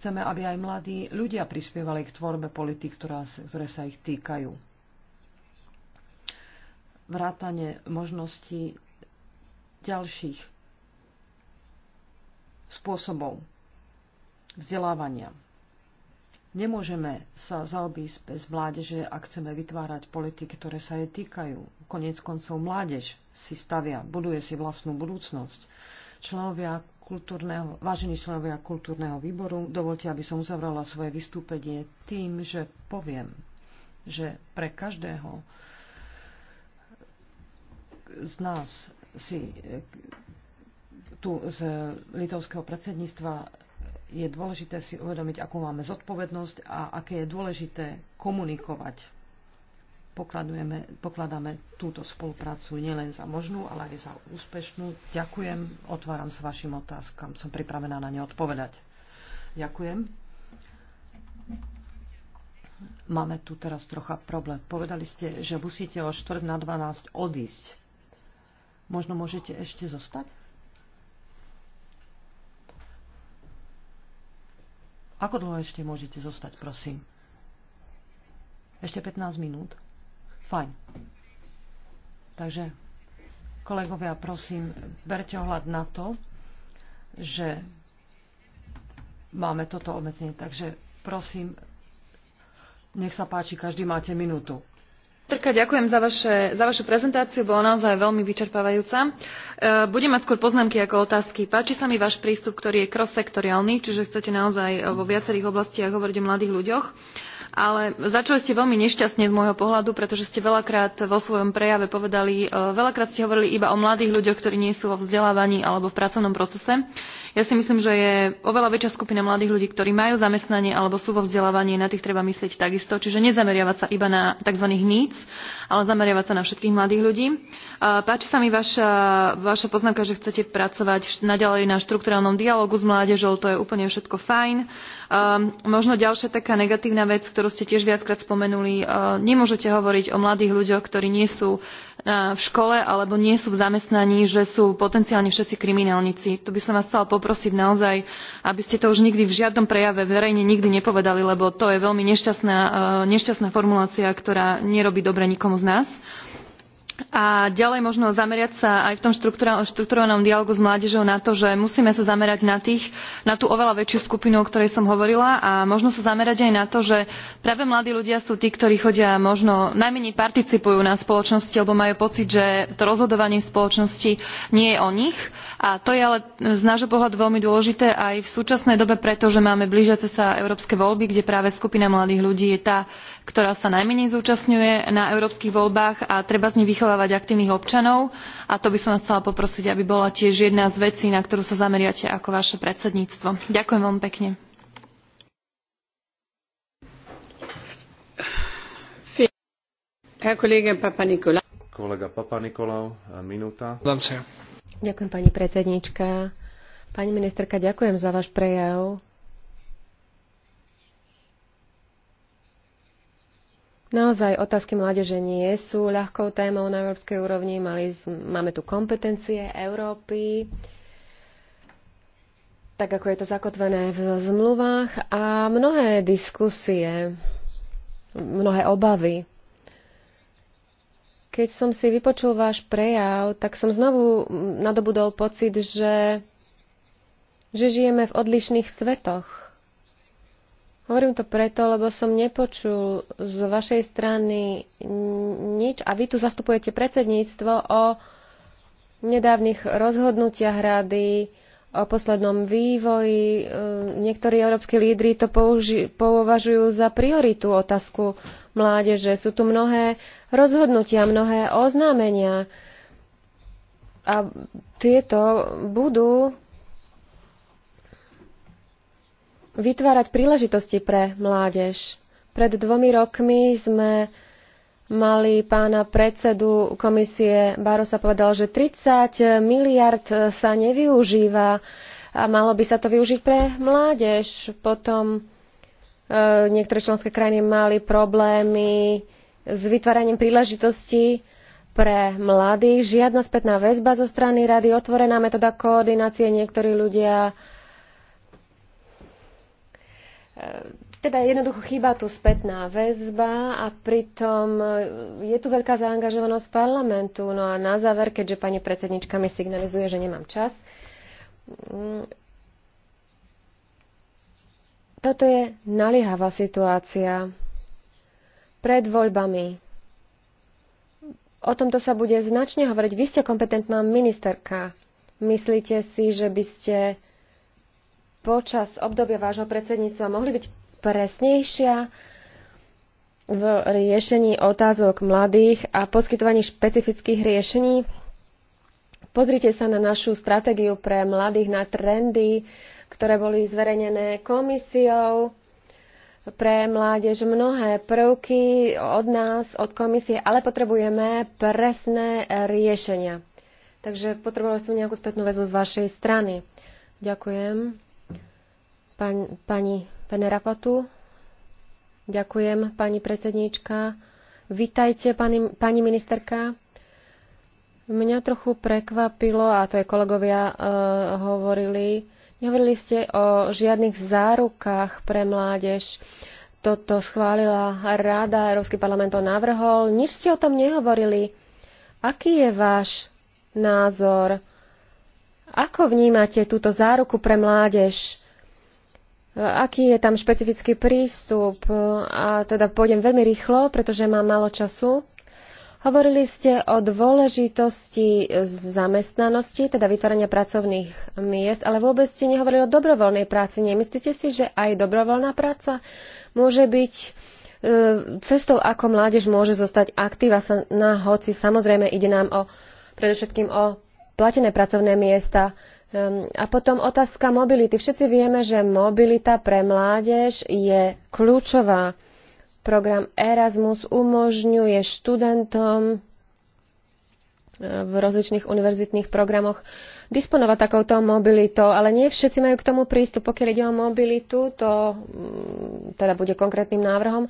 Chceme, aby aj mladí ľudia prispievali k tvorbe politik, ktorá, ktoré sa ich týkajú. Vrátanie možností ďalších spôsobov vzdelávania. Nemôžeme sa zaobísť bez mládeže, ak chceme vytvárať politiky, ktoré sa jej týkajú. Konec koncov mládež si stavia, buduje si vlastnú budúcnosť. Členovia kultúrneho, vážení členovia kultúrneho výboru, dovolte, aby som uzavrala svoje vystúpenie tým, že poviem, že pre každého z nás si tu z litovského predsedníctva je dôležité si uvedomiť, akú máme zodpovednosť a aké je dôležité komunikovať pokladáme túto spoluprácu nielen za možnú, ale aj za úspešnú. Ďakujem, otváram sa vašim otázkam, som pripravená na ne odpovedať. Ďakujem. Máme tu teraz trocha problém. Povedali ste, že musíte o 4 na 12 odísť. Možno môžete ešte zostať? Ako dlho ešte môžete zostať, prosím? Ešte 15 minút. Fajn. Takže, kolegovia, prosím, berte ohľad na to, že máme toto obmedzenie. Takže, prosím, nech sa páči, každý máte minútu.
Trka, ďakujem za, vaše, za vašu prezentáciu, bola naozaj veľmi vyčerpávajúca. E, budem mať skôr poznámky ako otázky. Páči sa mi váš prístup, ktorý je cross-sektoriálny, čiže chcete naozaj vo viacerých oblastiach hovoriť o mladých ľuďoch ale začali ste veľmi nešťastne z môjho pohľadu, pretože ste veľakrát vo svojom prejave povedali, e, veľakrát ste hovorili iba o mladých ľuďoch, ktorí nie sú vo vzdelávaní alebo v pracovnom procese. Ja si myslím, že je oveľa väčšia skupina mladých ľudí, ktorí majú zamestnanie alebo sú vo vzdelávaní, na tých treba myslieť takisto. Čiže nezameriavať sa iba na tzv. níc, ale zameriavať sa na všetkých mladých ľudí. Páči sa mi vaša, vaša poznámka, že chcete pracovať naďalej na štrukturálnom dialogu s mládežou, to je úplne všetko fajn. Um, možno ďalšia taká negatívna vec, ktorú ste tiež viackrát spomenuli, uh, nemôžete hovoriť o mladých ľuďoch, ktorí nie sú E, v škole alebo nie sú v zamestnaní že sú potenciálne všetci kriminálnici. To by som vás chcela poprosiť naozaj aby ste to už nikdy v žiadnom prejave verejne nikdy nepovedali lebo to je veľmi nešťastná e, formulácia ktorá nerobí dobre nikomu z nás a ďalej možno zamerať sa aj v tom štrukturovanom dialogu s mládežou na to, že musíme sa zamerať na, tých, na tú oveľa väčšiu skupinu, o ktorej som hovorila a možno sa zamerať aj na to, že práve mladí ľudia sú tí, ktorí chodia možno najmenej participujú na spoločnosti lebo majú pocit, že to rozhodovanie v spoločnosti nie je o nich. A to je ale z nášho pohľadu veľmi dôležité aj v súčasnej dobe, pretože máme blížiace sa európske voľby, kde práve skupina mladých ľudí je tá, ktorá sa najmenej zúčastňuje na európskych voľbách a treba z nej vychovávať aktívnych občanov a to by som vás chcela poprosiť aby bola tiež jedna z vecí na ktorú sa zameriate ako vaše predsedníctvo. ďakujem veľmi pekne.
Kolega Papa Nikolau, minúta.
Ďakujem pani predsednička. Pani ministerka, ďakujem za váš prejav Naozaj otázky mládeže nie sú ľahkou témou na európskej úrovni. Mali, máme tu kompetencie Európy, tak ako je to zakotvené v zmluvách a mnohé diskusie, mnohé obavy. Keď som si vypočul váš prejav, tak som znovu nadobudol pocit, že, že žijeme v odlišných svetoch Hovorím to preto, lebo som nepočul z vašej strany nič a vy tu zastupujete predsedníctvo o nedávnych rozhodnutiach rady, o poslednom vývoji. Ehm, niektorí európsky lídry to použi- považujú za prioritu otázku mládeže. Sú tu mnohé rozhodnutia, mnohé oznámenia a tieto budú vytvárať príležitosti pre mládež. Pred dvomi rokmi sme mali pána predsedu komisie Barosa povedal, že 30 miliard sa nevyužíva a malo by sa to využiť pre mládež. Potom e, niektoré členské krajiny mali problémy s vytváraním príležitostí pre mladých. Žiadna spätná väzba zo strany rady, otvorená metóda koordinácie. Niektorí ľudia teda jednoducho chýba tu spätná väzba a pritom e, je tu veľká zaangažovanosť parlamentu. No a na záver, keďže pani predsednička mi signalizuje, že nemám čas, mm, toto je naliehavá situácia pred voľbami. O tomto sa bude značne hovoriť. Vy ste kompetentná ministerka. Myslíte si, že by ste počas obdobia vášho predsedníctva mohli byť presnejšia v riešení otázok mladých a poskytovaní špecifických riešení. Pozrite sa na našu stratégiu pre mladých, na trendy, ktoré boli zverejnené komisiou pre mládež mnohé prvky od nás, od komisie, ale potrebujeme presné riešenia. Takže potrebovali sme nejakú spätnú väzbu z vašej strany. Ďakujem pani Penerapatu. Ďakujem, pani predsedníčka. Vítajte, pani, pani ministerka. Mňa trochu prekvapilo, a to aj kolegovia e, hovorili, nehovorili ste o žiadnych zárukách pre mládež. Toto schválila rada, Európsky parlament to navrhol. Nič ste o tom nehovorili. Aký je váš názor? Ako vnímate túto záruku pre mládež? aký je tam špecifický prístup. A teda pôjdem veľmi rýchlo, pretože mám málo času. Hovorili ste o dôležitosti zamestnanosti, teda vytvárania pracovných miest, ale vôbec ste nehovorili o dobrovoľnej práci. Nemyslíte si, že aj dobrovoľná práca môže byť e, cestou, ako mládež môže zostať aktíva sa na hoci. Samozrejme, ide nám o, predovšetkým o platené pracovné miesta, Ehm, a potom otázka mobility. Všetci vieme, že mobilita pre mládež je kľúčová. Program Erasmus umožňuje študentom ehm, v rozličných univerzitných programoch disponovať takouto mobilitou, ale nie všetci majú k tomu prístup. Pokiaľ ide o mobilitu, to mm, teda bude konkrétnym návrhom,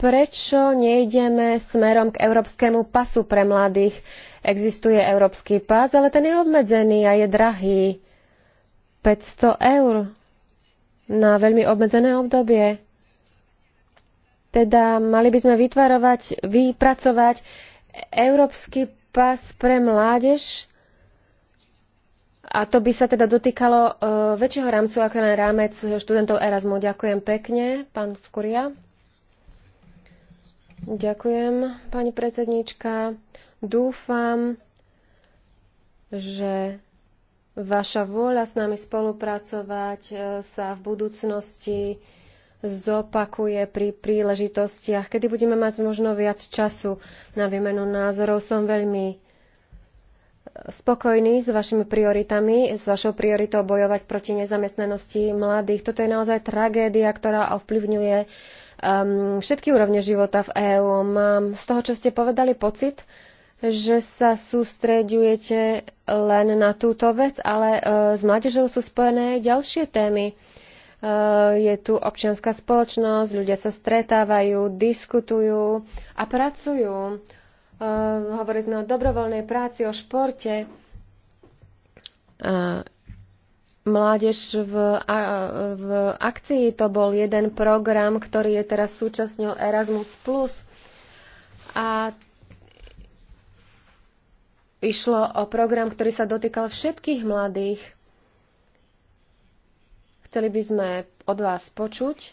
prečo nejdeme smerom k európskemu pasu pre mladých? Existuje európsky pás, ale ten je obmedzený a je drahý. 500 eur na veľmi obmedzené obdobie. Teda mali by sme vytvarovať, vypracovať európsky pás pre mládež a to by sa teda dotýkalo uh, väčšieho rámcu ako len rámec študentov Erasmu. Ďakujem pekne, pán Skuria. Ďakujem, pani predsedníčka. Dúfam, že vaša vôľa s nami spolupracovať e, sa v budúcnosti zopakuje pri príležitostiach, kedy budeme mať možno viac času na výmenu názorov. Som veľmi e, spokojný s vašimi prioritami, s vašou prioritou bojovať proti nezamestnanosti mladých. Toto je naozaj tragédia, ktorá ovplyvňuje um, všetky úrovne života v EÚ. Mám z toho, čo ste povedali, pocit, že sa sústreďujete len na túto vec, ale e, s mládežou sú spojené ďalšie témy. E, je tu občianská spoločnosť, ľudia sa stretávajú, diskutujú a pracujú. E, Hovorili sme o dobrovoľnej práci, o športe. Mládež v, v akcii to bol jeden program, ktorý je teraz súčasňou Erasmus+. A Išlo o program, ktorý sa dotýkal všetkých mladých. Chceli by sme od vás počuť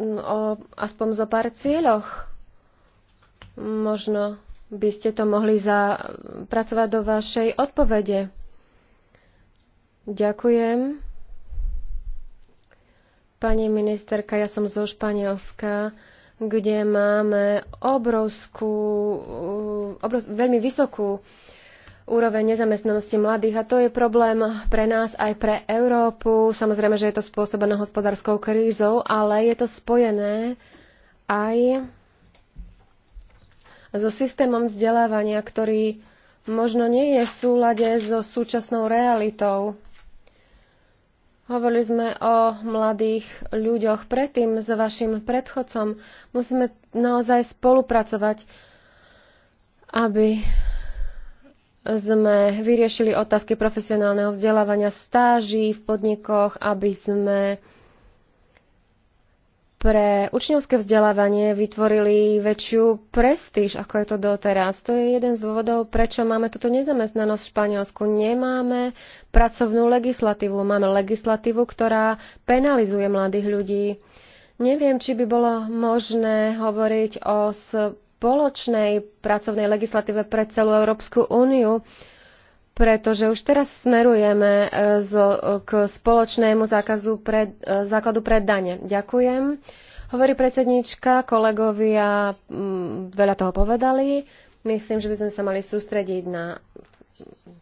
mm, o aspoň zo pár cieľoch. Možno by ste to mohli zapracovať do vašej odpovede. Ďakujem. Pani ministerka, ja som zo Španielska kde máme obrovskú, uh, obrov, veľmi vysokú úroveň nezamestnanosti mladých a to je problém pre nás aj pre Európu. Samozrejme, že je to spôsobené hospodárskou krízou, ale je to spojené aj so systémom vzdelávania, ktorý možno nie je v súlade so súčasnou realitou. Hovorili sme o mladých ľuďoch predtým s vašim predchodcom. Musíme naozaj spolupracovať, aby sme vyriešili otázky profesionálneho vzdelávania stáží v podnikoch, aby sme pre učňovské vzdelávanie vytvorili väčšiu prestíž, ako je to doteraz. To je jeden z dôvodov, prečo máme túto nezamestnanosť v Španielsku. Nemáme pracovnú legislatívu. Máme legislatívu, ktorá penalizuje mladých ľudí. Neviem, či by bolo možné hovoriť o spoločnej pracovnej legislatíve pre celú Európsku úniu, pretože už teraz smerujeme e, k spoločnému zákazu pre, e, základu pre dane. Ďakujem. Hovorí predsednička, kolegovia mm, veľa toho povedali. Myslím, že by sme sa mali sústrediť na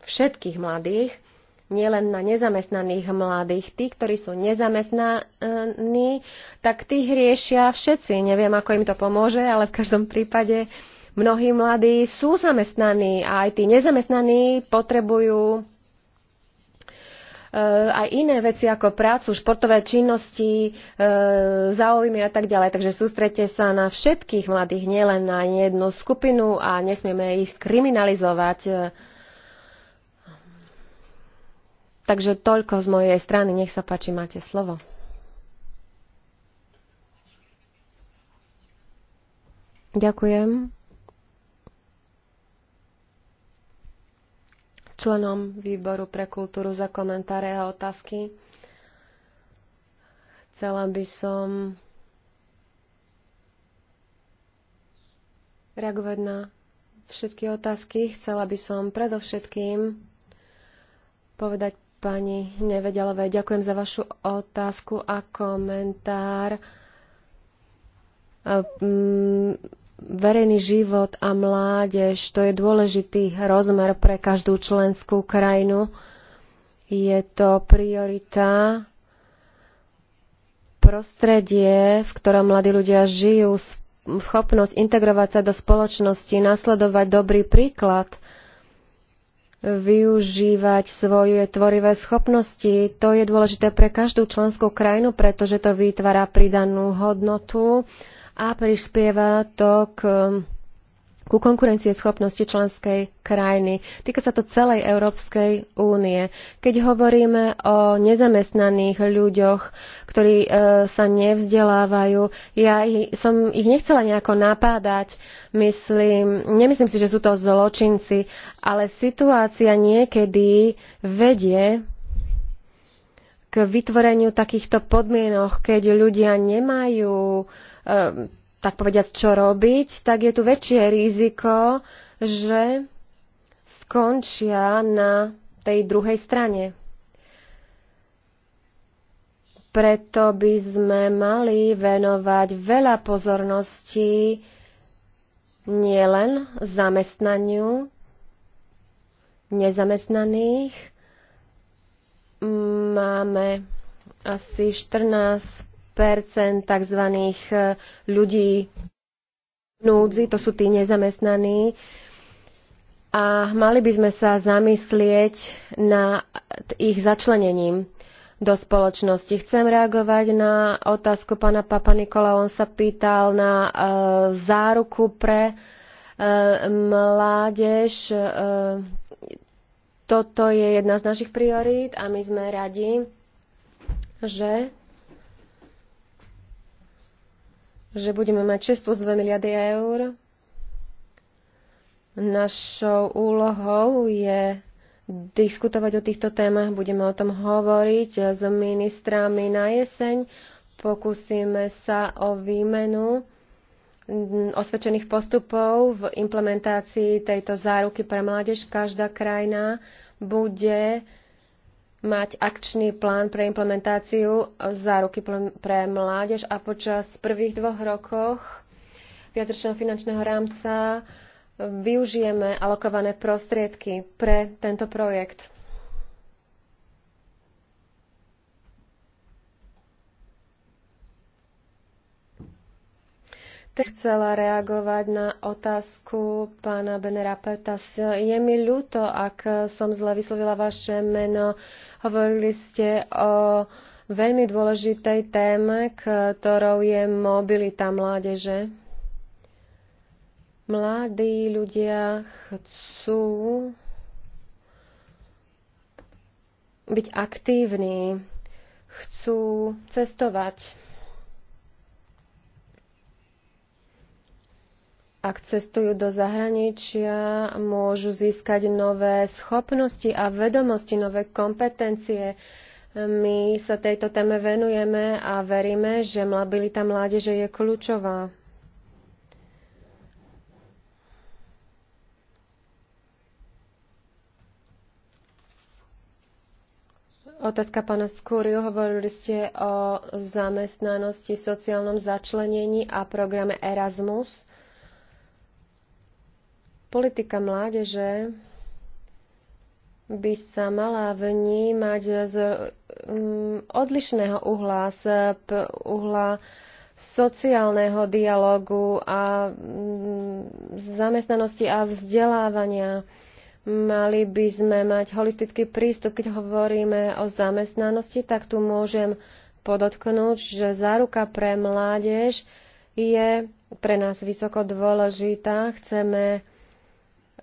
všetkých mladých, nielen na nezamestnaných mladých. Tí, ktorí sú nezamestnaní, tak tých riešia všetci. Neviem, ako im to pomôže, ale v každom prípade uh, Mnohí mladí sú zamestnaní a aj tí nezamestnaní potrebujú eh, aj iné veci ako prácu, športové činnosti, eh, záujmy a tak ďalej. Takže sústrete sa na všetkých mladých, nielen na jednu skupinu a nesmieme ich kriminalizovať. Takže toľko z mojej strany. Nech sa páči, máte slovo. Ďakujem. členom výboru pre kultúru za komentáre a otázky. Chcela by som reagovať na všetky otázky. Chcela by som predovšetkým povedať pani Nevedelovej, ďakujem za vašu otázku a komentár. Mm, verejný život a mládež, to je dôležitý rozmer pre každú členskú krajinu. Je to priorita prostredie, v ktorom mladí ľudia žijú, schopnosť integrovať sa do spoločnosti, nasledovať dobrý príklad, využívať svoje tvorivé schopnosti. To je dôležité pre každú členskú krajinu, pretože to vytvára pridanú hodnotu a prispieva to k um, ku konkurencieschopnosti členskej krajiny. Týka sa to celej Európskej únie. Keď hovoríme o nezamestnaných ľuďoch, ktorí e, sa nevzdelávajú, ja ich, som ich nechcela nejako napádať. Myslím, nemyslím si, že sú to zločinci, ale situácia niekedy vedie k vytvoreniu takýchto podmienok, keď ľudia nemajú Ehm, tak povediať, čo robiť, tak je tu väčšie riziko, že skončia na tej druhej strane. Preto by sme mali venovať veľa pozornosti nielen zamestnaniu nezamestnaných. Máme asi 14 tzv. E, ľudí núdzi, to sú tí nezamestnaní. A mali by sme sa zamyslieť na ich začlenením do spoločnosti. Chcem reagovať na otázku pána Papa Nikola. On sa pýtal na e, záruku pre e, mládež. E, toto je jedna z našich priorít a my sme radi, že že budeme mať 6 plus 2 miliardy eur. Našou úlohou je diskutovať o týchto témach, budeme o tom hovoriť s ministrami na jeseň, pokúsime sa o výmenu osvedčených postupov v implementácii tejto záruky pre mládež. Každá krajina bude mať akčný plán pre implementáciu záruky pre mládež a počas prvých dvoch rokoch viacročného finančného rámca využijeme alokované prostriedky pre tento projekt. chcela reagovať na otázku pána Benera Petas. Je mi ľúto, ak som zle vyslovila vaše meno. Hovorili ste o veľmi dôležitej téme, ktorou je mobilita mládeže. Mladí ľudia chcú byť aktívni, chcú cestovať, ak cestujú do zahraničia, môžu získať nové schopnosti a vedomosti, nové kompetencie. My sa tejto téme venujeme a veríme, že mobilita mládeže je kľúčová. Otázka pána Skúriu. Hovorili ste o zamestnanosti, sociálnom začlenení a programe Erasmus. Politika mládeže by sa mala vnímať z mm, odlišného uhla, z uhla sociálneho dialogu a mm, zamestnanosti a vzdelávania. Mali by sme mať holistický prístup, keď hovoríme o zamestnanosti, tak tu môžem podotknúť, že záruka pre mládež je pre nás vysoko dôležitá. Chceme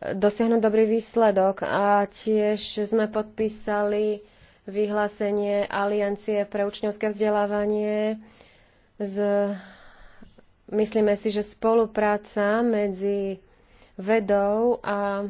dosiahnuť dobrý výsledok. A tiež sme podpísali vyhlásenie Aliancie pre učňovské vzdelávanie z Myslíme si, že spolupráca medzi vedou a e,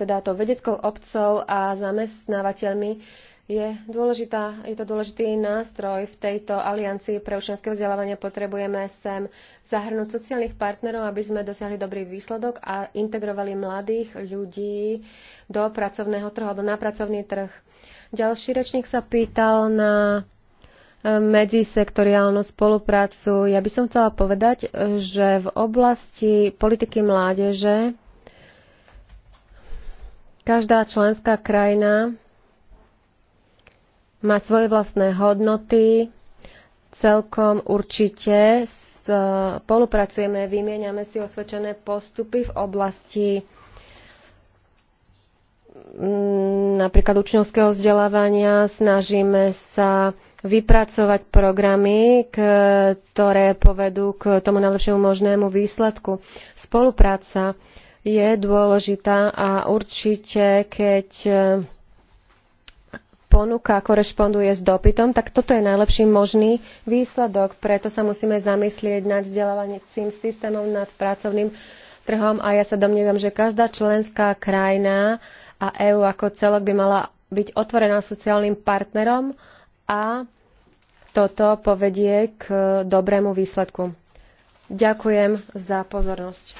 teda to vedeckou obcov a zamestnávateľmi je, dôležitá, je to dôležitý nástroj v tejto aliancii pre občianske vzdelávanie. Potrebujeme sem zahrnúť sociálnych partnerov, aby sme dosiahli dobrý výsledok a integrovali mladých ľudí do pracovného trhu alebo na pracovný trh. Ďalší rečník sa pýtal na e, medzisektoriálnu spoluprácu. Ja by som chcela povedať, e, že v oblasti politiky mládeže každá členská krajina má svoje vlastné hodnoty. Celkom určite e, spolupracujeme, vymieňame si osvedčené postupy v oblasti mm, napríklad učňovského vzdelávania. Snažíme sa vypracovať programy, ktoré povedú k tomu najlepšiemu možnému výsledku. Spolupráca je dôležitá a určite, keď e, ponuka korešponduje s dopytom, tak toto je najlepší možný výsledok. Preto sa musíme zamyslieť nad vzdelávacím systémom, nad pracovným trhom a ja sa domnievam, že každá členská krajina a EÚ ako celok by mala byť otvorená sociálnym partnerom a toto povedie k dobrému výsledku. Ďakujem za pozornosť.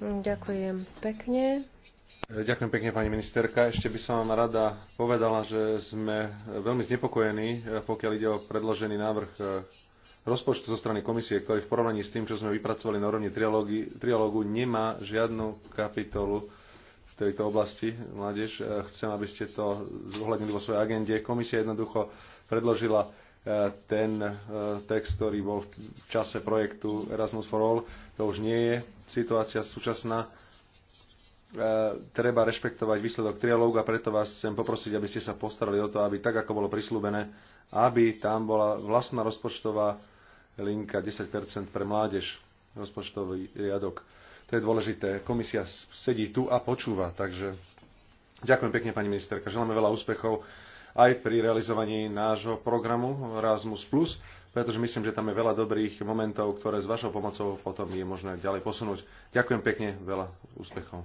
Ďakujem pekne.
Ďakujem pekne, pani ministerka. Ešte by som vám rada povedala, že sme veľmi znepokojení, eh, pokiaľ ide o predložený návrh eh, rozpočtu zo strany komisie, ktorý v porovnaní s tým, čo sme vypracovali na úrovni trialógu, nemá žiadnu kapitolu v tejto oblasti. Mládež, eh, chcem, aby ste to zohľadnili vo svojej agende. Komisia jednoducho predložila ten text, ktorý bol v čase projektu Erasmus for All. To už nie je situácia súčasná E, treba rešpektovať výsledok trialógu a preto vás chcem poprosiť, aby ste sa postarali o to, aby tak, ako bolo prislúbené, aby tam bola vlastná rozpočtová linka 10% pre mládež, rozpočtový riadok. To je dôležité. Komisia sedí tu a počúva, takže ďakujem pekne, pani ministerka. Želáme veľa úspechov aj pri realizovaní nášho programu Erasmus+, pretože myslím, že tam je veľa dobrých momentov, ktoré s vašou pomocou potom je možné ďalej posunúť. Ďakujem pekne, veľa úspechov.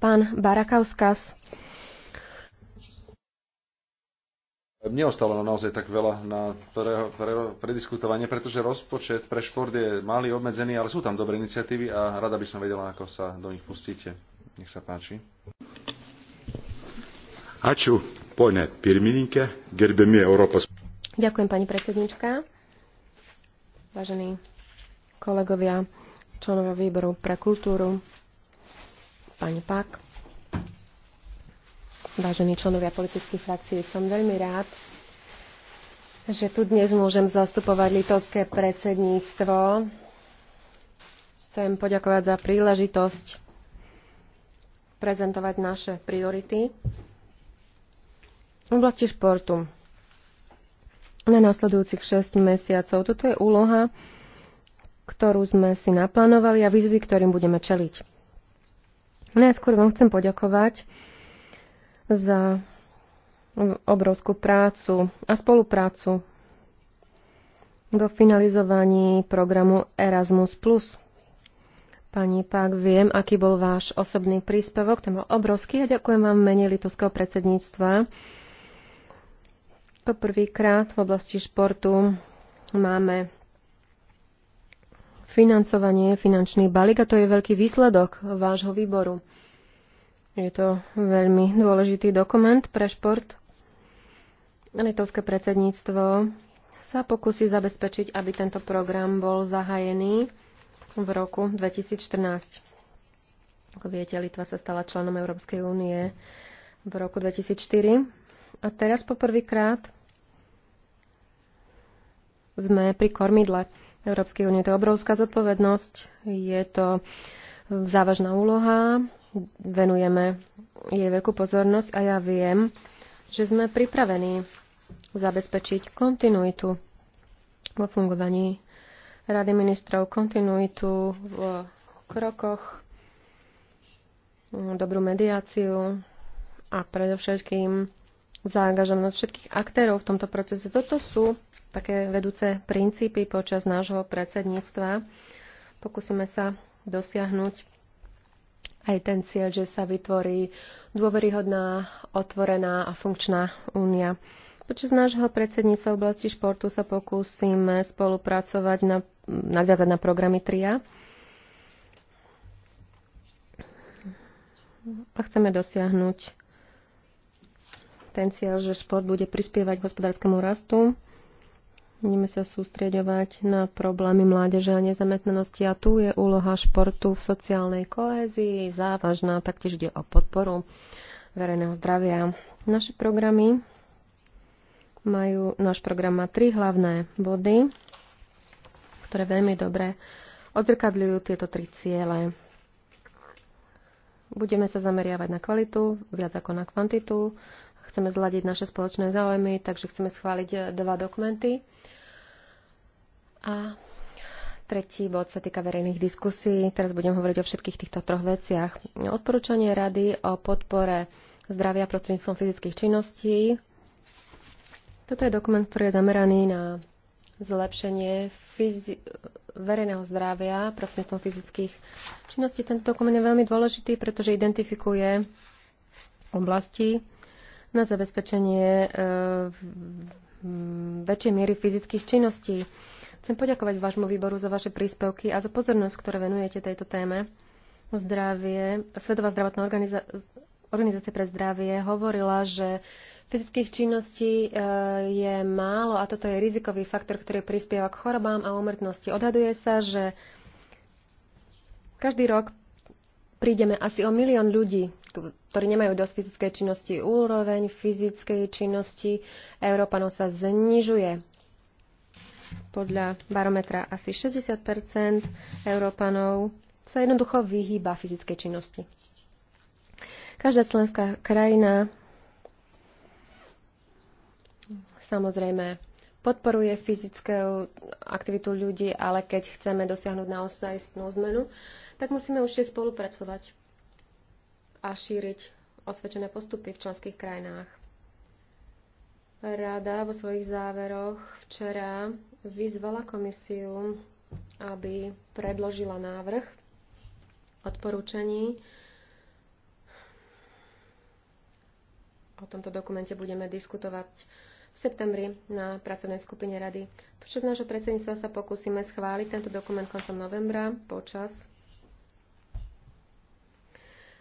Pán Barakauskas.
Mne ostalo naozaj tak veľa na pre, pre, prediskutovanie, pretože rozpočet pre šport je malý, obmedzený, ale sú tam dobré iniciatívy a rada by som vedela, ako sa do nich pustíte. Nech sa páči. Aču, Ačiū, pirmininke, pirmininkė, gerbiami Európa.
Ďakujem, pani predsednička. Vážení kolegovia, členovia výboru pre kultúru, Pak. Vážení členovia politických frakcií, som veľmi rád, že tu dnes môžem zastupovať litovské predsedníctvo. Chcem poďakovať za príležitosť prezentovať naše priority v oblasti športu na nasledujúcich 6 mesiacov. Toto je úloha, ktorú sme si naplánovali a výzvy, ktorým budeme čeliť. No ja skôr vám chcem poďakovať za obrovskú prácu a spoluprácu do finalizovaní programu Erasmus+. Pani Pák, viem, aký bol váš osobný príspevok, ten bol obrovský a ďakujem vám mene litovského predsedníctva. Poprvýkrát v oblasti športu máme financovanie, finančný balík a to je veľký výsledok vášho výboru. Je to veľmi dôležitý dokument pre šport. Litovské predsedníctvo sa pokusí zabezpečiť, aby tento program bol zahajený v roku 2014. Ako viete, Litva sa stala členom Európskej únie v roku 2004 a teraz poprvýkrát sme pri kormidle Európskej únie. To je obrovská zodpovednosť, je to závažná úloha, venujeme jej veľkú pozornosť a ja viem, že sme pripravení zabezpečiť kontinuitu vo fungovaní Rady ministrov, kontinuitu v krokoch, dobrú mediáciu a predovšetkým zaangažovanosť všetkých aktérov v tomto procese. Toto sú také vedúce princípy počas nášho predsedníctva. Pokúsime sa dosiahnuť aj ten cieľ, že sa vytvorí dôveryhodná, otvorená a funkčná únia. Počas nášho predsedníctva v oblasti športu sa pokúsime spolupracovať, na, nadviazať na programy TRIA. A chceme dosiahnuť ten cieľ, že šport bude prispievať k hospodárskému rastu, Budeme sa sústreďovať na problémy mládeže a nezamestnanosti a tu je úloha športu v sociálnej kohezii závažná, taktiež ide o podporu verejného zdravia. Naše programy majú, náš program má tri hlavné body, ktoré veľmi dobre odzrkadľujú tieto tri ciele. Budeme sa zameriavať na kvalitu, viac ako na kvantitu chceme zladiť naše spoločné záujmy, takže chceme schváliť e, dva dokumenty. A tretí bod sa týka verejných diskusí. Teraz budem hovoriť o všetkých týchto troch veciach. Odporúčanie rady o podpore zdravia prostredníctvom fyzických činností. Toto je dokument, ktorý je zameraný na zlepšenie fyzi- verejného zdravia prostredníctvom fyzických činností. Tento dokument je veľmi dôležitý, pretože identifikuje oblasti, na zabezpečenie e, väčšej miery fyzických činností. Chcem poďakovať vášmu výboru za vaše príspevky a za pozornosť, ktoré venujete tejto téme. Zdravie, Svetová zdravotná organizá... organizácia pre zdravie hovorila, že fyzických činností e, je málo a toto je rizikový faktor, ktorý prispieva k chorobám a umrtnosti. Odhaduje sa, že každý rok prídeme asi o milión ľudí ktorí nemajú dosť fyzickej činnosti. Úroveň fyzickej činnosti Európanov sa znižuje. Podľa barometra asi 60 Európanov sa jednoducho vyhýba fyzickej činnosti. Každá členská krajina samozrejme podporuje fyzickú aktivitu ľudí, ale keď chceme dosiahnuť naozaj snú zmenu, tak musíme už spolupracovať a šíriť osvedčené postupy v členských krajinách. Rada vo svojich záveroch včera vyzvala komisiu, aby predložila návrh odporúčaní. O tomto dokumente budeme diskutovať v septembri na pracovnej skupine rady. Počas nášho predsedníctva sa pokúsime schváliť tento dokument koncom novembra počas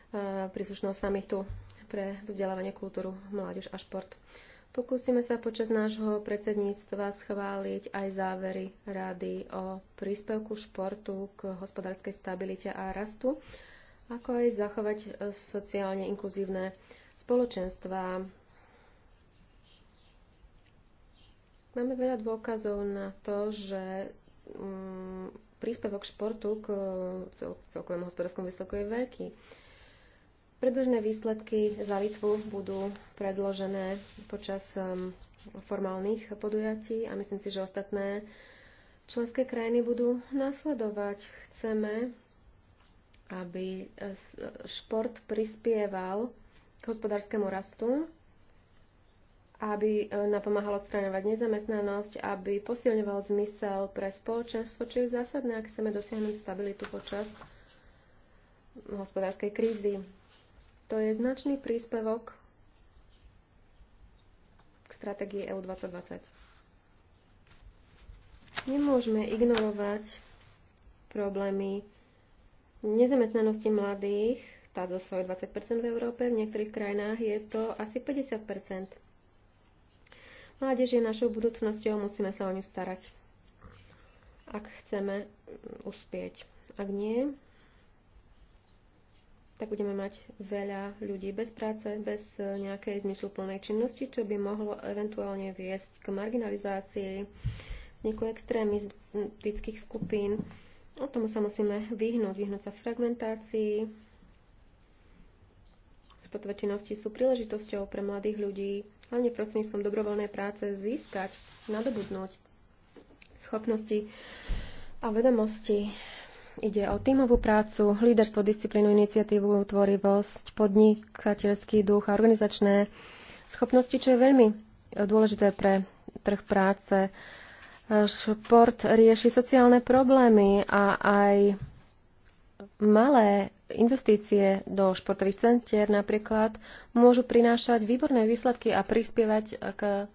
E, príslušného samitu pre vzdelávanie kultúru, mládež a šport. Pokúsime sa počas nášho predsedníctva schváliť aj závery rady o príspevku športu k hospodárskej stabilite a rastu, ako aj zachovať sociálne inkluzívne spoločenstva. Máme veľa dôkazov na to, že mm, príspevok športu k celkovému hospodárskom výsledku je veľký. Predbežné výsledky za Litvu budú predložené počas um, formálnych podujatí a myslím si, že ostatné členské krajiny budú nasledovať. Chceme, aby eh, šport prispieval k hospodárskému rastu, aby eh, napomáhal odstraňovať nezamestnanosť, aby posilňoval zmysel pre spoločenstvo, čo je zásadné, ak chceme dosiahnuť stabilitu počas hospodárskej krízy. To je značný príspevok k stratégii EU 2020. Nemôžeme ignorovať problémy nezamestnanosti mladých, tá svoje 20 v Európe, v niektorých krajinách je to asi 50 Mládež je našou budúcnosťou, musíme sa o ňu starať, ak chceme mm, uspieť. Ak nie, tak budeme mať veľa ľudí bez práce, bez e, nejakej zmysluplnej činnosti, čo by mohlo eventuálne viesť k marginalizácii vzniku extrémistických skupín. O tomu sa musíme vyhnúť, vyhnúť sa fragmentácii. Športové činnosti sú príležitosťou pre mladých ľudí, hlavne prostredníctvom dobrovoľnej práce, získať, nadobudnúť schopnosti a vedomosti Ide o tímovú prácu, líderstvo, disciplínu, iniciatívu, tvorivosť, podnikateľský duch a organizačné schopnosti, čo je veľmi dôležité pre trh práce. Šport rieši sociálne problémy a aj malé investície do športových centier napríklad môžu prinášať výborné výsledky a prispievať k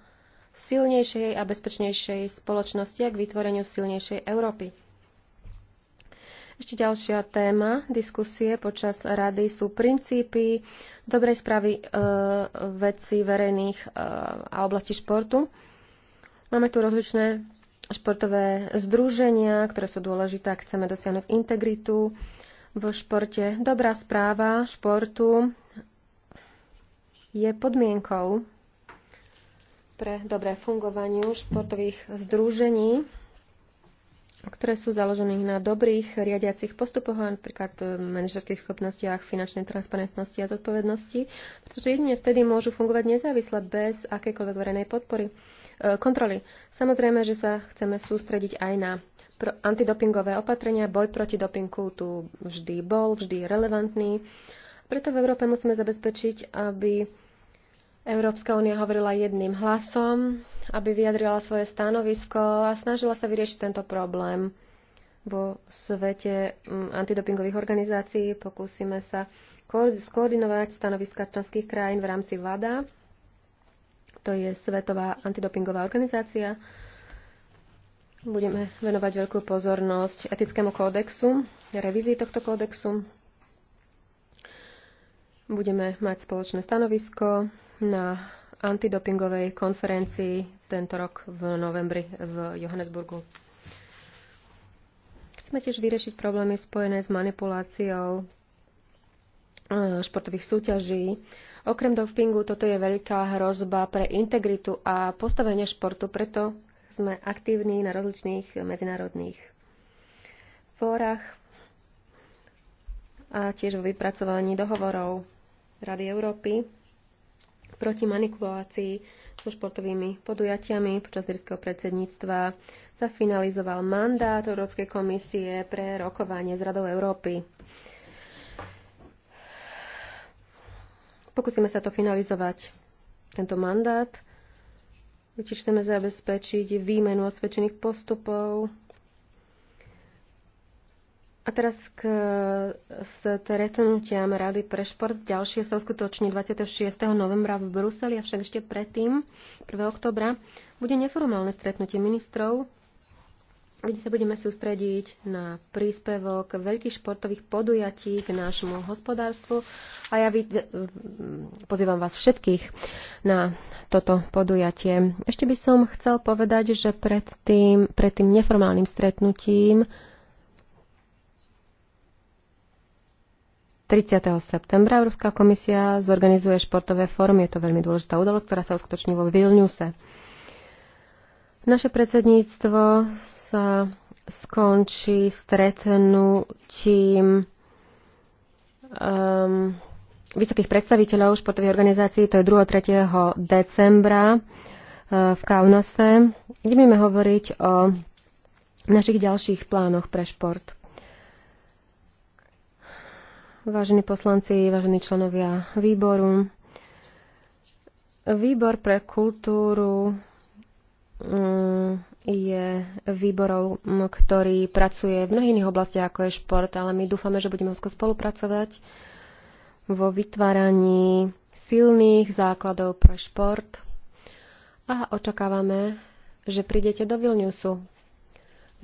silnejšej a bezpečnejšej spoločnosti a k vytvoreniu silnejšej Európy. Ešte ďalšia téma diskusie počas rady sú princípy dobrej správy e, veci verejných e, a oblasti športu. Máme tu rozličné športové združenia, ktoré sú dôležité, ak chceme dosiahnuť integritu vo športe. Dobrá správa športu je podmienkou pre dobré fungovanie športových združení ktoré sú založené na dobrých riadiacich postupoch, napríklad e, manažerských schopnostiach, finančnej transparentnosti a zodpovednosti, pretože jedine vtedy môžu fungovať nezávisle bez akékoľvek verejnej podpory, e, kontroly. Samozrejme, že sa chceme sústrediť aj na antidopingové opatrenia. Boj proti dopingu tu vždy bol, vždy je relevantný. Preto v Európe musíme zabezpečiť, aby Európska únia hovorila jedným hlasom, aby vyjadrila svoje stanovisko a snažila sa vyriešiť tento problém vo svete mm, antidopingových organizácií. Pokúsime sa skoordinovať stanoviska členských krajín v rámci VADA. To je Svetová antidopingová organizácia. Budeme venovať veľkú pozornosť etickému kódexu, revízii tohto kódexu. Budeme mať spoločné stanovisko na antidopingovej konferencii tento rok v novembri v Johannesburgu. Chceme tiež vyriešiť problémy spojené s manipuláciou e, športových súťaží. Okrem dopingu toto je veľká hrozba pre integritu a postavenie športu, preto sme aktívni na rozličných medzinárodných fórach a tiež vo vypracovaní dohovorov Rady Európy proti manipulácii so športovými podujatiami počas írskeho predsedníctva sa finalizoval mandát Európskej komisie pre rokovanie z Radou Európy. Pokúsime sa to finalizovať, tento mandát. Čiže chceme zabezpečiť výmenu osvedčených postupov, a teraz k stretnutiam Rady pre šport. Ďalšie sa uskutoční 26. novembra v Bruseli, avšak ešte predtým, 1. oktobra, bude neformálne stretnutie ministrov, kde sa budeme sústrediť na príspevok veľkých športových podujatí k nášmu hospodárstvu. A ja pozývam vás všetkých na toto podujatie. Ešte by som chcel povedať, že pred tým, pred tým neformálnym stretnutím 30. septembra Európska komisia zorganizuje športové fórum. Je to veľmi dôležitá udalosť, ktorá sa uskutoční vo Vilniuse. Naše predsedníctvo sa skončí stretnutím um, vysokých predstaviteľov športových organizácií, to je 2. 3. decembra eh, v Kaunase. Budeme hovoriť o našich ďalších plánoch pre šport vážení poslanci, vážení členovia výboru. Výbor pre kultúru mm, je výborov, mm, ktorý pracuje v mnohých iných oblastiach, ako je šport, ale my dúfame, že budeme úzko spolupracovať vo vytváraní silných základov pre šport a očakávame, že prídete do Vilniusu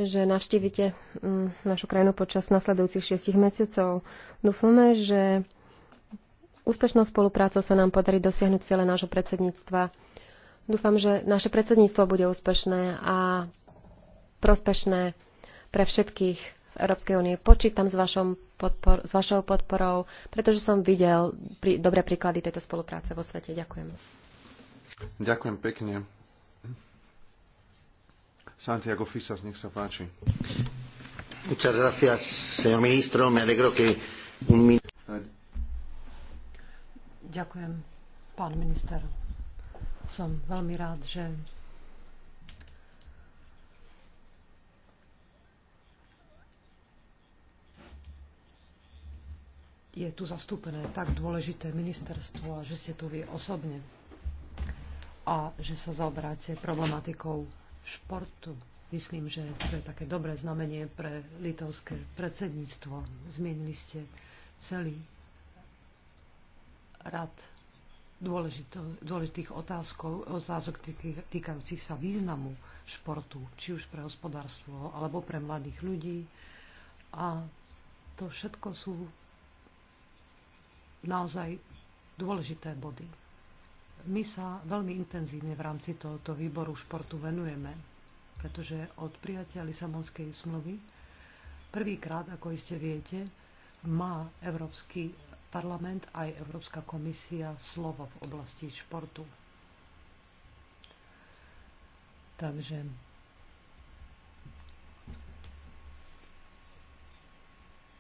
že navštívite mm, našu krajinu počas nasledujúcich šiestich mesiacov. Dúfame, že úspešnou spoluprácou sa nám podarí dosiahnuť ciele nášho predsedníctva. Dúfam, že naše predsedníctvo bude úspešné a prospešné pre všetkých v Európskej únie. Počítam s, vašom podpor- s vašou podporou, pretože som videl pri- dobré príklady tejto spolupráce vo svete. Ďakujem.
Ďakujem pekne. Santiago Fisas, nech sa páči. Muchas gracias, señor ministro. Me alegro que
un Ďakujem, pán minister. Som veľmi rád, že je tu zastúpené tak dôležité ministerstvo a že ste tu vy osobne a že sa zaoberáte problematikou športu. Myslím, že to je také dobré znamenie pre litovské predsedníctvo. Zmienili ste celý rad dôležitých otázkov, otázok týkajúcich sa významu športu, či už pre hospodárstvo, alebo pre mladých ľudí. A to všetko sú naozaj dôležité body. My sa veľmi intenzívne v rámci tohoto výboru športu venujeme, pretože od prijatia Lisabonskej smluvy prvýkrát, ako iste viete, má Európsky parlament aj Európska komisia slovo v oblasti športu. Takže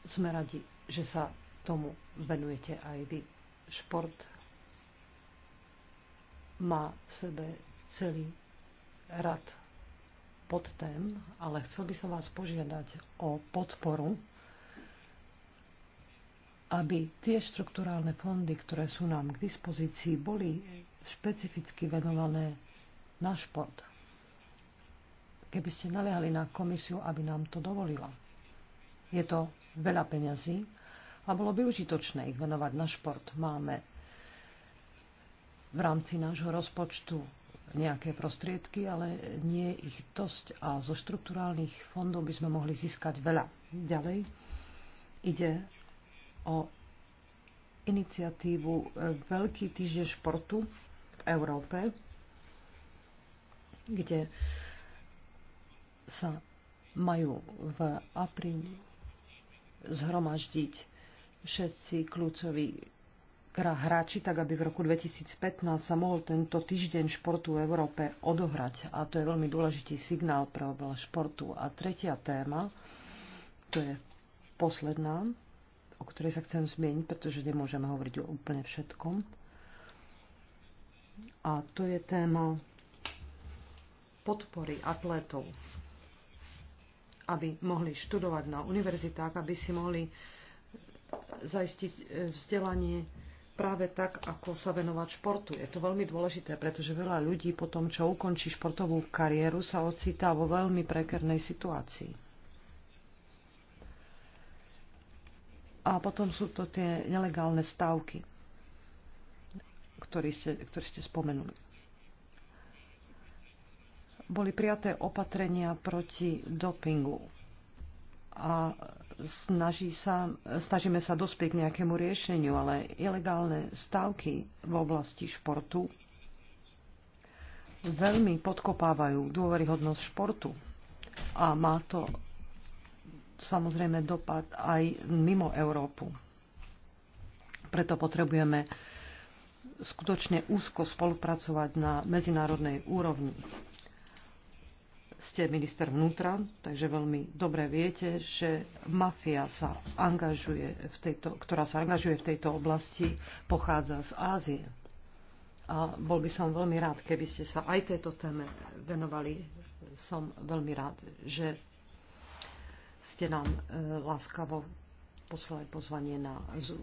sme radi, že sa tomu venujete aj vy. Šport má v sebe celý rad tém, ale chcel by som vás požiadať o podporu, aby tie štruktúrálne fondy, ktoré sú nám k dispozícii, boli špecificky venované na šport. Keby ste naliehali na komisiu, aby nám to dovolila. Je to veľa peňazí a bolo by užitočné ich venovať na šport. Máme v rámci nášho rozpočtu nejaké prostriedky, ale nie je ich dosť a zo štruktúrálnych fondov by sme mohli získať veľa. Ďalej ide o iniciatívu e, Veľký týždeň športu v Európe, kde sa majú v apríli zhromaždiť všetci kľúcoví hráči, tak aby v roku 2015 sa mohol tento týždeň športu v Európe odohrať. A to je veľmi dôležitý signál pre oblasť športu. A tretia téma, to je posledná, o ktorej sa chcem zmieniť, pretože nemôžeme hovoriť o úplne všetkom. A to je téma podpory atlétov, aby mohli študovať na univerzitách, aby si mohli zaistiť eh, vzdelanie práve tak, ako sa venovať športu. Je to veľmi dôležité, pretože veľa ľudí po tom, čo ukončí športovú kariéru, sa ocitá vo veľmi prekernej situácii. A potom sú to tie nelegálne stávky, ktoré ste, ktoré ste spomenuli. Boli prijaté opatrenia proti dopingu a snaží sa, snažíme sa dospieť k nejakému riešeniu, ale ilegálne stavky v oblasti športu veľmi podkopávajú dôveryhodnosť športu a má to samozrejme dopad aj mimo Európu. Preto potrebujeme skutočne úzko spolupracovať na medzinárodnej úrovni ste minister vnútra, takže veľmi dobre viete, že mafia sa angažuje v tejto, ktorá sa angažuje v tejto oblasti, pochádza z Ázie. A bol by som veľmi rád, keby ste sa aj tejto téme venovali. Som veľmi rád, že ste nám e, láskavo poslali pozvanie na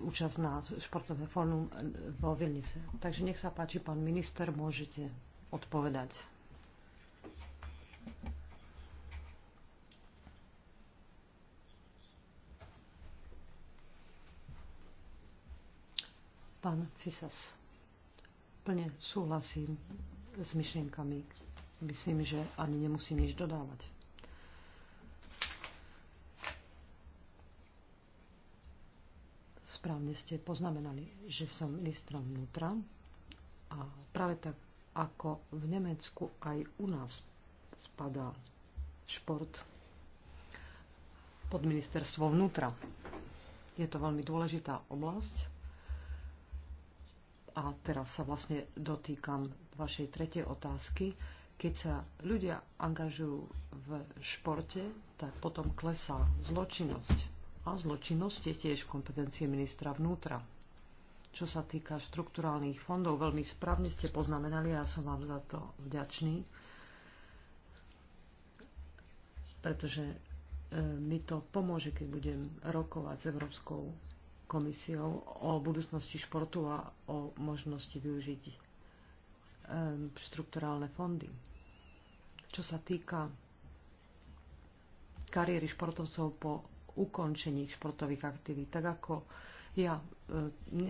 účasť na športové fórum e, vo Vilnice. Takže nech sa páči, pán minister, môžete odpovedať. Pán Fisas, plne súhlasím s myšlienkami. Myslím, že ani nemusím nič dodávať. Správne ste poznamenali, že som ministrom vnútra a práve tak ako v Nemecku aj u nás spadá šport pod ministerstvo vnútra. Je to veľmi dôležitá oblasť. A teraz sa vlastne dotýkam vašej tretej otázky. Keď sa ľudia angažujú v športe, tak potom klesá zločinnosť. A zločinnosť je tiež kompetencie ministra vnútra. Čo sa týka štrukturálnych fondov, veľmi správne ste poznamenali, ja som vám za to vďačný pretože e, mi to pomôže, keď budem rokovať s Európskou komisiou o budúcnosti športu a o možnosti využiť e, štrukturálne fondy. Čo sa týka kariéry športovcov po ukončení športových aktivít, tak ako ja, e,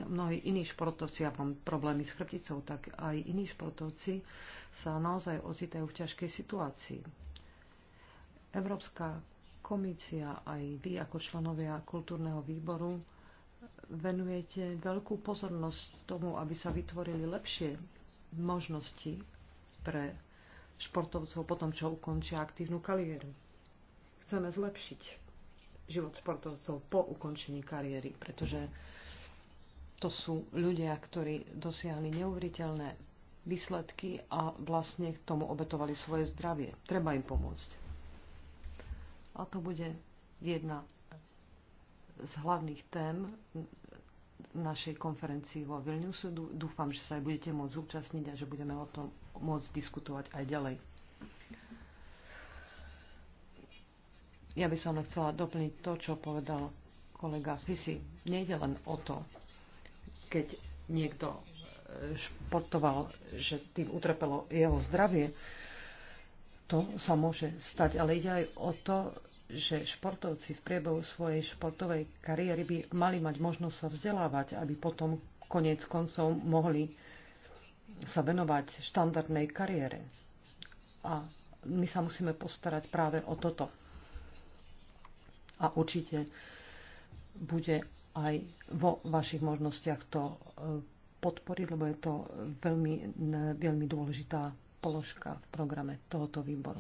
mnohí iní športovci, ja mám problémy s chrbticou, tak aj iní športovci sa naozaj ocitajú v ťažkej situácii Európska komícia aj vy ako členovia kultúrneho výboru venujete veľkú pozornosť tomu, aby sa vytvorili lepšie možnosti pre športovcov po tom, čo ukončia aktívnu kariéru. Chceme zlepšiť život športovcov po ukončení kariéry, pretože to sú ľudia, ktorí dosiahli neuveriteľné výsledky a vlastne k tomu obetovali svoje zdravie. Treba im pomôcť. A to bude jedna z hlavných tém našej konferencii vo Vilniusu. Dúfam, že sa aj budete môcť zúčastniť a že budeme o tom môcť diskutovať aj ďalej. Ja by som chcela doplniť to, čo povedal kolega Fisi. Nejde len o to, keď niekto športoval, že tým utrpelo jeho zdravie, to sa môže stať, ale ide aj o to, že športovci v priebehu svojej športovej kariéry by mali mať možnosť sa vzdelávať, aby potom konec koncov mohli sa venovať štandardnej kariére. A my sa musíme postarať práve o toto. A určite bude aj vo vašich možnostiach to eh, podporiť, lebo je to veľmi, veľmi dôležitá položka v programe tohoto výboru.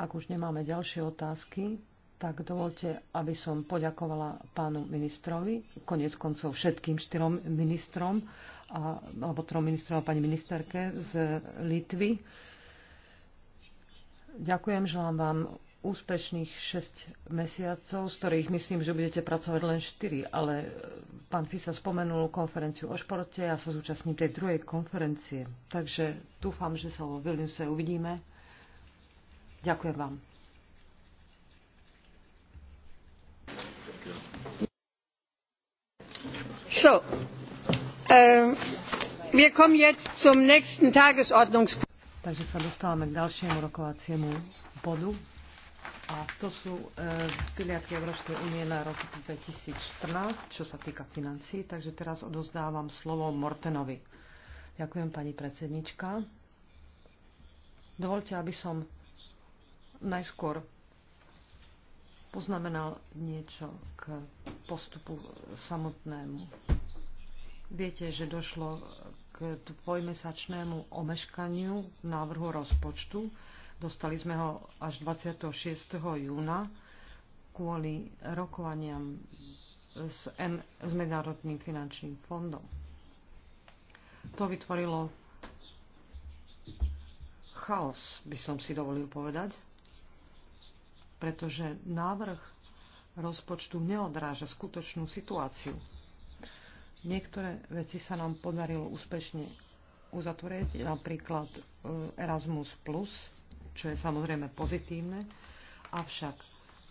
Ak už nemáme ďalšie otázky, tak dovolte, aby som poďakovala pánu ministrovi, konec koncov všetkým štyrom ministrom, a, alebo trom ministrom a pani ministerke z Litvy. Ďakujem, želám vám úspešných 6 mesiacov, z ktorých myslím, že budete pracovať len 4, ale e, pán Fisa spomenul konferenciu o športe, ja sa zúčastním tej druhej konferencie, takže dúfam, že sa vo Vilniuse uvidíme. Ďakujem vám. So, uh, wir kommen jetzt zum nächsten Tagesordnungspunkt. Takže sa dostávame k ďalšiemu rokovaciemu bodu. A to sú e, piliaky Európskej únie na roku 2014, čo sa týka financí. Takže teraz odozdávam slovo Mortenovi. Ďakujem, pani predsednička. Dovolte, aby som najskôr poznamenal niečo k postupu samotnému. Viete, že došlo k dvojmesačnému omeškaniu návrhu rozpočtu Dostali sme ho až 26. júna kvôli rokovaniam s, M- s Medzinárodným finančným fondom. To vytvorilo chaos, by som si dovolil povedať, pretože návrh rozpočtu neodráža skutočnú situáciu. Niektoré veci sa nám podarilo úspešne uzatvoriť, napríklad e, Erasmus+, čo je samozrejme pozitívne, avšak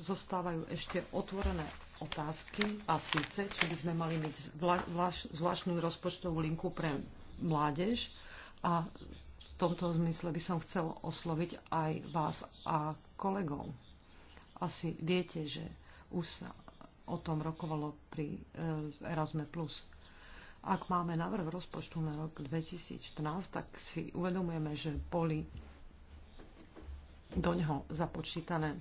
zostávajú ešte otvorené otázky a síce, či by sme mali mať zvláštnu rozpočtovú linku pre mládež a v tomto zmysle by som chcel osloviť aj vás a kolegov. Asi viete, že už sa o tom rokovalo pri e, Erasme+. Ak máme návrh rozpočtu na rok 2014, tak si uvedomujeme, že boli do neho započítané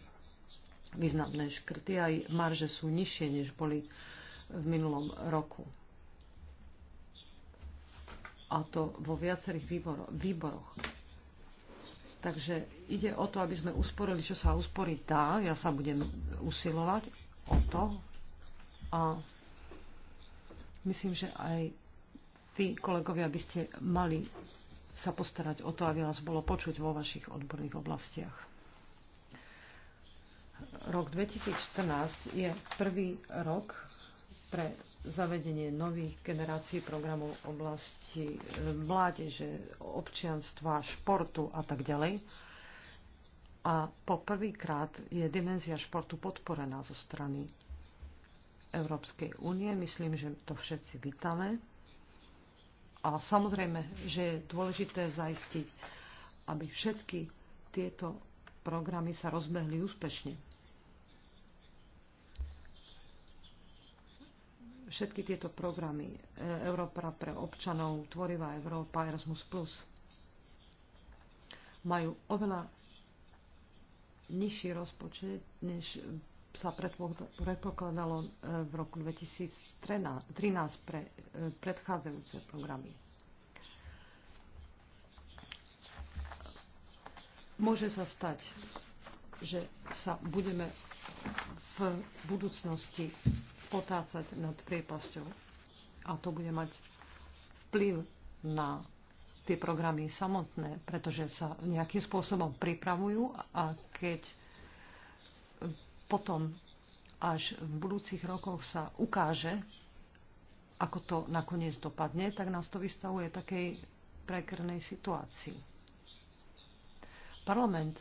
významné škrty, aj marže sú nižšie, než boli v minulom roku. A to vo viacerých výboro- výboroch. Takže ide o to, aby sme usporili, čo sa usporiť dá. Ja sa budem usilovať o to. A myslím, že aj vy, kolegovia, by ste mali sa postarať o to, aby vás bolo počuť vo vašich odborných oblastiach. Rok 2014 je prvý rok pre zavedenie nových generácií programov v oblasti eh, mládeže, občianstva, športu a tak ďalej. A po prvýkrát je dimenzia športu podporená zo strany Európskej únie. Myslím, že to všetci vítame. A samozrejme, že je dôležité zaistiť, aby všetky tieto programy sa rozbehli úspešne. Všetky tieto programy e, Európa pre občanov, Tvorivá Európa, Erasmus+, Plus, majú oveľa nižší rozpočet než sa predpokladalo e, v roku 2013 pre e, predchádzajúce programy. Môže sa stať, že sa budeme v budúcnosti potácať nad priepasťou a to bude mať vplyv na tie programy samotné, pretože sa nejakým spôsobom pripravujú a keď potom až v budúcich rokoch sa ukáže, ako to nakoniec dopadne, tak nás to vystavuje takej prekrnej situácii. Parlament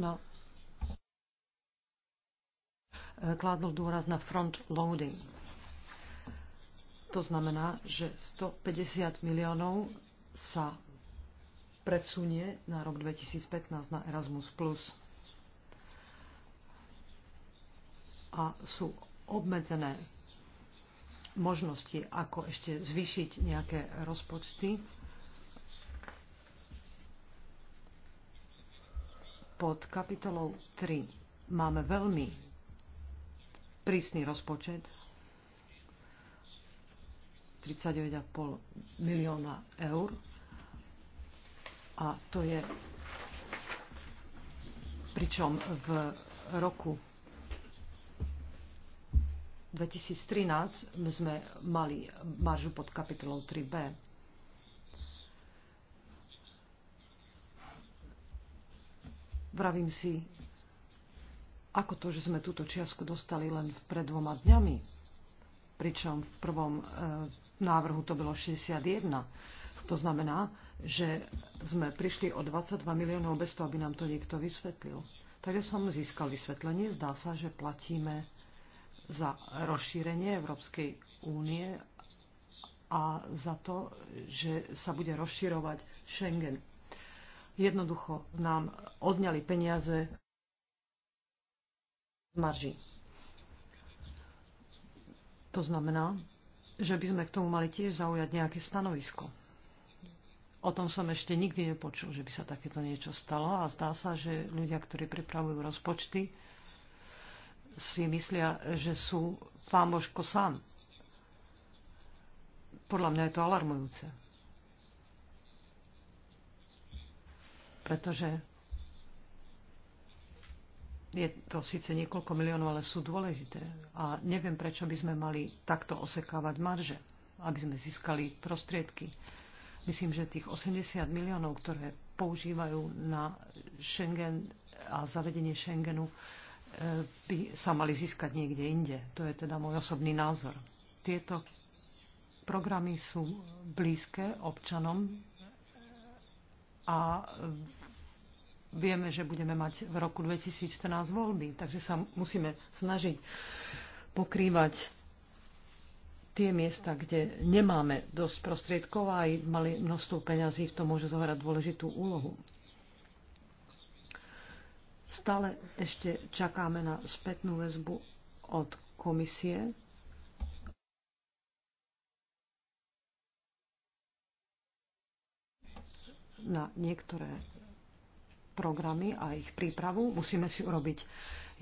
no, kládol dôraz na front loading. To znamená, že 150 miliónov sa predsunie na rok 2015 na Erasmus+. A sú obmedzené možnosti, ako ešte zvýšiť nejaké rozpočty. Pod kapitolou 3 máme veľmi prísny rozpočet 39,5 milióna eur. A to je pričom v roku 2013 sme mali maržu pod kapitolou 3b. Vravím si, ako to, že sme túto čiasku dostali len pred dvoma dňami, pričom v prvom e, návrhu to bolo 61. To znamená, že sme prišli o 22 miliónov bez toho, aby nám to niekto vysvetlil. Takže som získal vysvetlenie. Zdá sa, že platíme za rozšírenie Európskej únie a za to, že sa bude rozširovať Schengen. Jednoducho nám odňali peniaze z marží. To znamená, že by sme k tomu mali tiež zaujať nejaké stanovisko. O tom som ešte nikdy nepočul, že by sa takéto niečo stalo a zdá sa, že ľudia, ktorí pripravujú rozpočty, si myslia, že sú pán Božko sám. Podľa mňa je to alarmujúce. Pretože je to síce niekoľko miliónov, ale sú dôležité. A neviem, prečo by sme mali takto osekávať marže, aby sme získali prostriedky. Myslím, že tých 80 miliónov, ktoré používajú na Schengen a zavedenie Schengenu, e, by sa mali získať niekde inde. To je teda môj osobný názor. Tieto programy sú blízke občanom a vieme, že budeme mať v roku 2014 voľby, takže sa musíme snažiť pokrývať tie miesta, kde nemáme dosť prostriedkov a aj mali množstvo peňazí, v tom môže zohrať dôležitú úlohu. Stále ešte čakáme na spätnú väzbu od komisie. na niektoré programy a ich prípravu, musíme si urobiť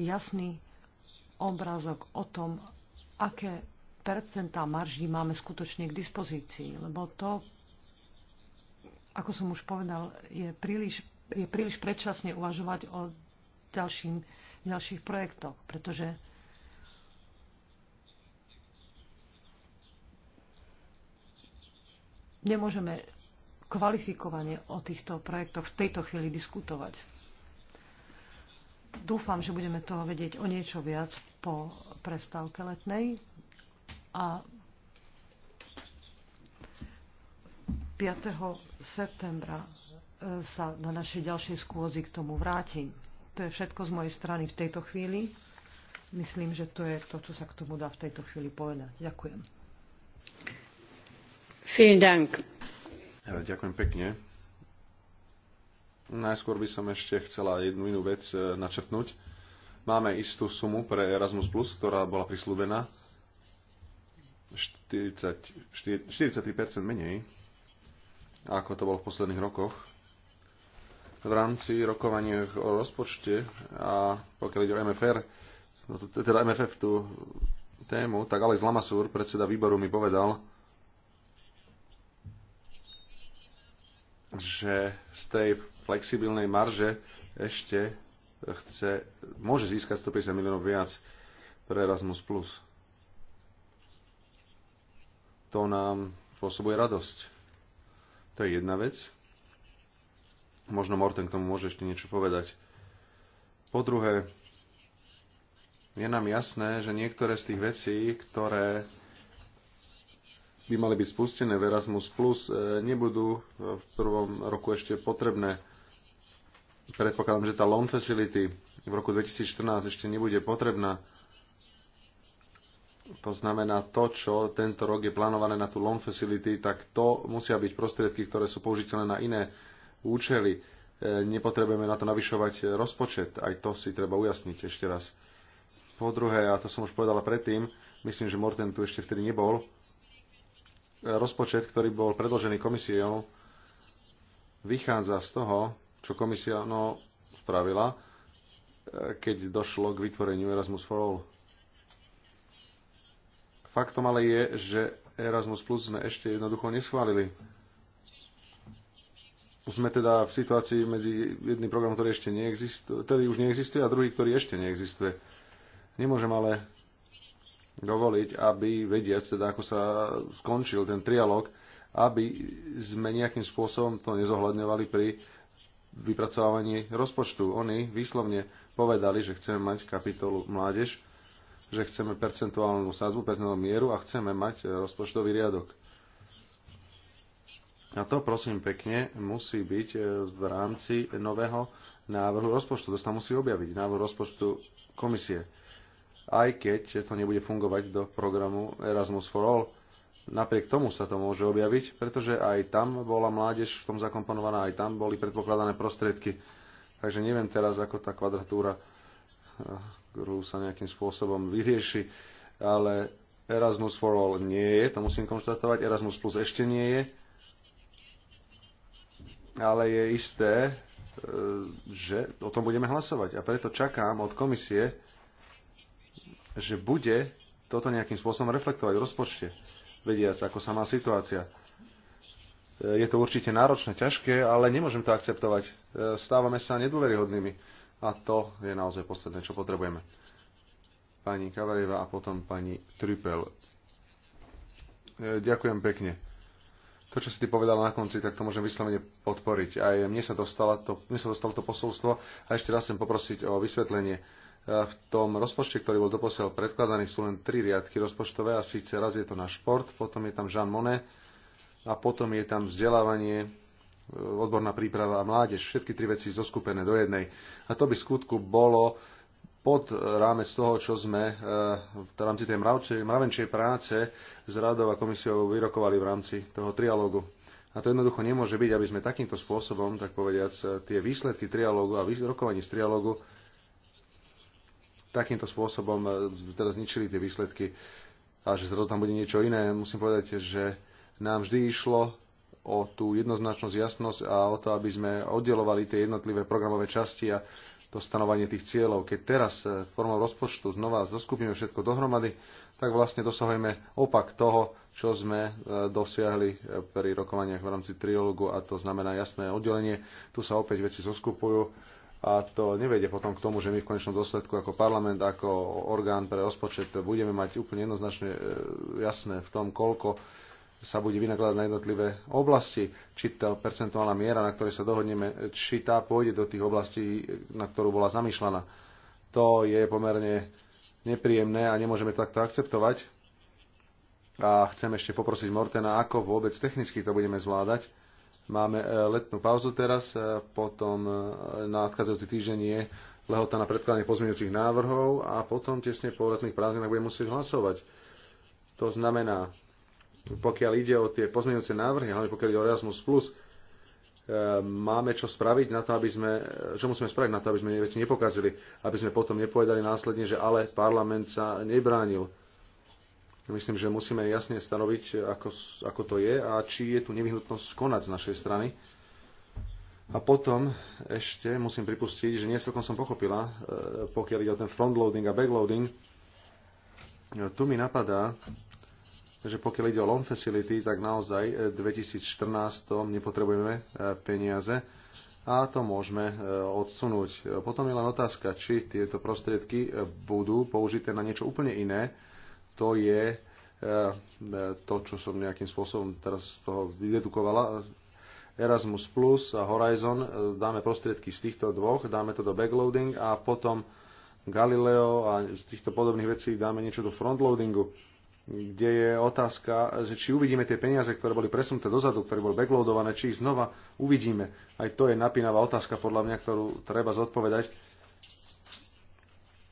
jasný obrázok o tom, aké percentá marží máme skutočne k dispozícii, lebo to, ako som už povedal, je príliš, je príliš predčasne uvažovať o ďalším, ďalších projektoch, pretože nemôžeme kvalifikovane o týchto projektoch v tejto chvíli diskutovať. Dúfam, že budeme toho vedieť o niečo viac po prestávke letnej a 5. septembra e, sa na našej ďalšej skôzi k tomu vrátim. To je všetko z mojej strany v tejto chvíli. Myslím, že to je to, čo sa k tomu dá v tejto chvíli povedať. Ďakujem. Vielen Dank.
Ďakujem pekne. Najskôr by som ešte chcela jednu inú vec e, načrtnúť. Máme istú sumu pre Erasmus+, ktorá bola prislúbená. 40, menej, ako to bolo v posledných rokoch. V rámci rokovania o rozpočte a pokiaľ ide o MFR, no teda MFF tú tému, tak Alex Lamasur, predseda výboru, mi povedal, že z tej flexibilnej marže ešte chce, môže získať 150 miliónov viac pre Erasmus+. To nám spôsobuje radosť. To je jedna vec. Možno Morten k tomu môže ešte niečo povedať. Po druhé, je nám jasné, že niektoré z tých vecí, ktoré by mali byť spustené v Erasmus+, plus, e, nebudú e, v prvom roku ešte potrebné. Predpokladám, že tá loan facility v roku 2014 ešte nebude potrebná. To znamená, to, čo tento rok je plánované na tú loan facility, tak to musia byť prostriedky, ktoré sú použiteľné na iné účely. E, nepotrebujeme na to navyšovať rozpočet. Aj to si treba ujasniť ešte raz. Po druhé, a to som už povedala predtým, myslím, že Morten tu ešte vtedy nebol, rozpočet, ktorý bol predložený komisiou, vychádza z toho, čo komisia no, spravila, e, keď došlo k vytvoreniu Erasmus for All. Faktom ale je, že Erasmus Plus sme ešte jednoducho neschválili. Sme teda v situácii medzi jedným programom, ktorý ešte neexistuje, ktorý už neexistuje a druhý, ktorý ešte neexistuje. Nemôžem ale dovoliť, aby vediac, teda ako sa skončil ten trialog, aby sme nejakým spôsobom to nezohľadňovali pri vypracovávaní rozpočtu. Oni výslovne povedali, že chceme mať kapitolu mládež, že chceme percentuálnu sázbu, percentuálnu mieru a chceme mať rozpočtový riadok. A to, prosím pekne, musí byť v rámci nového návrhu rozpočtu. To sa musí objaviť, návrh rozpočtu komisie aj keď to nebude fungovať do programu Erasmus for All. Napriek tomu sa to môže objaviť, pretože aj tam bola mládež v tom zakomponovaná, aj tam boli predpokladané prostriedky. Takže neviem teraz, ako tá kvadratúra eh, kruhu sa nejakým spôsobom vyrieši, ale Erasmus for All nie je, to musím konštatovať, Erasmus Plus ešte nie je, ale je isté, eh, že o tom budeme hlasovať. A preto čakám od komisie, že bude toto nejakým spôsobom reflektovať v rozpočte, vediac, ako sa má situácia. Je to určite náročné, ťažké, ale nemôžem to akceptovať. E, Stávame sa nedôveryhodnými a to je naozaj posledné, čo potrebujeme. Pani Kavarieva a potom pani Trypel. E, ďakujem pekne. To, čo si ty povedal na konci, tak to môžem vyslovene podporiť. Aj mne sa, to, mne sa dostalo to posolstvo a ešte raz chcem poprosiť o vysvetlenie v tom rozpočte, ktorý bol doposiaľ predkladaný, sú len tri riadky rozpočtové a síce raz je to na šport, potom je tam Jean Monnet a potom je tam vzdelávanie, e, odborná príprava a mládež. Všetky tri veci zoskupené do jednej. A to by skutku bolo pod rámec toho, čo sme e, v rámci tej mravenčej práce s radou a komisiou vyrokovali v rámci toho trialógu. A to jednoducho nemôže byť, aby sme takýmto spôsobom, tak povediac, e, tie výsledky trialógu a vyrokovaní z trialógu takýmto spôsobom e, teraz zničili tie výsledky a že zrazu tam bude niečo iné. Musím povedať, že nám vždy išlo o tú jednoznačnosť, jasnosť a o to, aby sme oddelovali tie jednotlivé programové časti a to stanovanie tých cieľov. Keď teraz e, formou rozpočtu znova zoskupíme všetko dohromady, tak vlastne dosahujeme opak toho, čo sme e, dosiahli pri rokovaniach v rámci triológu a to znamená jasné oddelenie. Tu sa opäť veci zoskupujú a to nevedie potom k tomu, že my v konečnom dôsledku ako parlament, ako orgán pre rozpočet budeme mať úplne jednoznačne e, jasné v tom, koľko sa bude vynakladať na jednotlivé oblasti, či tá percentuálna miera, na ktorej sa dohodneme, či tá pôjde do tých oblastí, na ktorú bola zamýšľaná. To je pomerne nepríjemné a nemôžeme to takto akceptovať. A chcem ešte poprosiť Mortena, ako vôbec technicky to budeme zvládať, Máme e, letnú pauzu teraz, e, potom e, na odchádzajúci týždeň je lehota na predkladanie pozmeňujúcich návrhov a potom tesne po letných prázdninách budeme musieť hlasovať. To znamená, pokiaľ ide o tie pozmeňujúce návrhy, hlavne pokiaľ ide o Erasmus+, plus, máme čo spraviť na to, aby sme, čo musíme spraviť na to, aby sme veci nepokazili, aby sme potom nepovedali následne, že ale parlament sa nebránil Myslím, že musíme jasne stanoviť, ako, ako to je a či je tu nevyhnutnosť konať z našej strany. A potom ešte musím pripustiť, že nie celkom som pochopila, e, pokiaľ ide o ten frontloading a backloading, e, tu mi napadá, že pokiaľ ide o loan facility, tak naozaj e, v 2014 nepotrebujeme peniaze a to môžeme odsunúť. Potom je len otázka, či tieto prostriedky budú použité na niečo úplne iné, to je e, to, čo som nejakým spôsobom teraz z toho vydedukovala. Erasmus Plus a Horizon, e, dáme prostriedky z týchto dvoch, dáme to do backloading a potom Galileo a z týchto podobných vecí dáme niečo do frontloadingu, kde je otázka, že či uvidíme tie peniaze, ktoré boli presunuté dozadu, ktoré boli backloadované, či ich znova uvidíme. Aj to je napínavá otázka podľa mňa, ktorú treba zodpovedať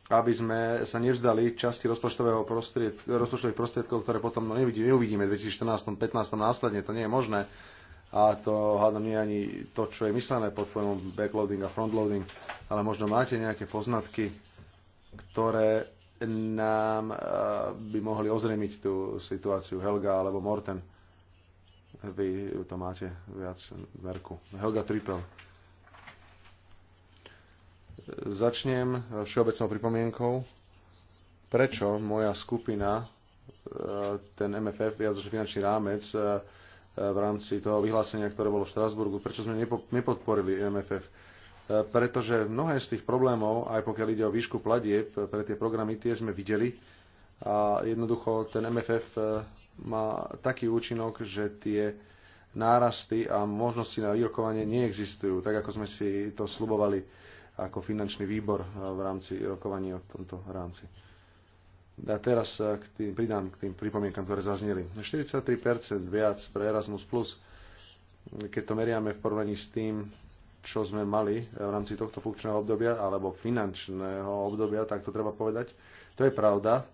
aby sme sa nevzdali časti rozpočtového prostried, rozpočtových prostriedkov, ktoré potom no, neuvidíme, neuvidíme v 2014, 15 následne, to nie je možné. A to hádam nie ani to, čo je myslené pod pojmom backloading a frontloading, ale možno máte nejaké poznatky, ktoré nám eh, by mohli ozremiť tú situáciu Helga alebo Morten. Vy to máte viac verku. Helga Trippel. Začnem všeobecnou pripomienkou, prečo moja skupina e, ten MFF, už finančný rámec, e, e, v rámci toho vyhlásenia, ktoré bolo v Štrasburgu, prečo sme nepodporili MFF. Pretože mnohé z tých problémov, aj pokiaľ ide o výšku platieb pre tie programy, tie sme videli a jednoducho ten MFF má taký účinok, že tie nárasty a možnosti na výrokovanie neexistujú, tak ako sme si to slubovali ako finančný výbor eh, v rámci rokovania o tomto rámci. A teraz eh, k tým, pridám k tým pripomienkam, ktoré zazneli. 43% viac pre Erasmus+, plus. keď to meriame v porovnaní s tým, čo sme mali eh, v rámci tohto funkčného obdobia alebo finančného obdobia, tak to treba povedať. To je pravda,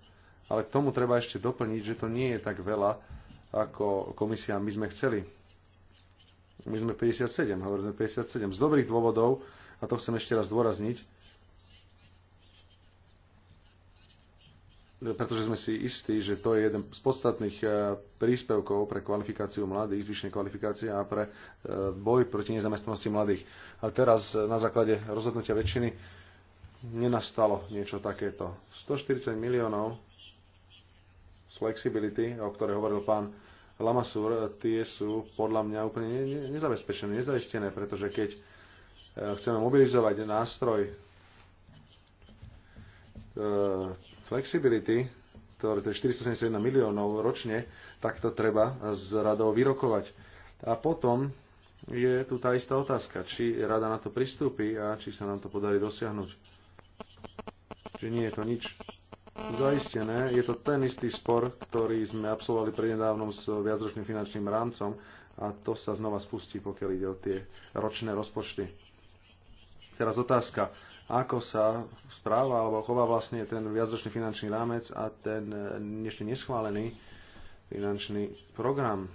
ale k tomu treba ešte doplniť, že to nie je tak veľa, ako komisia my sme chceli. My sme 57, hovoríme 57. Z dobrých dôvodov a to chcem ešte raz dôrazniť, pretože sme si istí, že to je jeden z podstatných eh, príspevkov pre kvalifikáciu mladých, zvyšenie kvalifikácie a pre eh, boj proti nezamestnanosti mladých. A teraz eh, na základe rozhodnutia väčšiny nenastalo niečo takéto. 140 miliónov z flexibility, o ktorej hovoril pán Lamasur, tie sú podľa mňa úplne nezabezpečené, nezaistené, pretože keď Eh, chceme mobilizovať nástroj eh, flexibility, ktoré to je 471 miliónov ročne, tak to treba z radou vyrokovať. A potom je tu tá istá otázka, či rada na to pristúpi a či sa nám to podarí dosiahnuť. Čiže nie je to nič zaistené. Je to ten istý spor, ktorý sme absolvovali prednedávnom s viacročným finančným rámcom a to sa znova spustí, pokiaľ ide o tie ročné rozpočty teraz otázka, ako sa správa alebo chová vlastne ten viacročný finančný rámec a ten e, ešte neschválený finančný program.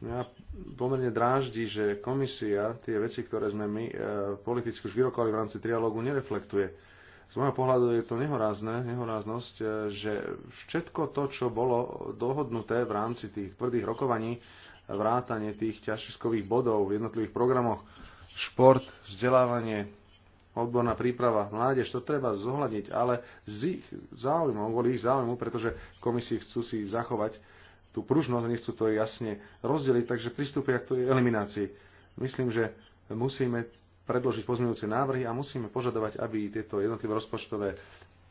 Mňa pomerne dráždi, že komisia tie veci, ktoré sme my e, politicky už vyrokovali v rámci trialógu, nereflektuje. Z môjho pohľadu je to nehorázne, nehoráznosť, e, že všetko to, čo bolo dohodnuté v rámci tých tvrdých rokovaní, vrátanie tých ťažiskových bodov v jednotlivých programoch, šport, vzdelávanie, odborná príprava, mládež, to treba zohľadniť, ale z ich záujmov kvôli ich záujmu, pretože komisie chcú si zachovať tú pružnosť, nechcú to jasne rozdeliť, takže pristúpia k tej eliminácii. Myslím, že musíme predložiť pozmeňujúce návrhy a musíme požadovať, aby tieto jednotlivé rozpočtové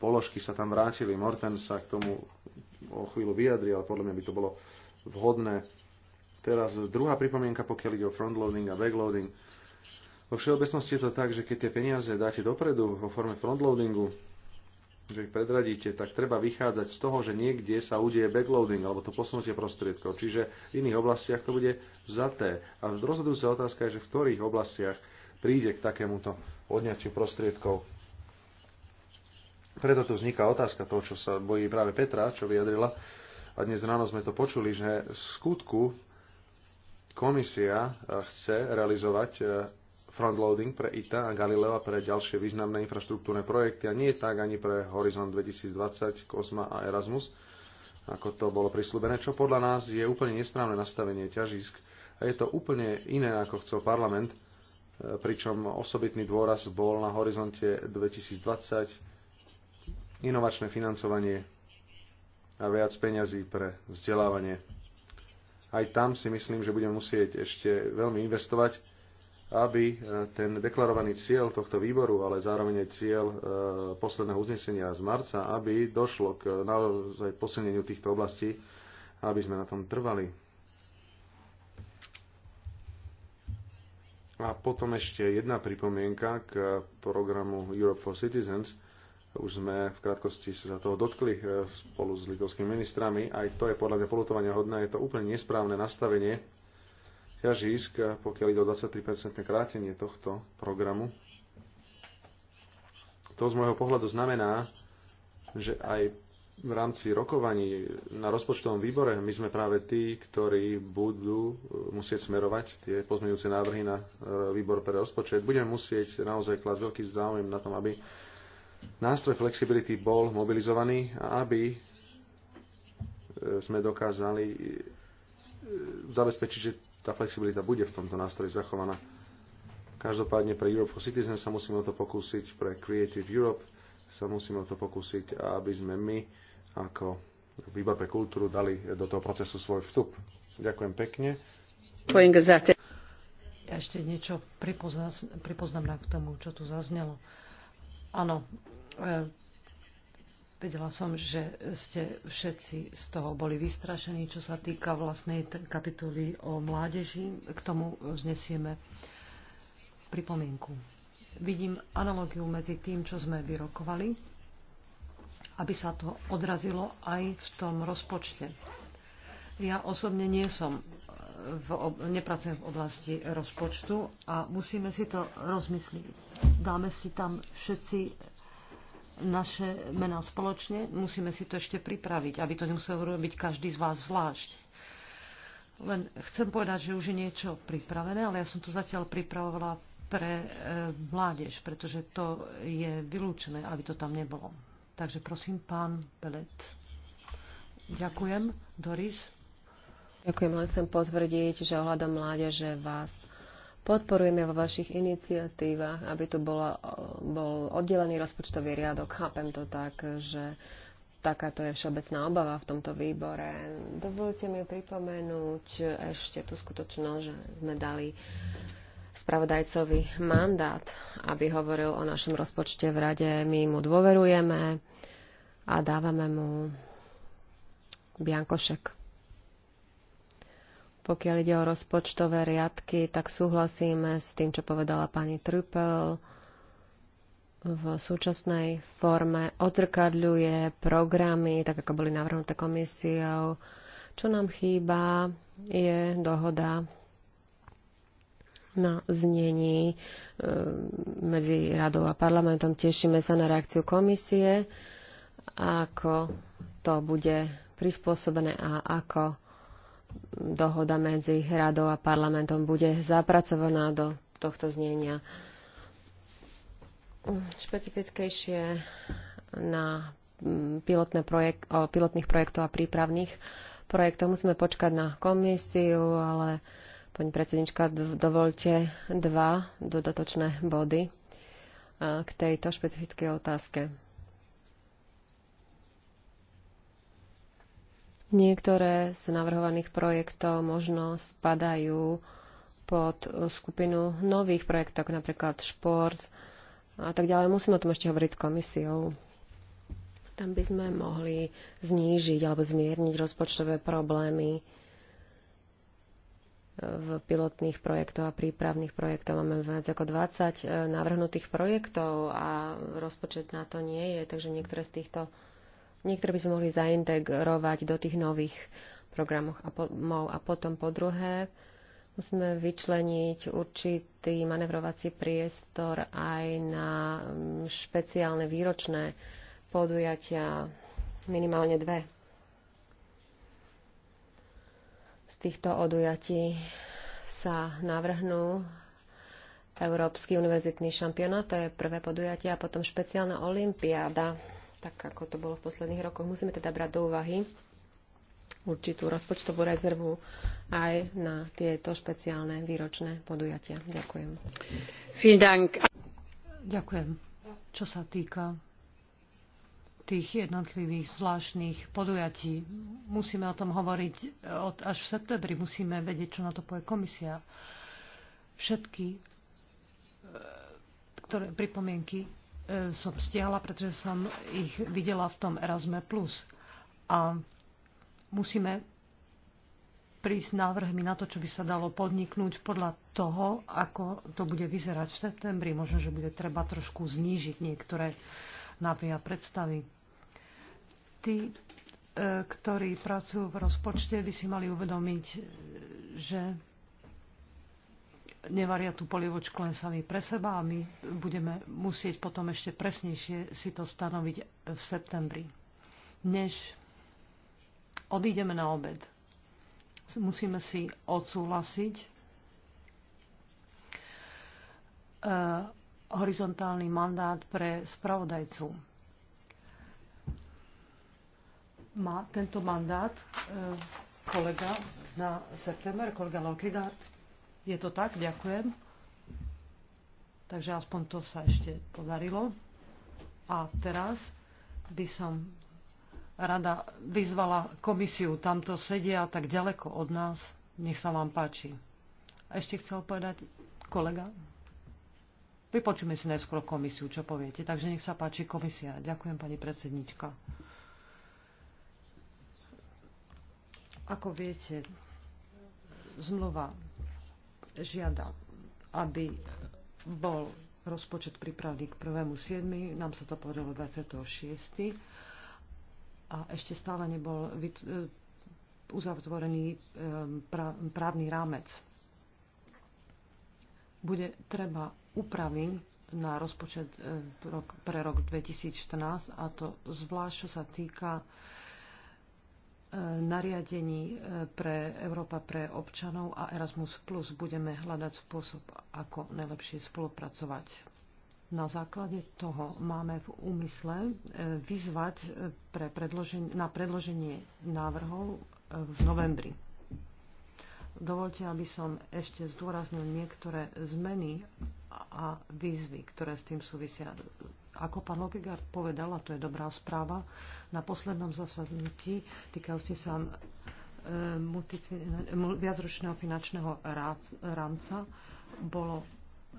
položky sa tam vrátili. Morten sa k tomu o chvíľu vyjadri, ale podľa mňa by to bolo vhodné. Teraz druhá pripomienka, pokiaľ ide o frontloading a backloading vo všeobecnosti je to tak, že keď tie peniaze dáte dopredu vo forme frontloadingu, že ich predradíte, tak treba vychádzať z toho, že niekde sa udeje backloading alebo to posunutie prostriedkov. Čiže v iných oblastiach to bude vzaté. A rozhodujúca otázka je, že v ktorých oblastiach príde k takémuto odňatiu prostriedkov. Preto tu vzniká otázka toho, čo sa bojí práve Petra, čo vyjadrila. A dnes ráno sme to počuli, že v skutku komisia eh, chce realizovať eh, frontloading pre ITA a Galileo a pre ďalšie významné infraštruktúrne projekty a nie tak ani pre Horizon 2020, Cosma a Erasmus, ako to bolo prislúbené, čo podľa nás je úplne nesprávne nastavenie ťažisk a je to úplne iné, ako chcel parlament, e, pričom osobitný dôraz bol na horizonte 2020 inovačné financovanie a viac peňazí pre vzdelávanie. Aj tam si myslím, že budeme musieť ešte veľmi investovať aby e, ten deklarovaný cieľ tohto výboru, ale zároveň aj cieľ e, posledného uznesenia z marca, aby došlo k e, naozaj posilneniu týchto oblastí, aby sme na tom trvali. A potom ešte jedna pripomienka k programu Europe for Citizens. Už sme v krátkosti sa toho dotkli spolu s litovskými ministrami. Aj to je podľa mňa polutovania hodné. Je to úplne nesprávne nastavenie ťažísk, pokiaľ ide o 23% krátenie tohto programu. To z môjho pohľadu znamená, že aj v rámci rokovaní na rozpočtovom výbore my sme práve tí, ktorí budú e, musieť smerovať tie pozmeňujúce návrhy na e, výbor pre rozpočet. Budeme musieť naozaj klásť veľký záujem na tom, aby nástroj flexibility bol mobilizovaný a aby e, sme dokázali zabezpečiť, že tá flexibilita bude v tomto nástroji zachovaná. Každopádne pre Europe for Citizens sa musíme o to pokúsiť, pre Creative Europe sa musíme o to pokúsiť, aby sme my ako výbor pre kultúru dali do toho procesu svoj vstup. Ďakujem pekne.
Ja ešte niečo pripoznám k tomu, čo tu zaznelo. Áno, e, Vedela som, že ste všetci z toho boli vystrašení, čo sa týka vlastnej kapitoly o mládeži. K tomu znesieme pripomienku. Vidím analogiu medzi tým, čo sme vyrokovali, aby sa to odrazilo aj v tom rozpočte. Ja osobne nie som, eh, v, nepracujem v oblasti rozpočtu a musíme si to rozmysliť. Dáme si tam všetci naše mená spoločne, musíme si to ešte pripraviť, aby to nemusel robiť každý z vás zvlášť. Len chcem povedať, že už je niečo pripravené, ale ja som to zatiaľ pripravovala pre e, mládež, pretože to je vylúčené, aby to tam nebolo. Takže prosím, pán Belet. Ďakujem. Doris? Ďakujem, len chcem potvrdiť, že ohľadom mládeže vás Podporujeme
vo vašich iniciatívach, aby tu bola, bol oddelený rozpočtový riadok. Chápem to tak, že takáto je všeobecná obava v tomto výbore. Dovolte mi pripomenúť ešte tú skutočnosť, že sme dali spravodajcovi mandát, aby hovoril o našom rozpočte v rade. My mu dôverujeme a dávame mu biankošek. Pokiaľ ide o rozpočtové riadky, tak súhlasíme s tým, čo povedala pani Trupel. V súčasnej forme odzrkadľuje programy, tak ako boli navrhnuté komisiou. Čo nám chýba, je dohoda na znení e, medzi radou a parlamentom. Tešíme sa na reakciu komisie, ako to bude prispôsobené a ako dohoda medzi radou a parlamentom bude zapracovaná do tohto znenia špecifickejšie na mm, pilotné projek- o pilotných projektov a prípravných projektov. Musíme počkať na komisiu, ale pani predsednička, dovolte dva dodatočné body e, k tejto špecifickej otázke. Niektoré z navrhovaných projektov možno spadajú pod skupinu nových projektov, napríklad šport a tak ďalej. Musíme o tom ešte hovoriť s komisiou. Tam by sme mohli znížiť alebo zmierniť rozpočtové problémy e, v pilotných projektoch a prípravných projektoch. Máme viac ako 20 e, navrhnutých projektov a rozpočet na to nie je, takže niektoré z týchto Niektoré by sme mohli zaintegrovať do tých nových programov a, po, a potom po druhé musíme vyčleniť určitý manevrovací priestor aj na mm, špeciálne výročné podujatia, minimálne dve z týchto odujatí sa navrhnú Európsky univerzitný šampionát, to je prvé podujatie, a potom špeciálna olimpiáda tak ako to bolo v posledných rokoch. Musíme teda brať do úvahy určitú rozpočtovú rezervu aj na tieto špeciálne výročné podujatia. Ďakujem.
Ďakujem. Čo sa týka tých jednotlivých zvláštnych podujatí, musíme o tom hovoriť od, až v septembri, musíme vedieť, čo na to povie komisia. Všetky e, ktoré, pripomienky E, som stiahla, pretože som ich videla v tom Erasme+. A musíme prísť návrhmi na to, čo by sa dalo podniknúť podľa toho, ako to bude vyzerať v septembri. Možno, že bude treba trošku znížiť niektoré nápia predstavy. Tí, e, ktorí pracujú v rozpočte, by si mali uvedomiť, e, že nevaria tú polievočku len sami pre seba a my budeme musieť potom ešte presnejšie si to stanoviť v septembri. Než odídeme na obed, musíme si odsúhlasiť e, horizontálny mandát pre spravodajcu. Má tento mandát e, kolega na september, kolega Lokegaard je to tak, ďakujem. Takže aspoň to sa ešte podarilo. A teraz by som rada vyzvala komisiu. Tamto sedia tak ďaleko od nás. Nech sa vám páči. A ešte chcel povedať kolega. Vypočujeme si najskôr komisiu, čo poviete. Takže nech sa páči komisia. Ďakujem, pani predsednička. Ako viete, zmluva žiada, aby bol rozpočet pripravný k 1.7. Nám sa to podarilo 26. A ešte stále nebol e, uzavtvorený e, právny rámec. Bude treba úpravy na rozpočet e, pre rok 2014 a to zvlášť, čo sa týka nariadení e, pre Európa pre občanov a Erasmus Plus budeme hľadať spôsob, ako najlepšie spolupracovať. Na základe toho máme v úmysle e, vyzvať e, pre predložen- na predloženie návrhov v novembri. Dovolte, aby som ešte zdôraznil niektoré zmeny a výzvy, ktoré s tým súvisia. Ako pán Lokigard povedal, a to je dobrá správa, na poslednom zasadnutí týkajúci sa e, e, viacročného finančného rámca bolo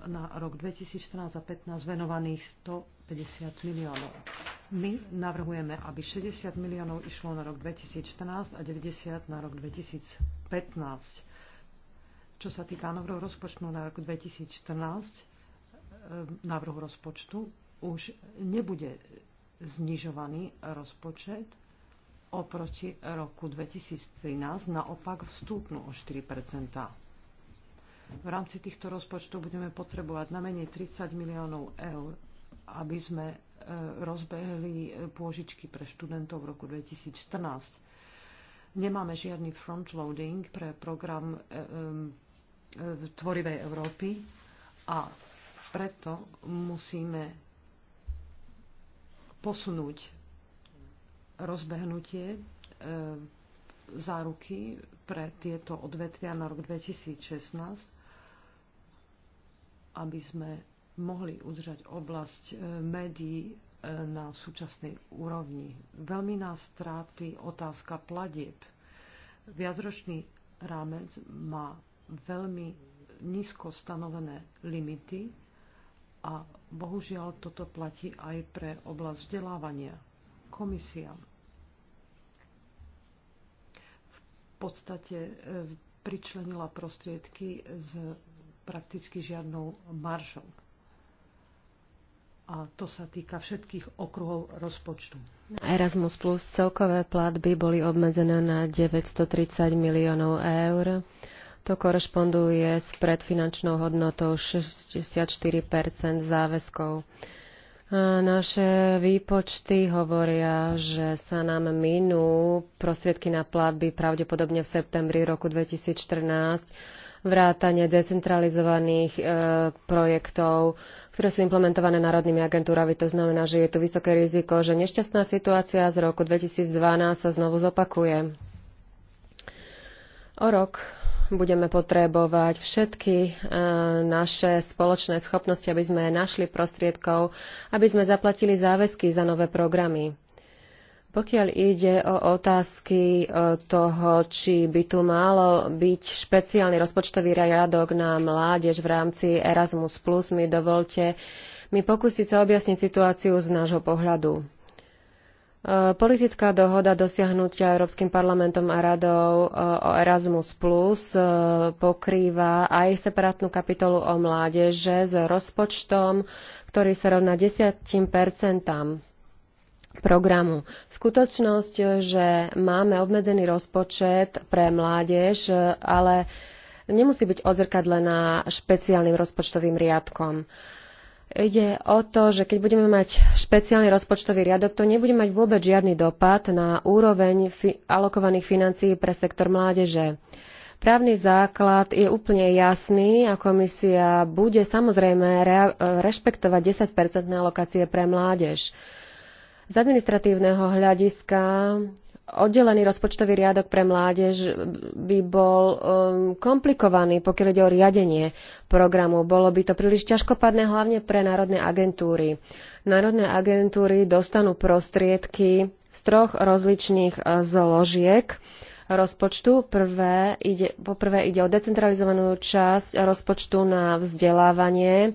na rok 2014 a 2015 venovaných 150 miliónov. My navrhujeme, aby 60 miliónov išlo na rok 2014 a 90 na rok 2015. Čo sa týka návrhu rozpočtu na rok 2014, e, návrhu rozpočtu, už nebude znižovaný rozpočet oproti roku 2013, naopak vstúpnu o 4 V rámci týchto rozpočtov budeme potrebovať na menej 30 miliónov eur, aby sme e, rozbehli pôžičky pre študentov v roku 2014. Nemáme žiadny frontloading pre program e, e, Tvorivej Európy a preto musíme posunúť rozbehnutie e, záruky pre tieto odvetvia na rok 2016, aby sme mohli udržať oblasť e, médií e, na súčasnej úrovni. Veľmi nás trápi otázka pladieb. Viacročný rámec má veľmi nízko stanovené limity a bohužiaľ toto platí aj pre oblasť vzdelávania. Komisia v podstate e, pričlenila prostriedky s prakticky žiadnou maržou. A to sa týka všetkých okruhov rozpočtu. Erasmus
Plus celkové platby boli obmedzené na 930 miliónov eur to korešponduje s predfinančnou hodnotou 64 záväzkov. A naše výpočty hovoria, že sa nám minú prostriedky na platby pravdepodobne v septembri roku 2014 vrátane decentralizovaných e, projektov, ktoré sú implementované národnými agentúrami. To znamená, že je tu vysoké riziko, že nešťastná situácia z roku 2012 sa znovu zopakuje. O rok budeme potrebovať všetky e, naše spoločné schopnosti, aby sme našli prostriedkov, aby sme zaplatili záväzky za nové programy. Pokiaľ ide o otázky e, toho, či by tu malo byť špeciálny rozpočtový riadok na mládež v rámci Erasmus+, mi dovolte mi pokúsiť sa objasniť situáciu z nášho pohľadu. E, politická dohoda dosiahnutia Európskym parlamentom a radou e, o Erasmus Plus e, pokrýva aj separátnu kapitolu o mládeže s rozpočtom, ktorý sa rovná 10 programu. Skutočnosť, že máme obmedzený rozpočet pre mládež, ale nemusí byť odzrkadlená špeciálnym rozpočtovým riadkom. Uh, Ide o to, že keď budeme mať špeciálny rozpočtový riadok, to nebude mať vôbec žiadny dopad na úroveň fi- alokovaných financií pre sektor mládeže. Právny základ je úplne jasný a komisia bude samozrejme re- rešpektovať 10-percentné alokácie pre mládež. Z administratívneho hľadiska oddelený rozpočtový riadok pre mládež by bol um, komplikovaný, pokiaľ ide o riadenie programu. Bolo by to príliš ťažkopadné hlavne pre národné agentúry. Národné agentúry dostanú prostriedky z troch rozličných eh, zložiek rozpočtu. Prvé ide, poprvé ide o decentralizovanú časť rozpočtu na vzdelávanie,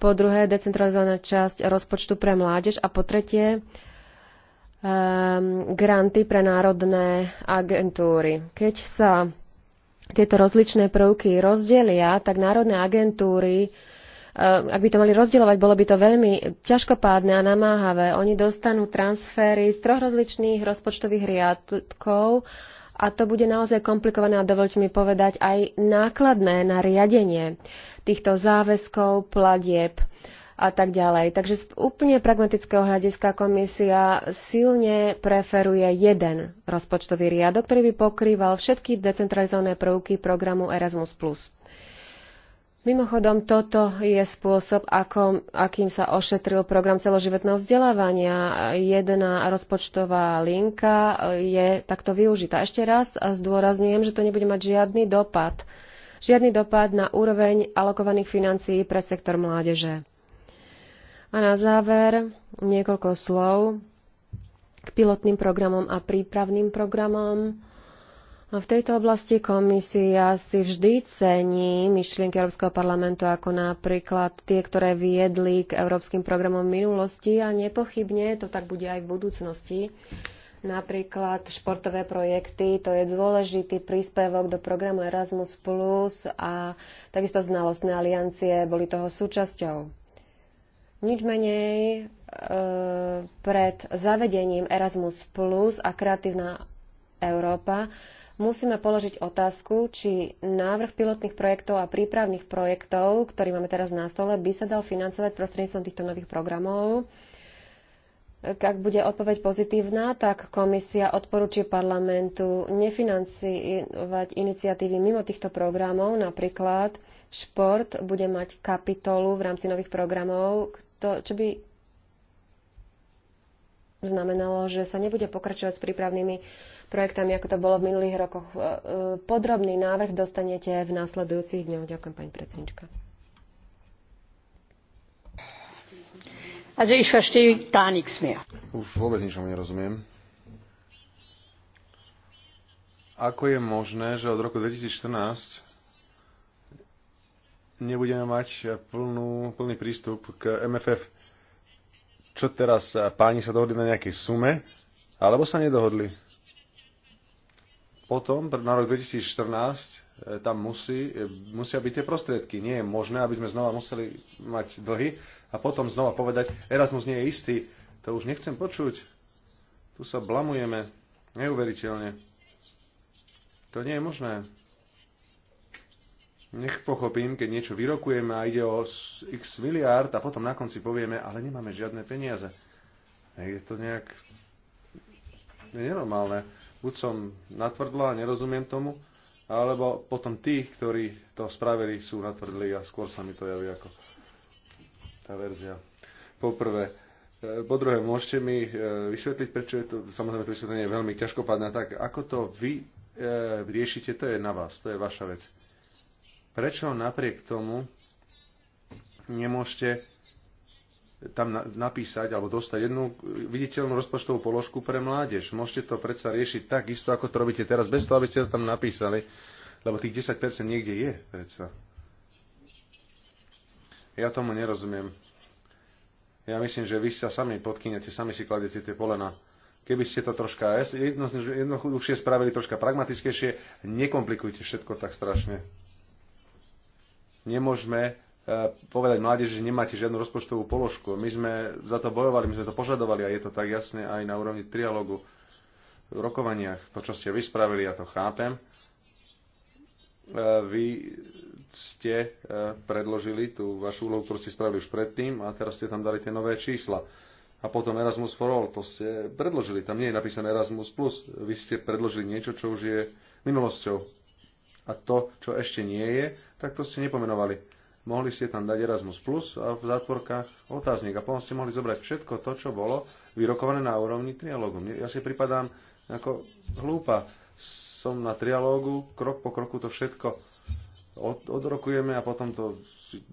po druhé decentralizovaná časť rozpočtu pre mládež a po tretie Ehm, granty pre národné agentúry. Keď sa tieto rozličné prvky rozdelia, tak národné agentúry ehm, ak by to mali rozdielovať, bolo by to veľmi ťažkopádne a namáhavé. Oni dostanú transfery z troch rozličných rozpočtových riadkov a to bude naozaj komplikované a dovolte mi povedať aj nákladné na riadenie týchto záväzkov, platieb. Uh, a tak ďalej. Takže z úplne pragmatického hľadiska komisia silne preferuje jeden rozpočtový riadok, ktorý by pokrýval všetky decentralizované prvky programu Erasmus+. Mimochodom, toto je spôsob, ako, akým sa ošetril program celoživotného vzdelávania. Jedna rozpočtová linka je takto využitá. Ešte raz zdôrazňujem, že to nebude mať žiadny dopad žiadny dopad na úroveň alokovaných financií pre sektor mládeže. A na záver niekoľko slov k pilotným programom a prípravným programom. A v tejto oblasti komisia si vždy cení myšlienky Európskeho parlamentu ako napríklad tie, ktoré viedli k európskym programom v minulosti a nepochybne to tak bude aj v budúcnosti. Napríklad športové projekty, to je dôležitý príspevok do programu Erasmus+, a takisto znalostné aliancie boli toho súčasťou. Nič menej e, pred zavedením Erasmus Plus a Kreatívna Európa musíme položiť otázku, či návrh pilotných projektov a prípravných projektov, ktorý máme teraz na stole, by sa dal financovať prostredníctvom týchto nových programov. Ak bude odpoveď pozitívna, tak komisia odporúči parlamentu nefinancovať iniciatívy mimo týchto programov. Napríklad šport bude mať kapitolu v rámci nových programov, to, čo by znamenalo, že sa nebude pokračovať s prípravnými projektami, ako to bolo v minulých rokoch. E, e, podrobný návrh dostanete v následujúcich dňoch. Ďakujem, pani predsednička.
Also ich verstehe gar nichts smia.
Už vôbec ničomu nerozumiem. Ako je možné, že od roku 2014 nebudeme mať plnú, plný prístup k MFF. Čo teraz, páni sa dohodli na nejakej sume, alebo sa nedohodli? Potom, na rok 2014, e, tam musí, e, musia byť tie prostriedky. Nie je možné, aby sme znova museli mať dlhy a potom znova povedať, Erasmus nie je istý. To už nechcem počuť. Tu sa blamujeme. Neuveriteľne. To nie je možné. Nech pochopím, keď niečo vyrokujeme a ide o x miliárd a potom na konci povieme, ale nemáme žiadne peniaze. Je to nejak nenormálne. Buď som natvrdla a nerozumiem tomu, alebo potom tí, ktorí to spravili, sú natvrdli a skôr sa mi to javí ako tá verzia. Poprvé. E, po druhé, môžete mi e, vysvetliť, prečo je to, samozrejme to vysvetlenie je veľmi ťažkopádne, tak ako to vy e, riešite, to je na vás, to je vaša vec. Prečo napriek tomu nemôžete tam napísať alebo dostať jednu viditeľnú rozpočtovú položku pre mládež. Môžete to predsa riešiť tak isto, ako to robíte teraz, bez toho, aby ste to tam napísali, lebo tých 10% niekde je predsa. Ja tomu nerozumiem. Ja myslím, že vy sa sami podkynete, sami si kladete tie polena. Keby ste to troška jednoduchšie spravili, troška pragmatickejšie, nekomplikujte všetko tak strašne. Nemôžeme e, povedať mládeži, že nemáte žiadnu rozpočtovú položku. My sme za to bojovali, my sme to požadovali a je to tak jasné aj na úrovni trialógu v rokovaniach. To, čo ste vyspravili, ja to chápem. E, vy ste e, predložili tú vašu úlohu, ktorú ste spravili už predtým a teraz ste tam dali tie nové čísla. A potom Erasmus for All, to ste predložili. Tam nie je napísané Erasmus+. Plus. Vy ste predložili niečo, čo už je minulosťou a to, čo ešte nie je, tak to ste nepomenovali. Mohli ste tam dať Erasmus Plus a v zátvorkách otáznik a potom ste mohli zobrať všetko to, čo bolo vyrokované na úrovni trialógu. Ja si pripadám ako hlúpa. Som na trialógu, krok po kroku to všetko od, odrokujeme a potom to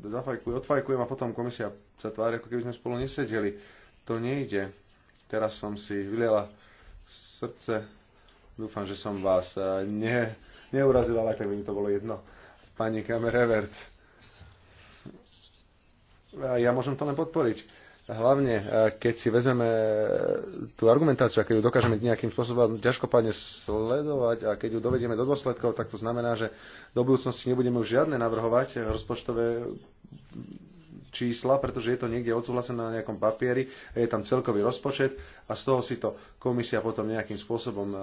zafajkujem, odfajkujem a potom komisia sa tvári, ako keby sme spolu nesedeli. To nejde. Teraz som si vyliela srdce. Dúfam, že som vás eh, ne, neurazil, ale tak by mi to bolo jedno. Pani Kamerevert, ja môžem to len podporiť. Hlavne, e, keď si vezmeme e, tú argumentáciu a keď ju dokážeme nejakým spôsobom ťažkopádne sledovať a keď ju dovedieme do dôsledkov, tak to znamená, že do budúcnosti nebudeme už žiadne navrhovať rozpočtové čísla, pretože je to niekde odsúhlasené na nejakom papieri, je tam celkový rozpočet a z toho si to komisia potom nejakým spôsobom e,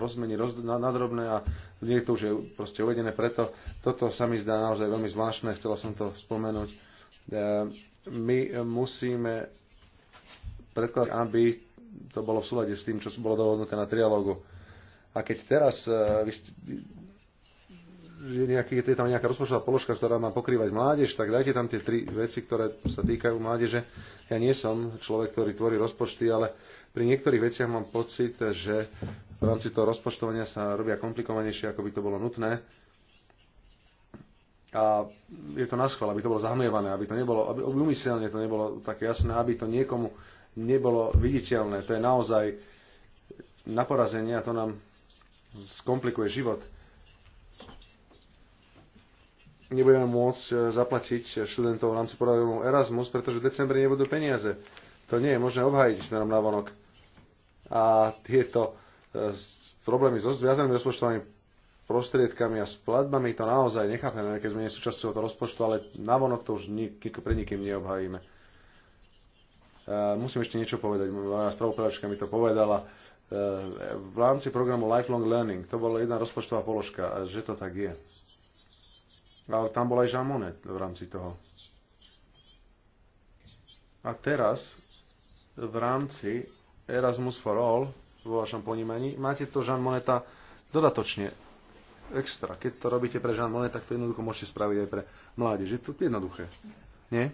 rozmení roz, nadrobné a nie to už je proste uvedené, preto toto sa mi zdá naozaj veľmi zvláštne, chcela som to spomenúť. E, my musíme predkladať, aby to bolo v súlade s tým, čo bolo dohodnuté na trialógu. A keď teraz e, vy, je, nejaký, je tam nejaká rozpočtová položka, ktorá má pokrývať mládež, tak dajte tam tie tri veci, ktoré sa týkajú mládeže. Ja nie som človek, ktorý tvorí rozpočty, ale pri niektorých veciach mám pocit, že v rámci toho rozpočtovania sa robia komplikovanejšie, ako by to bolo nutné. A je to na schvál, aby to bolo zahmlievané, aby to nebolo, aby umyselne to nebolo tak jasné, aby to niekomu nebolo viditeľné. To je naozaj na porazenie a to nám skomplikuje život nebudeme môcť e, zaplatiť študentov v rámci programu Erasmus, pretože v decembri nebudú peniaze. To nie je možné obhájiť nám na vonok. A tieto e, problémy so zviazanými rozpočtovými prostriedkami a s platbami to naozaj nechápeme, keď sme nie súčasťou toho rozpočtu, ale navonok to už nik- pre nikým neobhajíme. E, musím ešte niečo povedať, moja spravopredačka mi to povedala. v rámci programu Lifelong Learning to bola jedna rozpočtová položka, že to tak je. Ale tam bol aj Jean Monnet v rámci toho. A teraz v rámci Erasmus for All vo vašom ponímaní máte to Jean Moneta dodatočne extra. Keď to robíte pre Jean Moneta, tak to jednoducho môžete spraviť aj pre mládež. Je to jednoduché. Nie?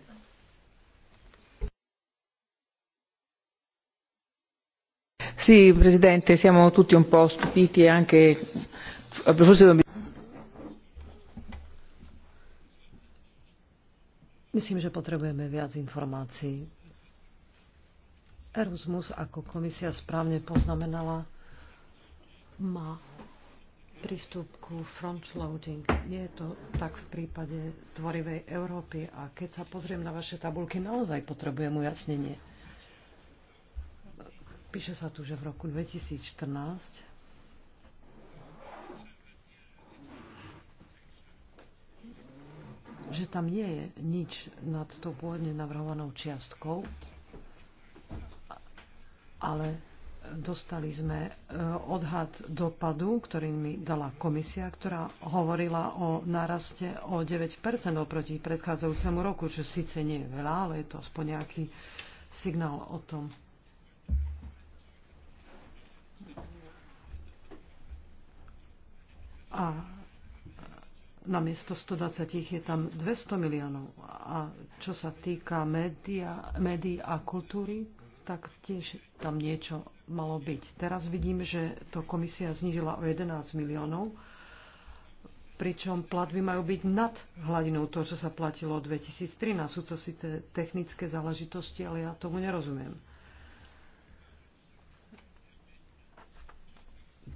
Sì, Presidente, siamo tutti un po' stupiti anche... Myslím, že potrebujeme viac informácií. Erasmus, ako komisia správne poznamenala, má prístup ku frontloading. Nie je to tak v prípade tvorivej Európy. A keď sa pozriem na vaše tabulky, naozaj potrebujem ujasnenie. Píše sa tu, že v roku 2014 že tam nie je nič nad tou pôvodne navrhovanou čiastkou, ale dostali sme e, odhad dopadu, ktorý mi dala komisia, ktorá hovorila o naraste o 9% oproti predchádzajúcemu roku, čo síce nie je veľa, ale je to aspoň nejaký signál o tom. A namiesto 120 je tam 200 miliónov. A čo sa týka média, médií a kultúry, tak tiež tam niečo malo byť. Teraz vidím, že to komisia znížila o 11 miliónov, pričom platby majú byť nad hladinou toho, čo sa platilo 2013. Sú to síce technické záležitosti, ale ja tomu nerozumiem.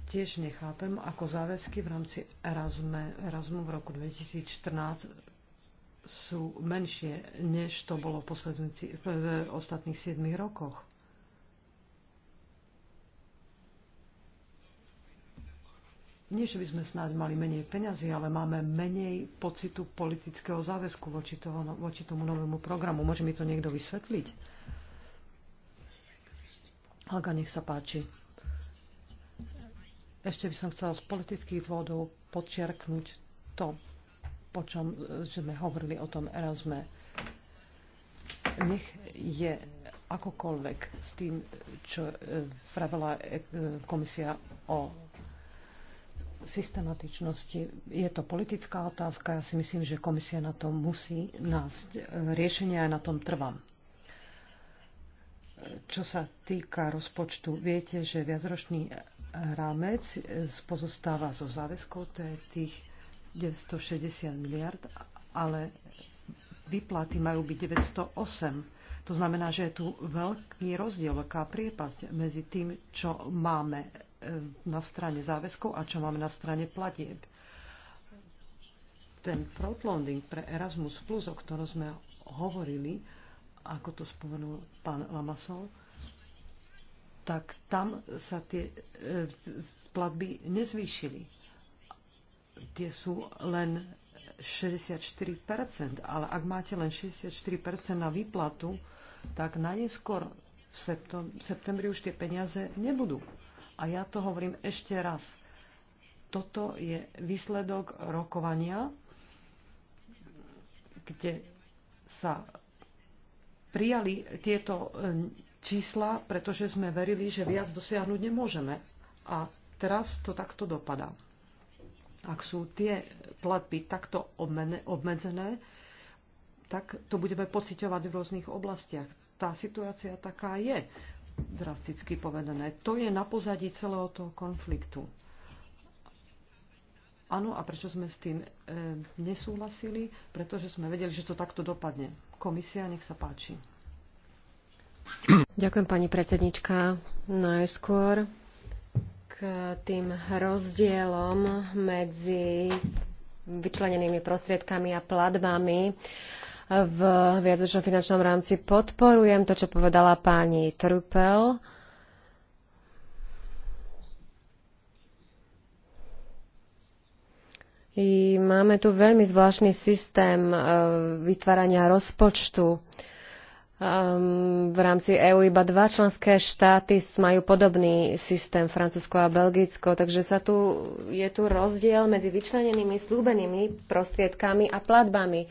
Tiež nechápem, ako záväzky v rámci Erasme, Erasmu v roku 2014 sú menšie, než to bolo v, v ostatných 7 rokoch. Nie, že by sme snáď mali menej peňazí, ale máme menej pocitu politického záväzku voči, toho, no-, voči tomu novému programu. Môže mi to niekto vysvetliť? Helga, nech sa páči. Ešte by som chcela z politických dôvodov podčiarknúť to, po čom e, sme hovorili o tom Erasme. Nech je akokoľvek s tým, čo pravila e, e, komisia o systematičnosti. Je to politická otázka. Ja si myslím, že komisia na to musí nájsť riešenie a na tom trvám. Čo sa týka rozpočtu, viete, že viacročný rámec e, pozostáva zo záväzkov, to je tých 960 miliard, ale výplaty majú byť 908. To znamená, že je tu veľký rozdiel, veľká priepasť medzi tým, čo máme e, na strane záväzkov a čo máme na strane platieb. Ten frontloading pre Erasmus+, o ktorom sme hovorili, ako to spomenul pán Lamasol, tak tam sa tie e, platby nezvýšili. Tie sú len 64%, ale ak máte len 64% na výplatu, tak najneskôr v septembri už tie peniaze nebudú. A ja to hovorím ešte raz. Toto je výsledok rokovania, kde sa prijali tieto e, čísla, pretože sme verili, že viac dosiahnuť nemôžeme. A teraz to takto dopadá. Ak sú tie platby takto obmedzené, tak to budeme pociťovať v rôznych oblastiach. Tá situácia taká je, drasticky povedané. To je na pozadí celého toho konfliktu. Áno, a prečo sme s tým e, nesúhlasili? Pretože sme vedeli, že to takto dopadne. Komisia, nech sa páči.
Ďakujem, pani predsednička. Najskôr k tým rozdielom medzi vyčlenenými prostriedkami a platbami v viacročnom finančnom rámci podporujem to, čo povedala pani Trupel. I máme tu veľmi zvláštny systém e, vytvárania rozpočtu. Um, v rámci EÚ iba dva členské štáty majú podobný systém, Francúzsko a Belgicko, takže sa tu, je tu rozdiel medzi vyčlenenými slúbenými prostriedkami a platbami.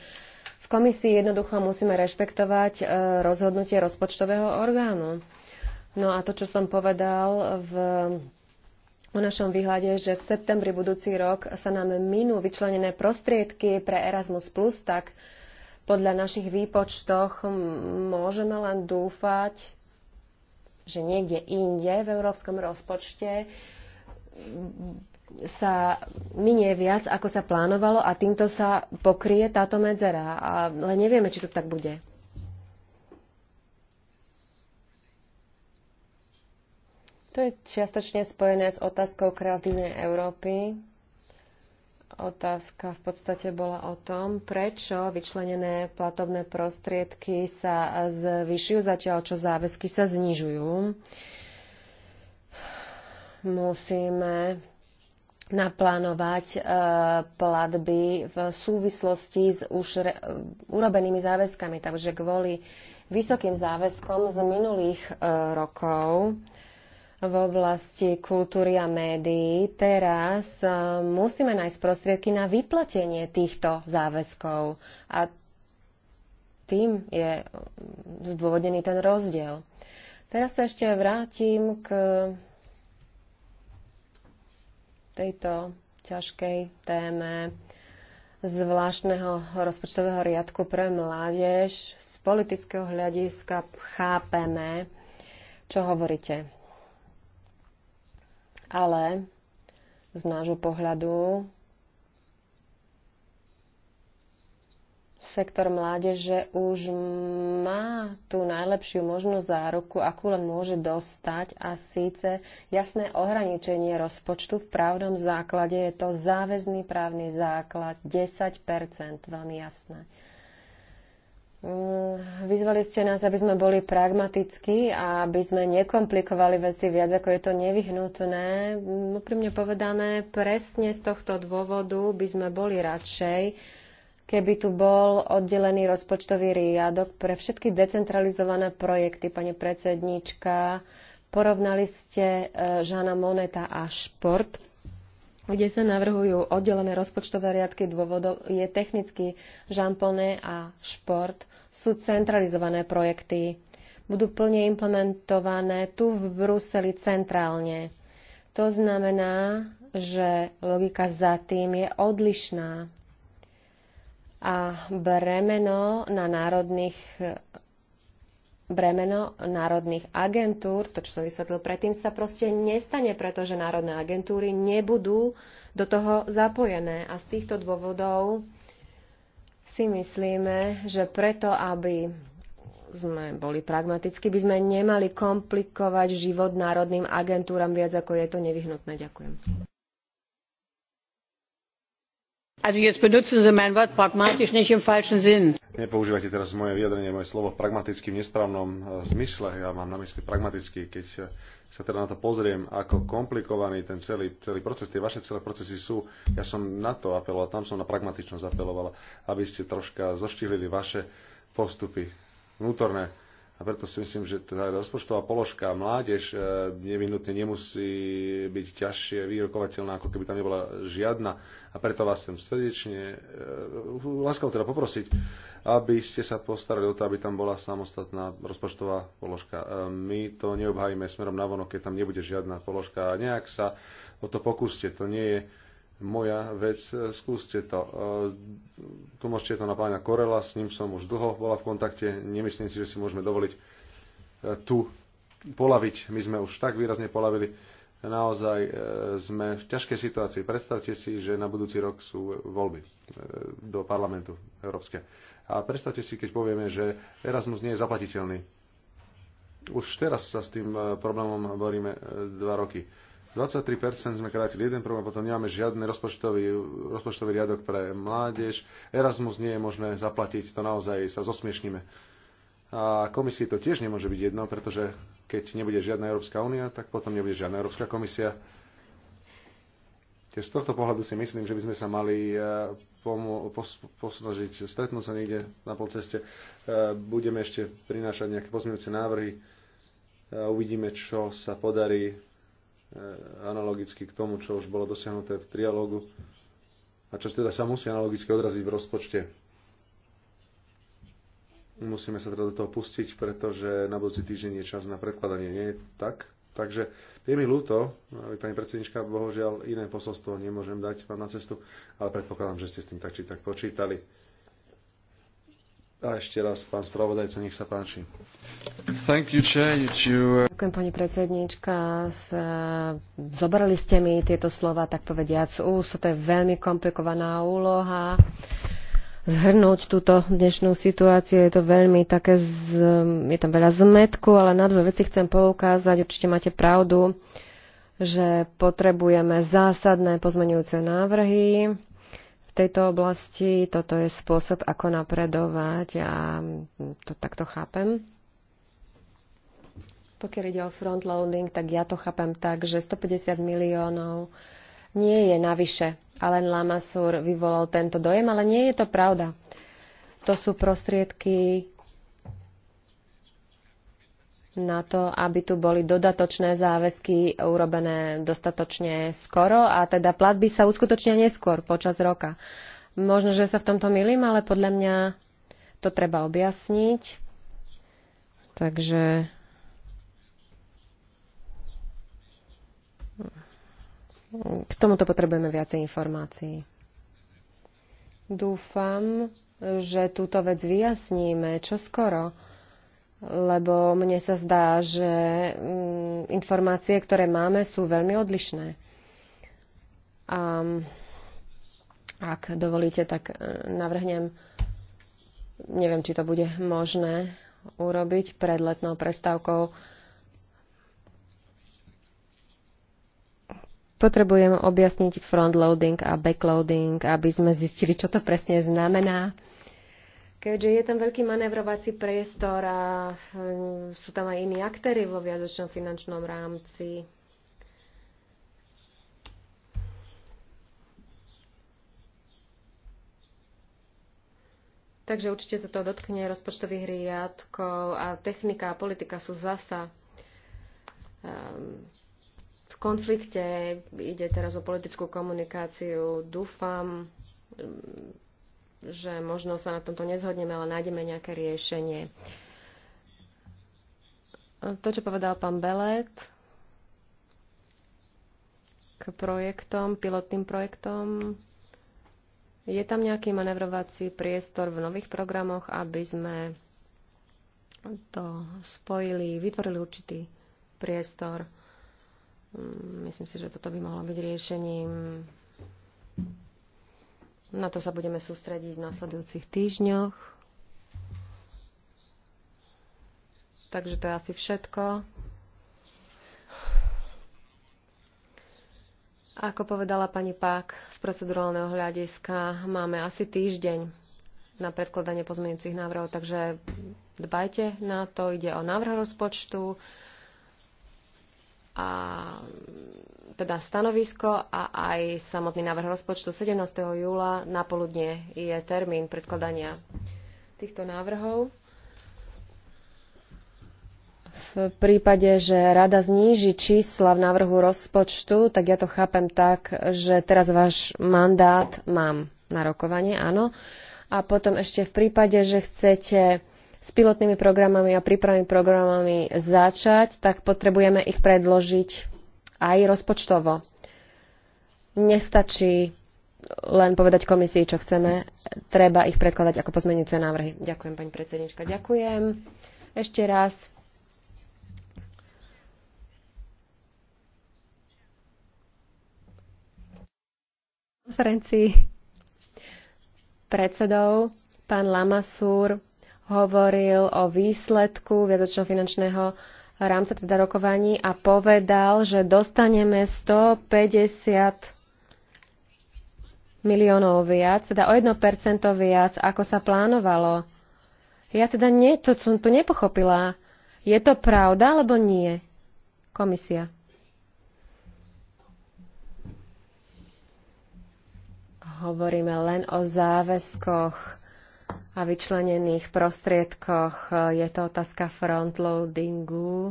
V komisii jednoducho musíme rešpektovať uh, rozhodnutie rozpočtového orgánu. No a to, čo som povedal v o našom výhľade, že v septembri budúci rok sa nám minú vyčlenené prostriedky pre Erasmus+, tak uh, podľa našich výpočtoch môžeme len dúfať, že niekde inde v európskom rozpočte sa minie viac, ako sa plánovalo a týmto sa pokrie táto medzera. Ale nevieme, či to tak bude. To je čiastočne spojené s otázkou kreatívnej Európy otázka v podstate bola o tom, prečo vyčlenené platobné prostriedky sa zvyšujú, zatiaľ čo záväzky sa znižujú. Musíme naplánovať e, platby v súvislosti s už urobenými záväzkami. Takže kvôli vysokým záväzkom z minulých e, rokov v oblasti kultúry a médií, teraz eh, musíme nájsť prostriedky na vyplatenie týchto záväzkov. A tým je eh, zdôvodnený ten rozdiel. Teraz sa ešte vrátim k tejto ťažkej téme zvláštneho rozpočtového riadku pre mládež. Z politického hľadiska chápeme, čo hovoríte ale z nášho pohľadu sektor mládeže už má tú najlepšiu možnosť záruku, akú len môže dostať a síce jasné ohraničenie rozpočtu v právnom základe je to záväzný právny základ 10%, veľmi jasné. Eh, vyzvali ste nás, aby sme boli pragmatickí a aby sme nekomplikovali veci viac, ako je to nevyhnutné. Mm, úprimne povedané, presne z tohto dôvodu by sme boli radšej, keby tu bol oddelený rozpočtový riadok pre všetky decentralizované projekty, pani predsednička. Porovnali ste eh, Žana Moneta a šport kde sa navrhujú oddelené rozpočtové riadky dôvodov, je technicky žampone a šport sú centralizované projekty. Budú plne implementované tu v Bruseli centrálne. To znamená, že logika za tým je odlišná a bremeno na národných bremeno národných agentúr, to, čo som vysvetlil predtým, sa proste nestane, pretože národné agentúry nebudú do toho zapojené. A z týchto dôvodov si myslíme, že preto, aby sme boli pragmaticky, by sme nemali komplikovať život národným agentúram viac, ako je to nevyhnutné. Ďakujem
jetzt benutzen Sie mein Wort pragmatisch nicht im falschen Sinn.
Nepoužívajte teraz moje vyjadrenie, moje slovo v pragmaticky nesprávnom e, zmysle. Ja mám na mysli pragmaticky, keď e, sa teda na to pozriem, ako komplikovaný ten celý, celý proces, tie vaše celé procesy sú. Ja som na to apeloval, tam som na pragmatičnosť apelovala, aby ste troška zoštihlili vaše postupy vnútorné a preto si myslím, že tá rozpočtová položka mládež e, nevyhnutne nemusí byť ťažšie vyrokovateľná, ako keby tam nebola žiadna. A preto vás chcem srdečne, e, láskavo teda poprosiť, aby ste sa postarali o to, aby tam bola samostatná rozpočtová položka. E, my to neobhajíme smerom na vono, keď tam nebude žiadna položka. Nejak sa o to pokúste. To nie je moja vec, e, skúste to. E, tlmočte to na pána Korela, s ním som už dlho bola v kontakte, nemyslím si, že si môžeme dovoliť e, tu polaviť. My sme už tak výrazne polavili, naozaj sme v ťažkej situácii. Predstavte si, že na budúci rok sú voľby do parlamentu európske. A predstavte si, keď povieme, že Erasmus nie je zaplatiteľný. Už teraz sa s tým problémom boríme dva roky 23% sme krátili jeden program, potom nemáme žiadny rozpočtový, rozpočtový riadok pre mládež. Erasmus nie je možné zaplatiť, to naozaj sa zosmiešnime. A komisii to tiež nemôže byť jedno, pretože keď nebude žiadna Európska únia, tak potom nebude žiadna Európska komisia. Tiež z tohto pohľadu si myslím, že by sme sa mali e, posnažiť stretnúť sa niekde na polceste. E, budeme ešte prinášať nejaké pozmeňujúce návrhy. Uvidíme, čo sa podarí Eh, analogicky k tomu, čo už bolo dosiahnuté v trialógu a čo teda sa musí analogicky odraziť v rozpočte. Musíme sa teda do toho pustiť, pretože na budúci týždeň je čas na predkladanie, nie je tak? Takže je mi ľúto, pani predsednička, bohužiaľ iné posolstvo nemôžem dať vám na cestu, ale predpokladám, že ste s tým tak či tak počítali. A ešte raz, pán spravodajca, nech sa páči. Thank you, Chair. You... Uh,
Ďakujem, pani predsednička. Uh, zobrali ste mi tieto slova, tak povediac, ús. To je veľmi komplikovaná úloha. Zhrnúť túto dnešnú situáciu je to veľmi také, z, um, je tam veľa zmetku, ale na dve veci chcem poukázať. Určite máte pravdu, že potrebujeme zásadné pozmenujúce návrhy tejto oblasti. Toto je spôsob, ako napredovať a to takto chápem. Pokiaľ ide o frontloading, tak ja to chápem tak, že 150 miliónov nie je navyše. Alen Lamasur vyvolal tento dojem, ale nie je to pravda. To sú prostriedky na to, aby tu boli dodatočné záväzky urobené dostatočne skoro a teda platby sa uskutočnia neskôr počas roka. Možno, že sa v tomto milím, ale podľa mňa to treba objasniť. Takže k tomuto potrebujeme viacej informácií. Dúfam, že túto vec vyjasníme čo skoro lebo mne sa zdá, že mm, informácie, ktoré máme, sú veľmi odlišné. A ak dovolíte, tak e, navrhnem, neviem, či to bude možné urobiť pred letnou prestávkou. Potrebujem objasniť frontloading a backloading, aby sme zistili, čo to presne znamená keďže je tam veľký manevrovací priestor a hm, sú tam aj iní aktéry vo viazočnom finančnom rámci. Takže určite sa to dotkne rozpočtových riadkov a technika a politika sú zasa um, v konflikte. Ide teraz o politickú komunikáciu. Dúfam, um, že možno sa na tomto nezhodneme, ale nájdeme nejaké riešenie. To, čo povedal pán Belet k projektom, pilotným projektom, je tam nejaký manevrovací priestor v nových programoch, aby sme to spojili, vytvorili určitý priestor. Mm, myslím si, že toto by mohlo byť riešením na to sa budeme sústrediť v nasledujúcich týždňoch. Takže to je asi všetko. Ako povedala pani Pák, z procedurálneho hľadiska máme asi týždeň na predkladanie pozmeňujúcich návrhov, takže dbajte na to. Ide o návrh rozpočtu, a teda stanovisko a aj samotný návrh rozpočtu 17. júla na poludne je termín predkladania týchto návrhov. V prípade, že rada zníži čísla v návrhu rozpočtu, tak ja to chápem tak, že teraz váš mandát mám na rokovanie, áno. A potom ešte v prípade, že chcete s pilotnými programami a prípravnými programami začať, tak potrebujeme ich predložiť aj rozpočtovo. Nestačí len povedať komisii, čo chceme. Treba ich predkladať ako pozmenujúce návrhy. Ďakujem, pani predsednička. Ďakujem. Ešte raz. konferencii predsedov pán Lamasúr hovoril o výsledku viacočného finančného rámca teda rokovaní a povedal, že dostaneme 150 miliónov viac, teda o 1% viac, ako sa plánovalo. Ja teda nie, to som tu nepochopila. Je to pravda alebo nie? Komisia. Hovoríme len o záväzkoch a vyčlenených prostriedkoch. Je to otázka frontloadingu,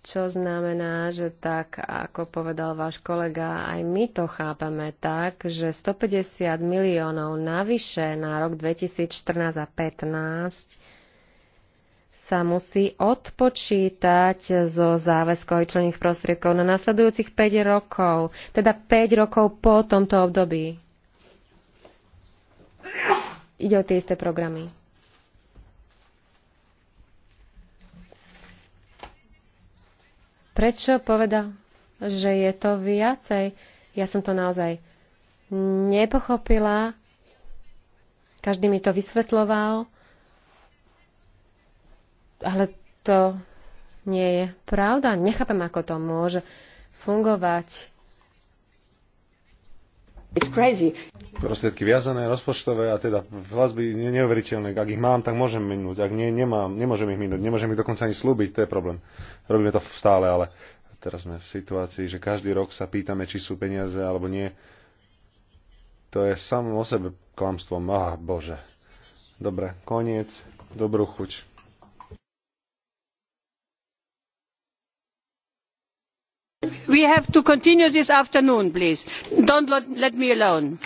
čo znamená, že tak, ako povedal váš kolega, aj my to chápame tak, že 150 miliónov navyše na rok 2014 a 2015 sa musí odpočítať zo záväzkov členných prostriedkov na nasledujúcich 5 rokov, teda 5 rokov po tomto období. Ide o tie isté programy. Prečo povedal, že je to viacej? Ja som to naozaj nepochopila. Každý mi to vysvetloval. Ale to nie je pravda. Nechápem, ako to môže fungovať.
Prostriedky viazané, rozpočtové a teda vlastby neuveriteľné. Ak ich mám, tak môžem minúť. Ak nie, nemám, nemôžem ich minúť. Nemôžem ich dokonca ani slúbiť, to je problém. Robíme to stále, ale teraz sme v situácii, že každý rok sa pýtame, či sú peniaze alebo nie. To je samo o sebe klamstvom. Aha, bože. Dobre, koniec. Dobrú chuť.
we have to continue this afternoon please do not let me alone.